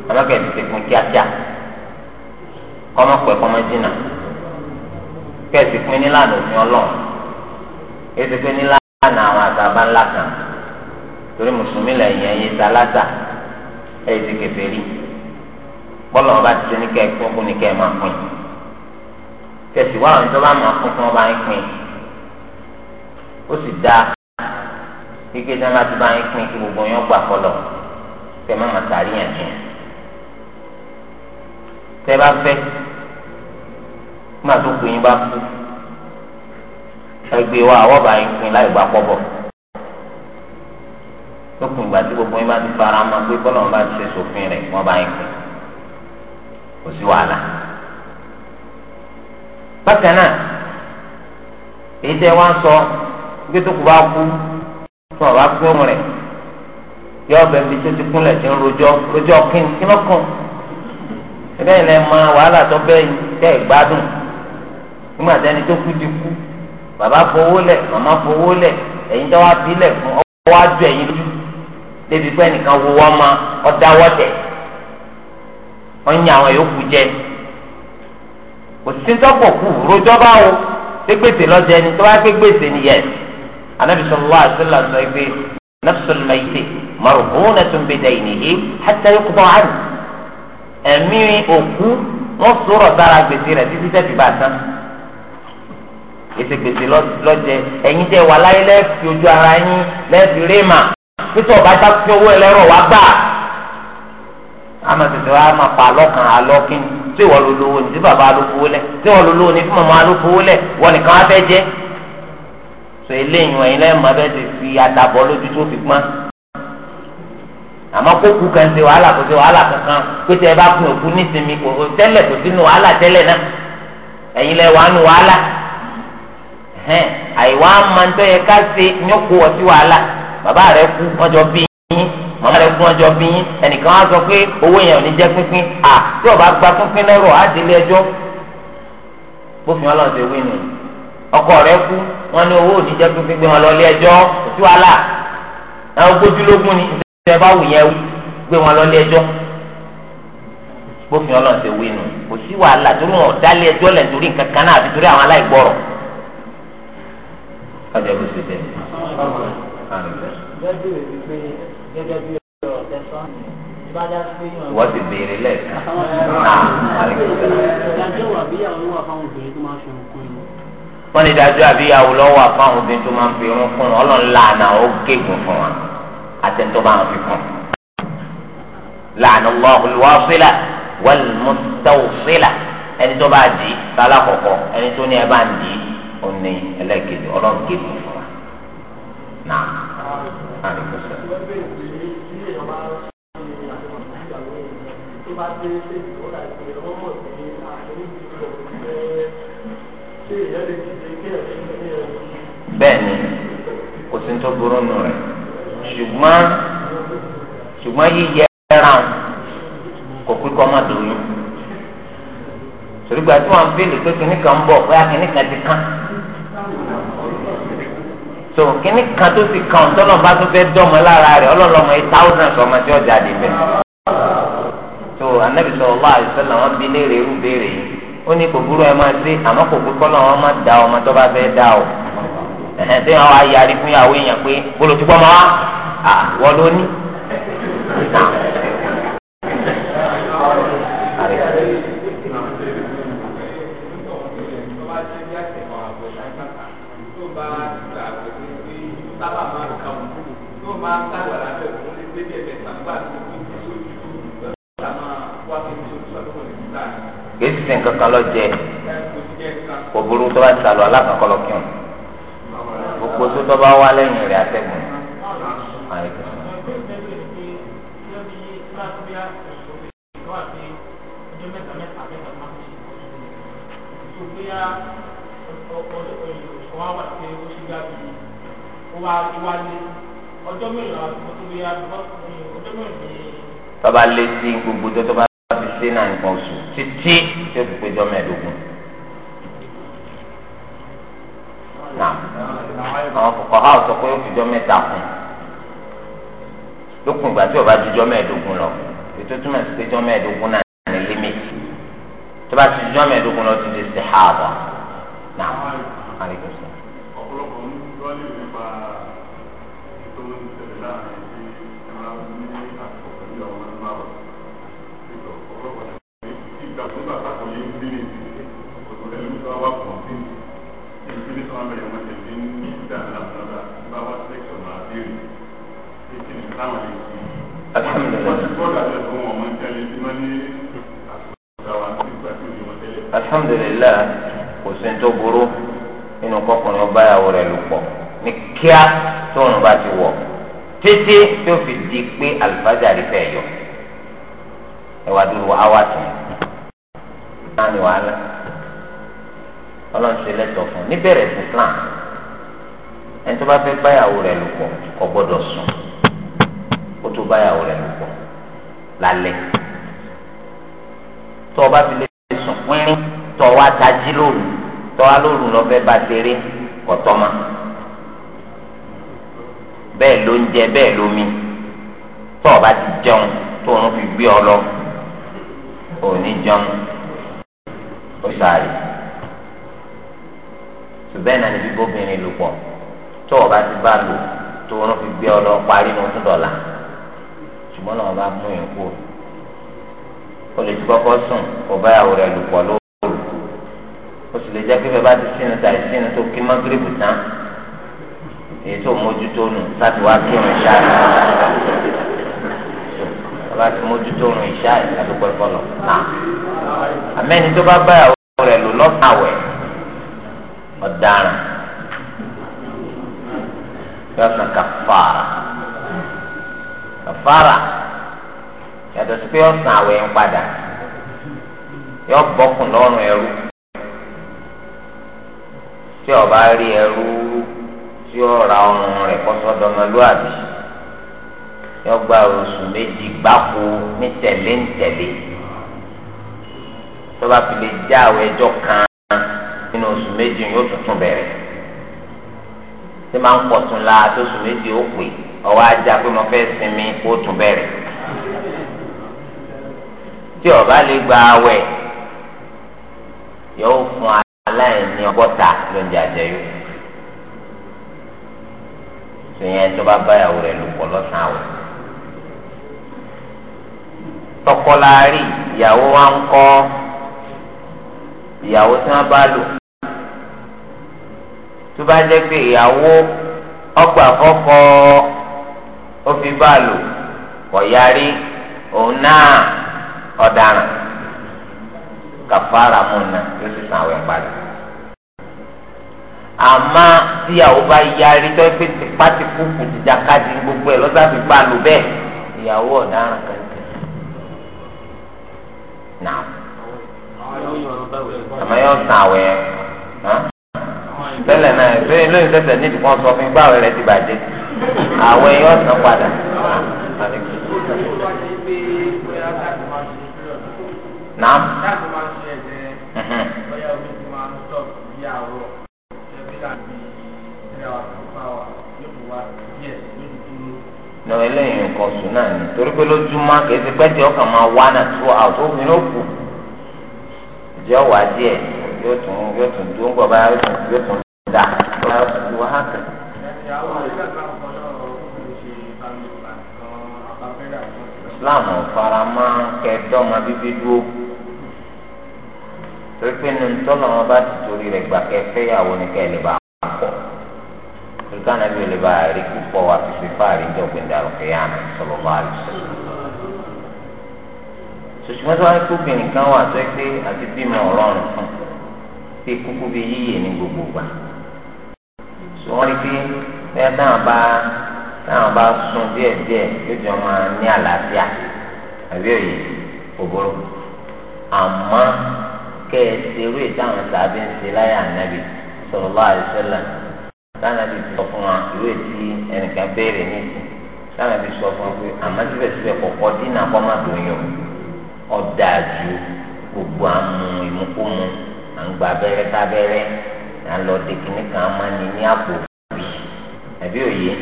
àmọ́kẹ́ ti fún kíákíá kọ́mọ́pẹ́ kọ́mọ́dínà kẹ́sì pín nílànà òfin ọlọ́run kẹ́sì pín nílànà àwọn àtàbà ńlá kan torí mùsùlùmí lẹ́yìn ẹ̀yìn sálásà ẹ̀yìn ti kèfèrí bọ́lá wọn bá ti ṣe kẹ́ kún ní kẹ́ máa pín kẹ́sì tó bá máa kí wọ́n bá ń pín ó sì kẹ má má sáré tẹ bá fẹ́ má tó kù yín bá kú ẹgbẹ́ wa àwọn bá yín pin láì gbà pọbọ lókun ìgbà tí gbogbo yín bá ti fara ma pé bá ti ṣe bá yín pin kò sí wàhálà bákan náà èyí tẹ wá sọ tó kù bá kú tó yọ ọbẹ̀ bíi tó ti kúnlẹ̀ tí ń rojọ́ rojọ́ kín kí ló kàn ẹgbẹ́ yìí lẹ́ mọ wàhálà tó bẹ́ẹ̀ tẹ́ ẹ̀ gbádùn nígbà tẹ́ni tó kú ti kú bàbá fowó lẹ̀ màmá fowó lẹ̀ ẹ̀yin tó wá bílẹ̀ fún ọwọ́ wá ju ẹ̀yin lójú débi pé ẹnìkan wo wọ́n ma ọ̀dáwọ́ tẹ̀ wọ́n yin àwọn yòókù jẹ kò sí tọ́pọ̀ kù rojọ́ báwo pé gbèsè lọ́jẹ́ ni tó bá gbé gbèsè ni yẹ Ànábì sallallahu alaihi wasallam نفس الميت مرهونة بدينه حتى يقضى عنه أمي أكو وصورة ترى بسيرة تيجي تبي باسا ètò gbèsè lọ́jẹ ẹ̀yin jẹ́ wà láyé lẹ́ẹ̀fì ojú ara yín lẹ́ẹ̀fì rèémà pítọ̀ bá dá sí owó ẹlẹ́rọ wá gbà àmọ̀ tètè wá máa pa alọ́kàn alọ́kìn tí ìwọ ló lówó ní tí bàbá ló fowó lẹ̀ tí ìwọ ló lówó ní fún màmá ló fowó lẹ̀ wọ́n nìkan á fẹ́ jẹ́ sọ eléyìí wọ̀nyí lẹ́yìn máa bẹ́ẹ̀ ti fi àtàbọ̀ lójú tó fi pọ́n àmọ́ kó kú kan ṣe wàhálà kò ṣe wàhálà kankan pété ẹ bá kún òkú nísìmí kò tẹ́lẹ̀ kò sínú wàhálà tẹ́lẹ̀ náà ẹ̀yin lẹ wàá nu wàhálà hẹn àìwá máa ń tọ́ yẹ ká ṣe ní ó kó wọ sí wàhálà bàbá rẹ kú ọjọ́ bí yín màmá rẹ kú ọjọ́ bí yín ẹnìkan á sọ pé owó yẹn ò ní jẹ́ pínpín à tí ò bá gba pínpín náírà á délé ẹjọ́ bófin ọlọ́run ṣe wí nìyí ọkọ rẹ kú wọn ní owó oníjẹ tó fi gbé wọn lọ ilé ẹjọ́ ojú àlà àwọn ogójúlógún ni ìṣẹ̀lẹ̀ bá wù yẹn gbé wọn lọ ilé ẹjọ́ gbófin Ọlọ́run ti wí nù kò sí wàhálà torí wọn ò dálé ẹjọ́ lẹ nítorí nǹkan kan náà àti torí àwọn aláìgbọ́rọ̀. ọjọ́ bó ṣe jẹ wọ́n ti béèrè lẹ́ẹ̀kan wọ́n ní dájọ́ àbíyàwó lọ́wọ́ àfáwọn obìnrin tó máa ń fi irun kún ọlọ́run làánà ó gégùn fún wa àtẹ̀ntọ́ bá wọn fi kún. làánà Allahu al-wasila wal-mustawsila ẹni tó bá dì í ẹni tó ní ẹ bá ń dì í ẹlẹ́gẹ̀dẹ̀ ọlọ́run gégùn fún wa. náà bẹ́ẹ̀ ni kò sí tó burú nù rẹ̀ ṣùgbọ́n ṣùgbọ́n yíyẹ ẹran kò pé kọ́ má dòyún sòrígbà tí wọ́n bèèrè pé kìnnì kan ń bọ̀ bóyá kìnnì kan ti kán so kìnnì kan tó ti kàn tọ́lọ̀ bá tó fẹ́ dọ́mọ lára rẹ̀ ọlọ́lọ́mọ eight thousand ọmọ tí ọjà dé bẹ̀ so anabi sallallahu alaihi wasallam wọn bí léèrè irú béèrè yìí ó ní kò burú ẹ máa dé àmọ́ kò pé kọ́ lọ́wọ́ má da ọmọ tó bá fẹ́ dá o ẹ̀hẹ́n tí wọ́n wá yarí fún ìyàwó èèyàn pé bolo ti gbọ́ mọ́ wa à wọ́n ló ní. kesi nǹkan kan lọ jẹ kò burú tó bá ti sàlù alákàkọ́ lọ kírun gbogbo tó tọ́ bá wá lẹ́yìn rẹ̀ àtẹ̀gùn. tọ́ba lé sí gbogbo tó tọ́ba fi sí náà nǹkan oṣù títí tó fi péjọ mẹ́ẹ̀ẹ́dógún. náà àwọn fukaha ha sọ pé ó fi jọ mẹ́ta kún lókun ìgbà tí ó bá ju jọ lọ ètò túmọ̀ sí pé jọ mẹ́ẹ̀ẹ́dógún náà ní límìtì tó bá ti ju jọ lọ ti di sèhábà. alhamdulilayi kò sí ní tó burú nínú kọkùnrin ọba ìyàwó rẹ̀ lò pọ̀ ní kíá tóun bá ti wọ̀ títí tó fi di pé àlùfáàjà rí fẹ́ yọ ẹwà dúró àwa tó náà ni wàhálà ọlọ́run ṣe lẹ́tọ̀ọ́ fún un níbẹ̀rẹ̀ sí Islam ẹni tó bá fẹ́ báyàwó rẹ̀ lò pọ̀ kò gbọ́dọ̀ sùn kó tó báyàwó rẹ̀ lò pọ̀ lálẹ́ tó o bá fi lè sùn pínrín tó o wá tají lóru tó o wá lóru lọ fẹ́ bá tèrè kọ̀tọ́ ma bẹ́ẹ̀ ló ń jẹ bẹ́ẹ̀ ló mi tó o bá ti jẹun tó o ń fi gbé ọ lọ ò ní jẹun ó sáré ṣùgbọ́n náà níbi bóbìnrin lò pọ̀ tó o bá ti bá lò tó o ń fi gbé ọ lọ parí ní oṣù dọ̀là ṣùgbọ́n náà o bá mú yẹn kúrò o lè ti kọ́kọ́ sùn kó bá ìyàwó rẹ̀ lò pọ̀ lóru o sì lè jẹ́ pé bàbá ti sínú tàì sínú tó kí mọ́gírìbù tán èyí tó mójútó nù láti wá kí irun ṣáà ní bàbá ti mójútó irun ìṣá ìdádúpẹ́ fọlọ̀ náà àmẹ́ni tó bá bá ìyàwó rẹ̀ lò lọ́sàn-án àwẹ̀ ọ̀daràn yọ̀ọ̀sán kàfàrà kàfàrà yàtọ̀ sí pé yọ san àwẹ̀ ń padà yọ bọ́kùn lọ́rùn ẹrú tí ọba rí ẹrú tí ó ra ọrùn rẹ̀ kọ́sọ́dọ̀mọlúwàbí yọ gba oṣù méjì gbáko ní tẹ̀lé ń tẹ̀lé tọ́ba fi lè já àwẹ̀ ẹjọ́ kan nínú oṣù méjì yóò tuntun bẹ̀rẹ̀ tí máa ń pọ̀ tún la tó oṣù méjì ó pè ọwọ́ ajá pé mo fẹ́ sinmi ó tún bẹ̀rẹ̀ tí ọba lè gba awẹ yóò fún aláìní ọgọ́ta lóúnjẹ àjẹyó tòyẹn tó bá báyàwó rẹ̀ lò pọ̀ lọ́sàn àwẹ tọkọ láàrí ìyàwó wa ń kọ ìyàwó tí wọ́n bá lò tó bá jẹ́ pé ìyàwó ọgbà kọ́kọ́ ó fi bá lò kọ yarí òun náà ọ̀daràn kàfàrà múna yóò sì san àwẹ̀ padà. àmọ́ tí àwọn bá yarí tó pé tipa ti kú kù ti jákàdì gbogbo ẹ̀ lọ́sàbí bá lò bẹ́ẹ̀ ìyàwó ọ̀daràn kan tẹ̀. nà àmọ́ yóò san àwẹ̀ tẹ́lẹ̀ náà lóyún lóyún tẹ́tẹ̀ nídìí kan sọ fún gbàwé rẹ̀ ti bàjẹ́ àwẹ̀ yóò san padà. Naam. nọ eléyìí nǹkan sùn náà ni torí pé lójúmọ́ máa wá náà tó kù ọ̀wá díẹ̀ yóò tún yóò tún dúró ń bọ̀ báyà yóò tún báyà yóò tún wá hàn kàn. islam ò fara mọ́ kẹ́ẹ́dọ́mọ bíbí dúró torí pé nínú tọ́lọ̀ wọn bá ti torí rẹ̀ gbà kẹfẹ́ ìyàwó ni kẹ́ ẹ lè bá a pọ̀ torí káná bí o lè bá a rí púpọ̀ wá fi fi fáàrí jọ gbẹ̀dàrú kẹ́yàmù sọ̀rọ̀ bá a lè sọ̀rọ̀ sòṣùmọ́ wáyé kó obìnrin wà tó pé àti bímọ ọ̀rọ̀rùn fún pé kúkú bí yíyè ní gbogbo gbà sọ wọ́n rí pé bẹ́ẹ̀ náà bá a táwọn bá sùn díẹ̀ díẹ̀ yóò jọ máa ní àlàáfíà àbí òye òbúrò àmọ́ kẹ ẹ ṣerú ìtàwọn sàbí ń ṣe láyà ànábì sallallahu alaihi wasallam tánàbì sọ fún wa ìwé tí ẹnìkan béèrè nísìn tánàbì sọ fún wa pé àmọ́ síbẹ̀síbẹ̀ kọ̀kọ́ dínà kọ́ má dòyún ọ̀dà ju gbogbo àmú ìmúkúmu à ń gba abẹ́rẹ́ tábẹ́rẹ́ à ń lọ dèkínní kan máa ní ní àpò bí òye.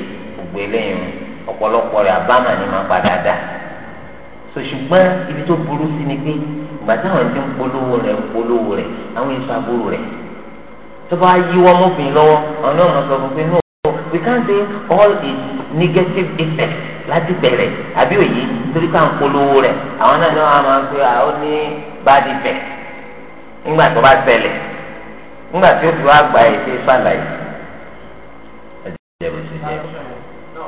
gbogbo eléyìí ọ̀pọ̀lọpọ̀ rẹ̀ àbámà ni máa padà dà so ṣùgbọ́n ibi tó burú sí ni pé ìgbà táwọn ti ń polówó rẹ̀ ń polówó rẹ̀ àwọn èso àbúrò rẹ̀ tó bá yíwọ́ mọ́fìn lọ́wọ́ àwọn náà we can't say all is negative effect láti bẹ̀rẹ̀ àbí òye torí ká ń polówó rẹ̀ àwọn náà máa ń pè bad effect nígbà tó bá nígbà tí gba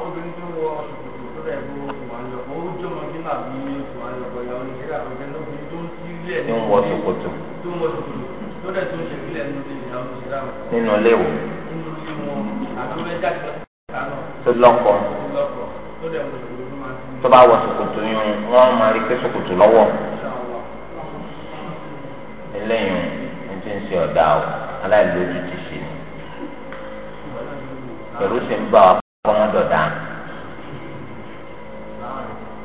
obìnrin tó wọ ṣòkòtò tó rẹ̀ bó ìwàlọ́pọ̀ ó jọmọ nígbà bí ìwàlọ́pọ̀ ìyàwó nàìjíríà tó jẹ́ lóbi tó ń sílẹ̀ ní wọ ṣòkòtò tó ń wọ ṣòkòtò tó dẹ̀ tó ń ṣe sílẹ̀ nínú ìyàwó nàìjíríà. nínú ilé wo. nínú ilé wọn àbúrẹ́jà tó lọ́kọ. tó bá wọ ṣòkòtò yun wọ́n máa rí pé ṣòkòtò lọ́wọ́. eléyìí ní ti ń ṣe ọ̀dà kọ́mọ́dọ̀dá.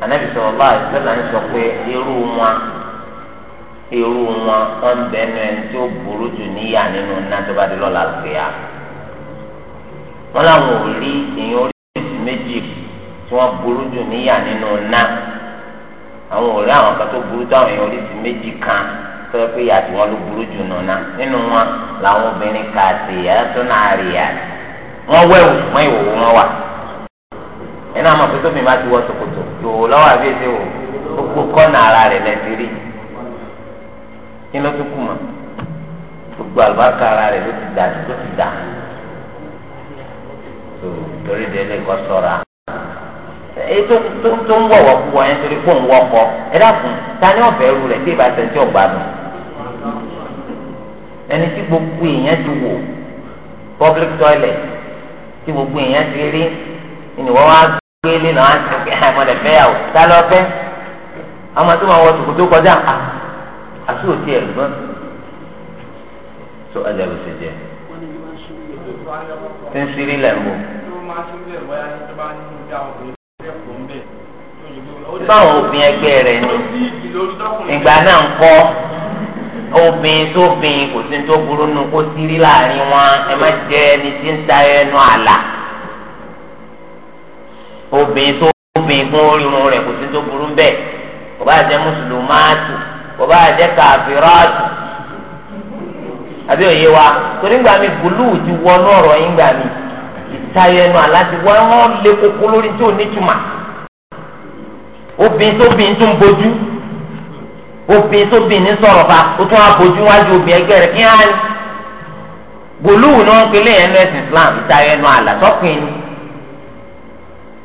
anabi sọlọ́lá àdìsọ́lá ń sọ pé irú wọn irú wọn wọn bẹnu ẹni tí ó burú jù níyà nínú iná lọ́la àgbéyà. wọn làwọn ò rí oríṣiríṣi méjì tí burú jù níyà nínú àwọn ò rí àwọn kan tó burú méjì kan pé wọn ló burú jù nù nínú wọ́n wẹ̀wù wọ́n ìwòwò wọn wà ẹnu àmọ́ pé tóbi máa ti wọ ṣòkòtò ìwòwò lọ́wọ́ àbí èsè wò gbogbo kọ́nà ara rẹ̀ lẹ́sìn rí kí ló tún kù mọ́ gbogbo àlùbáríkà ara rẹ̀ ló ti dà ló ti dà torí délé kọ́ sọ́ra èyí tó tó ń wọ̀wọ̀ kú wọ́n yẹn torí kó ń wọ́kọ ẹ dákun ta ni ọ̀fẹ́ ru rẹ̀ tí ìbáṣẹ tí ọ̀gbà nù ẹni tí gbogbo èèyàn ti wò public toilet. tí gbogbo èèyàn ti rí ni wọ́n wá gbé lé àti ọ̀kẹ́ fẹ́ yà ó dá lọ fẹ́ ọmọ tó máa wọ tòkòtò kọjá àti òtí ẹ̀ gbọ́n tó ẹ̀jẹ̀ ló jẹ́ tí ń ṣírí ni ìgbà náà ń kọ́. obìnrin sóbìnrin kò sí tó burú nu kó láàrin wọn ẹ má jẹ ẹni tí ń ta ẹnu àlà obìnrin sóbìnrin kún orírun rẹ kò sí tó burú bẹ́ẹ̀ kò bá jẹ mùsùlùmáàtù kò bá jẹ kàfíràtù àbí òye wa torí ti wọ yín koko lórí tí ò ní tuma obìnrin sóbìnrin sọ̀rọ̀ fa o tún abojú wájú obìnrin ẹgbẹ́ rẹ̀ kí á ní. gbòlúù ni wọ́n pe lẹ́yìn ẹnu ẹ̀sìn Islam ìtayọ ẹnu àlà sọ́kùnrin ni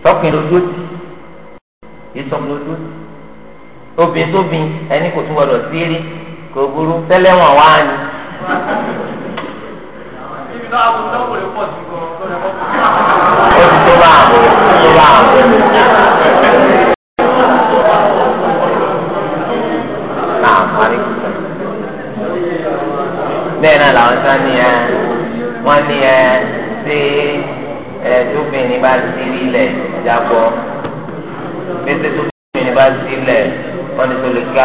sọ́kùnrin lójú òtì ìsọ̀kùnrin lójú òtì obìnrin sóbìnrin ẹni kò tún gbọdọ̀ sí eré kò burú tẹ́lẹ̀wọ̀n wá ni. ó ti tó bá àbò ó ti tó bá àbò. bẹ́ẹ̀ náà làwọn sá ní ẹ wọ́n ní ẹ ṣé ẹ tóbìnrin bá sí ilẹ̀ jábọ́ pété tóbìnrin bá sí ilẹ̀ wọ́n ní tó lè kí ni kò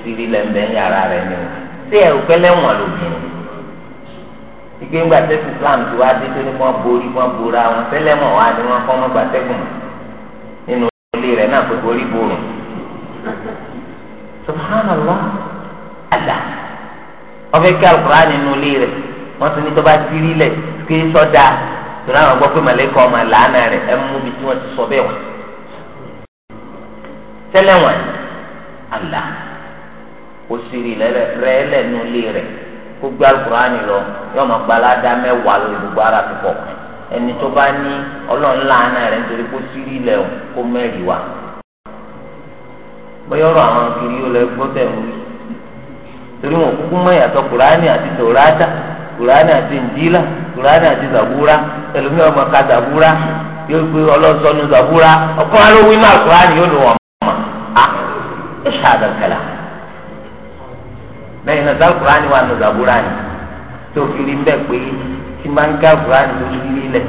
sí ilẹ̀ ń yàrá rẹ̀ ni o ṣé ẹ̀rù pẹ́lẹ́wọ̀n lóbìnrin ìgbé ńgbà tẹ́sí Islam tí wàá dé tó ní wọ́n borí wọ́n bora wọn tẹ́lẹ̀mọ̀ wá ni wọ́n fọ́n gbà tẹ́gùn nínú ilé rẹ̀ náà pé borí borùn. subhanallah wọ́n fẹ́ kí alukur'an nínú ilé rẹ̀ wọ́n tún ní tó bá dirí lẹ̀ kí sọ́dà tòun àwọn gbọ́ pé màlẹ́kọ̀ ọmọ làánà rẹ̀ ẹ̀ mú bi tí wọ́n ti sọ bẹ́ẹ̀ wá. tẹ́lẹ̀ wọn àlà òsìrì rẹ̀ lẹ̀ nínú ilé rẹ̀ kó gbé alukur'an lọ yọ ọmọ gbalada mẹ́wàá lórí gbogbo ara tó pọ̀ ẹni tó bá ní ọlọ́run làánà rẹ̀ nítorí kó sírí lẹ̀ kó mẹ́rìí wá. bóyá ọ̀rọ̀ àwọn kiri yóò lọ torí wọn kúkú mọ ìyàtọ̀ kùránì àti tòrádà kùránì àti ìndílà kùránì àti zàbúrà ẹlòmíì ọmọ ká zàbúrà yóò gbé ọlọ́sọ̀nù zàbúrà ọkàn alówó iná kùránì yóò lò wọ́n mọ̀ à ẹ ṣàdàkàlà lẹ́yìn náà zàl kùránì wà nù zàbúrà ni tó fi rí mbẹ́ pé tí máa ń ká kùránì lórí ilẹ̀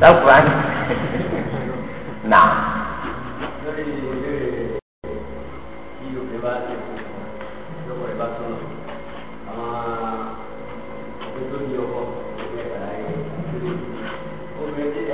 zàl kùránì náà.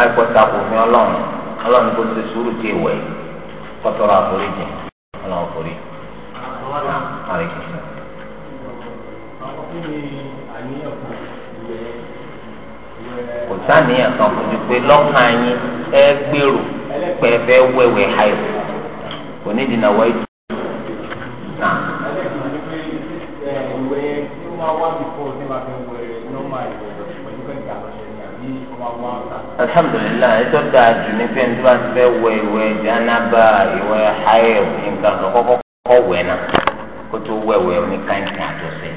àìpọ̀ takò fún ọlọ́run ọlọ́run kò ṣe sùúrù tí ìwẹ̀ kọ́tọ́rọ̀ àforíjì ọlọ́run forí. kò sáníyàn kan kò ju pé lọ́kàn yín ẹ gbèrò pẹ̀fẹ́ wẹ̀wẹ̀ àìsàn kò ní dènà wọ́ ìtù. náà alhamdulilayi ètò dáadu ní pé nígbà tí fẹ́ wẹ ìwẹ̀ jánábà ìwẹ̀ hayẹ nǹkan kan kọ́kọ́ kọ́ wẹ̀ náà kó tó wẹ̀wẹ̀ ní kàǹkì àtọ̀sẹ̀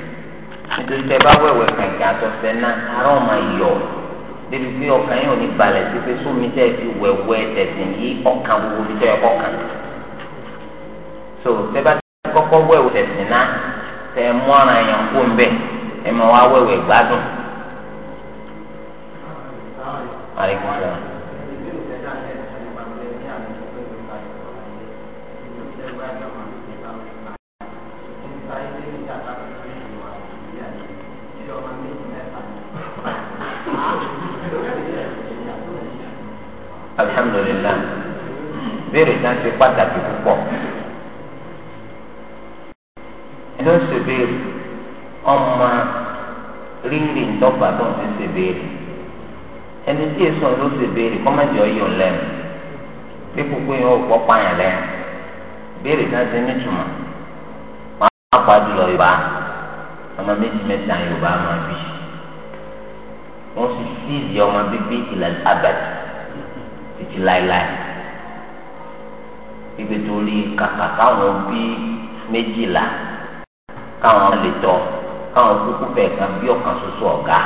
nítorí tẹ bá wẹ̀wẹ̀ kàǹkì àtọ̀sẹ̀ náà ará ọ̀ma yọ̀ débi pé ọkàn yóò ní balẹ̀ sí pé sómi tẹ́ fi wẹ̀wẹ̀ tẹ̀sìn yí ọkàn gbogbo fi tẹ́ ẹ kọ́kàn so tẹ bá kọ́kọ́ wẹ̀wẹ̀ tẹ̀sìn náà tẹ mú ara yẹn kó ń bẹ̀ ẹ máa wá wẹ̀wẹ̀ gbádùn aleykum salaam. alhamdulilah béèrè náà ṣe pàtàkì púpọ̀ ẹni ó ṣe béèrè ọmọ rírì ńdọ́gba tó ń ṣe béèrè ẹni tí èso ló ṣe béèrè kọ́mọ̀jì ọyọ lẹ́nu bí gbogbo yẹn ò pọ̀ pààyàn lẹ́nu béèrè náà ṣe nítumọ̀ wọn pa jùlọ yorùbá ọmọ méjì mẹ́ta yorùbá máa bí wọn sì síìdì ọmọ bíbí ìlànà abẹ́tù títí láéláé ibi tó rí kàkà káwọn bí méjìlá káwọn lè tọ káwọn kúkú bẹ́ẹ̀ kan bí ọ̀kan ṣoṣo ọ̀gá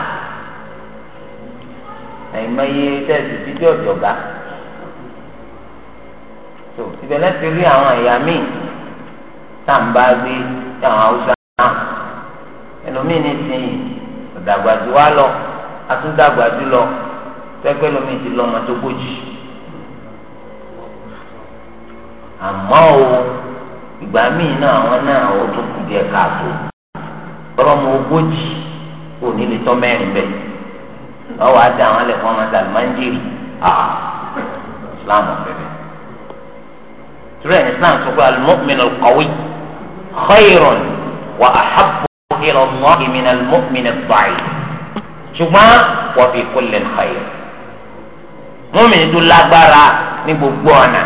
àìmọye tẹ́sí fídíò ọ̀jọ̀gá tó ibẹ̀ náà ti rí àwọn ẹ̀yà míì tá à ń bá gbé tí àwọn haúsá náà ẹlòmíì ní sìn ọ̀dàgbàjú wa lọ atúndàgbàjú lọ pẹ́pẹ́ lómi ti lọ́mọ tó àmọ́ o ìgbà míì náà àwọn náà ó tún kù díẹ̀ káàtó ọlọ́mọ ogójì ò ní lè tọ́ mẹ́rin bẹ́ẹ̀ ọwọ́ àti àwọn alẹ́ fún ọmọ sàlùmá ń jèrè àà islam ọ̀fẹ́fẹ́ tìrẹ̀ ní islam sọ pé al-mu'min al-qawi khayrun wa ahabbu ila Allah min al-mu'min ad-da'if ṣùgbọ́n wa fi kulli khayr mọ́mìnì tó lágbára ní gbogbo ọ̀nà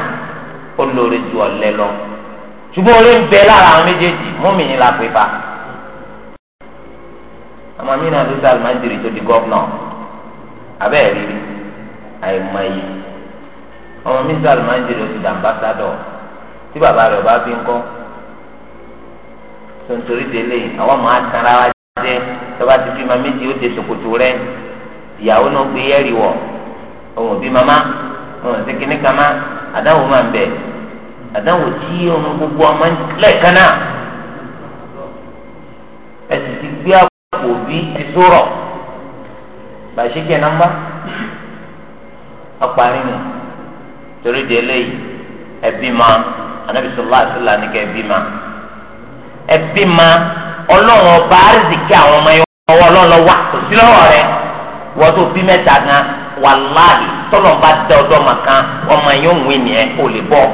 ó lórí ju ọ̀lẹ lọ ṣùgbọ́n orí ń bẹ lára àwọn méjèèjì mọ́mìnì la fa àmọ́ mi náà ló sàlùmá ń tó di gọ́ọ̀nà abẹ́ẹ̀ rí àìmọye ọmọ mr almanjiri ó ti dà ambassador tí bàbá rẹ̀ bá fi ń kọ́ tontori délé àwọn máa tara wa jẹ tọ́ba ti fi máa méjì ó de ṣòkòtò rẹ̀ ìyàwó náà gbé yẹ́rì wọ̀ ọmọ òbí mama ọmọ sí kíní kama àdáwò máa ń bẹ̀ àdáwò tí ọmọ gbogbo ọmọ lẹ́ẹ̀kan náà ẹ sì ti gbé àpò òbí ti sọ̀rọ̀ bàṣẹ́kẹ̀ nọ́mbà ọ̀parí ni torí di eléyìí ẹbí ma anabi sọlá àtúlà ni ká ẹbí ma ẹbí ma ọlọ́run ọba àrísìkí àwọn ọmọ ọwọ́ ọlọ́run lọ wá kò sí lọ́wọ́ rẹ wọ́n tó bí mẹ́ta gan wàláhì tọ́lọ̀ bá dá ọdọ́ ma kan ọmọ yẹn òun ènìyàn kò lè bọ́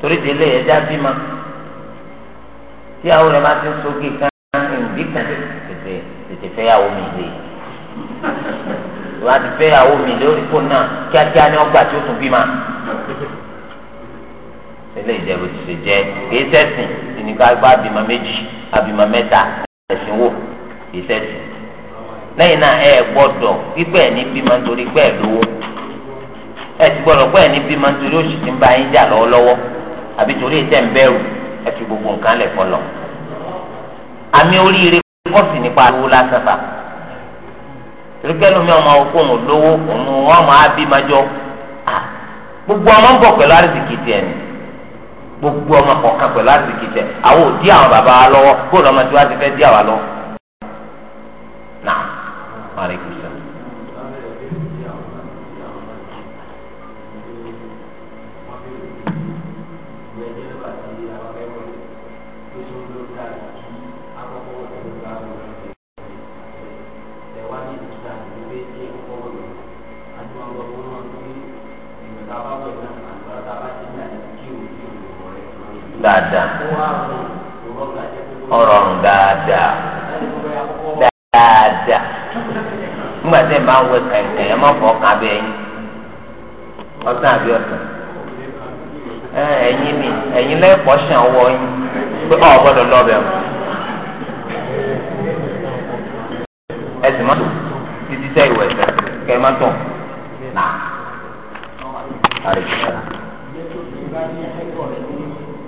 torí di eléyìí ẹjá bí ma tí àwọn rẹ bá ti ń so gé kan ìbí kan ti fẹ́yàwó mi lé wọ́n ti fẹ́yàwó mi lé orí fóònù náà kíákíá ni tí ó tún bí ma ilé ìjẹ́bù ti ṣe jẹ́ kì ìníkà méjì àbímọ mẹ́ta ẹ̀sìn wò kì lẹ́yìn náà ẹ gbọ́dọ̀ ní lówó ti gbọ́dọ̀ ní oṣù tí ń torí ìtẹ̀ ń bẹ̀rù fi gbogbo nǹkan lẹ̀ kọ́ sí nípa ariwo lásán fà tìrìkẹ́lù mi ọmọ òkú òun lówó òun wọn máa bí ma jọ gbogbo ọmọ ń bọ̀ pẹ̀lú àrísìkì tiẹ̀ ni gbogbo ọmọ kọ̀ọ̀kan pẹ̀lú àrísìkì tiẹ̀ àwọn ò dí àwọn bàbá wa lọ́wọ́ kó lọ́mọ tí wọ́n ti fẹ́ dí àwa lọ́wọ́. dáadáa ọrọrùn dáadáa dáadáa nígbà tí ẹ máa ń wẹ kẹ̀kẹ́ ẹ má fọ ọkàn abẹ ẹyin ọ̀sán àbí ọ̀sán ẹyin ni ẹyin lẹ́kọ̀ọ́ ṣàn wọ yín pé ọ̀ gbọ́dọ̀ lọ́bẹ̀ o ẹ sì má tó títí sẹ́ ìwẹ̀ ẹ̀sẹ̀ kẹ́ ẹ má tọ̀ náà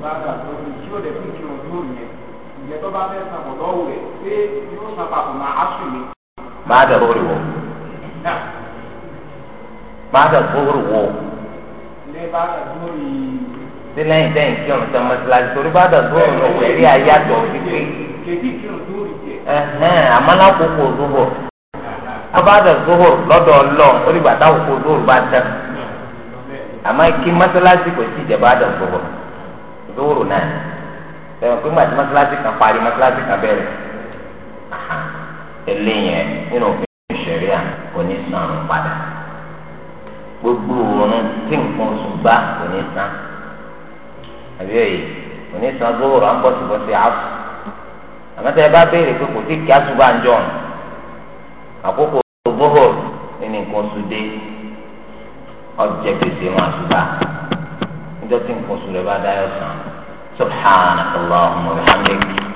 bùkátà lórí tí ó lè fi kí wọn yóò yẹ ìyẹn tó bá fẹ́ san bọ̀ lọ́wọ́ rẹ̀ ṣé yóò san papọ̀ máa aṣọ mi. máa dà lórí wọ. máa dà lórí wọ. ilé bá dà lórí. sí lẹ́yìn tẹ́yìn kí ọ̀run tẹ́ mọ́tíláṣí torí bá dà lórí ọ̀run ẹ̀rí ayé àtọ̀ pípé. kèdí kí ọ̀run lórí jẹ. àmọ́ lákòókò òdúbọ̀ abada lóòrò náà ẹ̀rọ pé màtí mọ́sálásí kan parí aha kan bẹ̀rẹ̀ eléyẹn nínú òfin ìṣẹ̀ríà san àrùn gbogbo òórùn tí nǹkan oṣù bá san àbí ẹ̀yẹ san lóòrò à ń bọ̀ síbọ̀ sí àfù àmọ́tẹ́ ẹ bá béèrè pé kò sí kí àṣùbà ń jọ̀ àkókò nǹkan dé ọjọ́ wọn àṣùbà tí nǹkan subhanakallahumma wa bihamdik.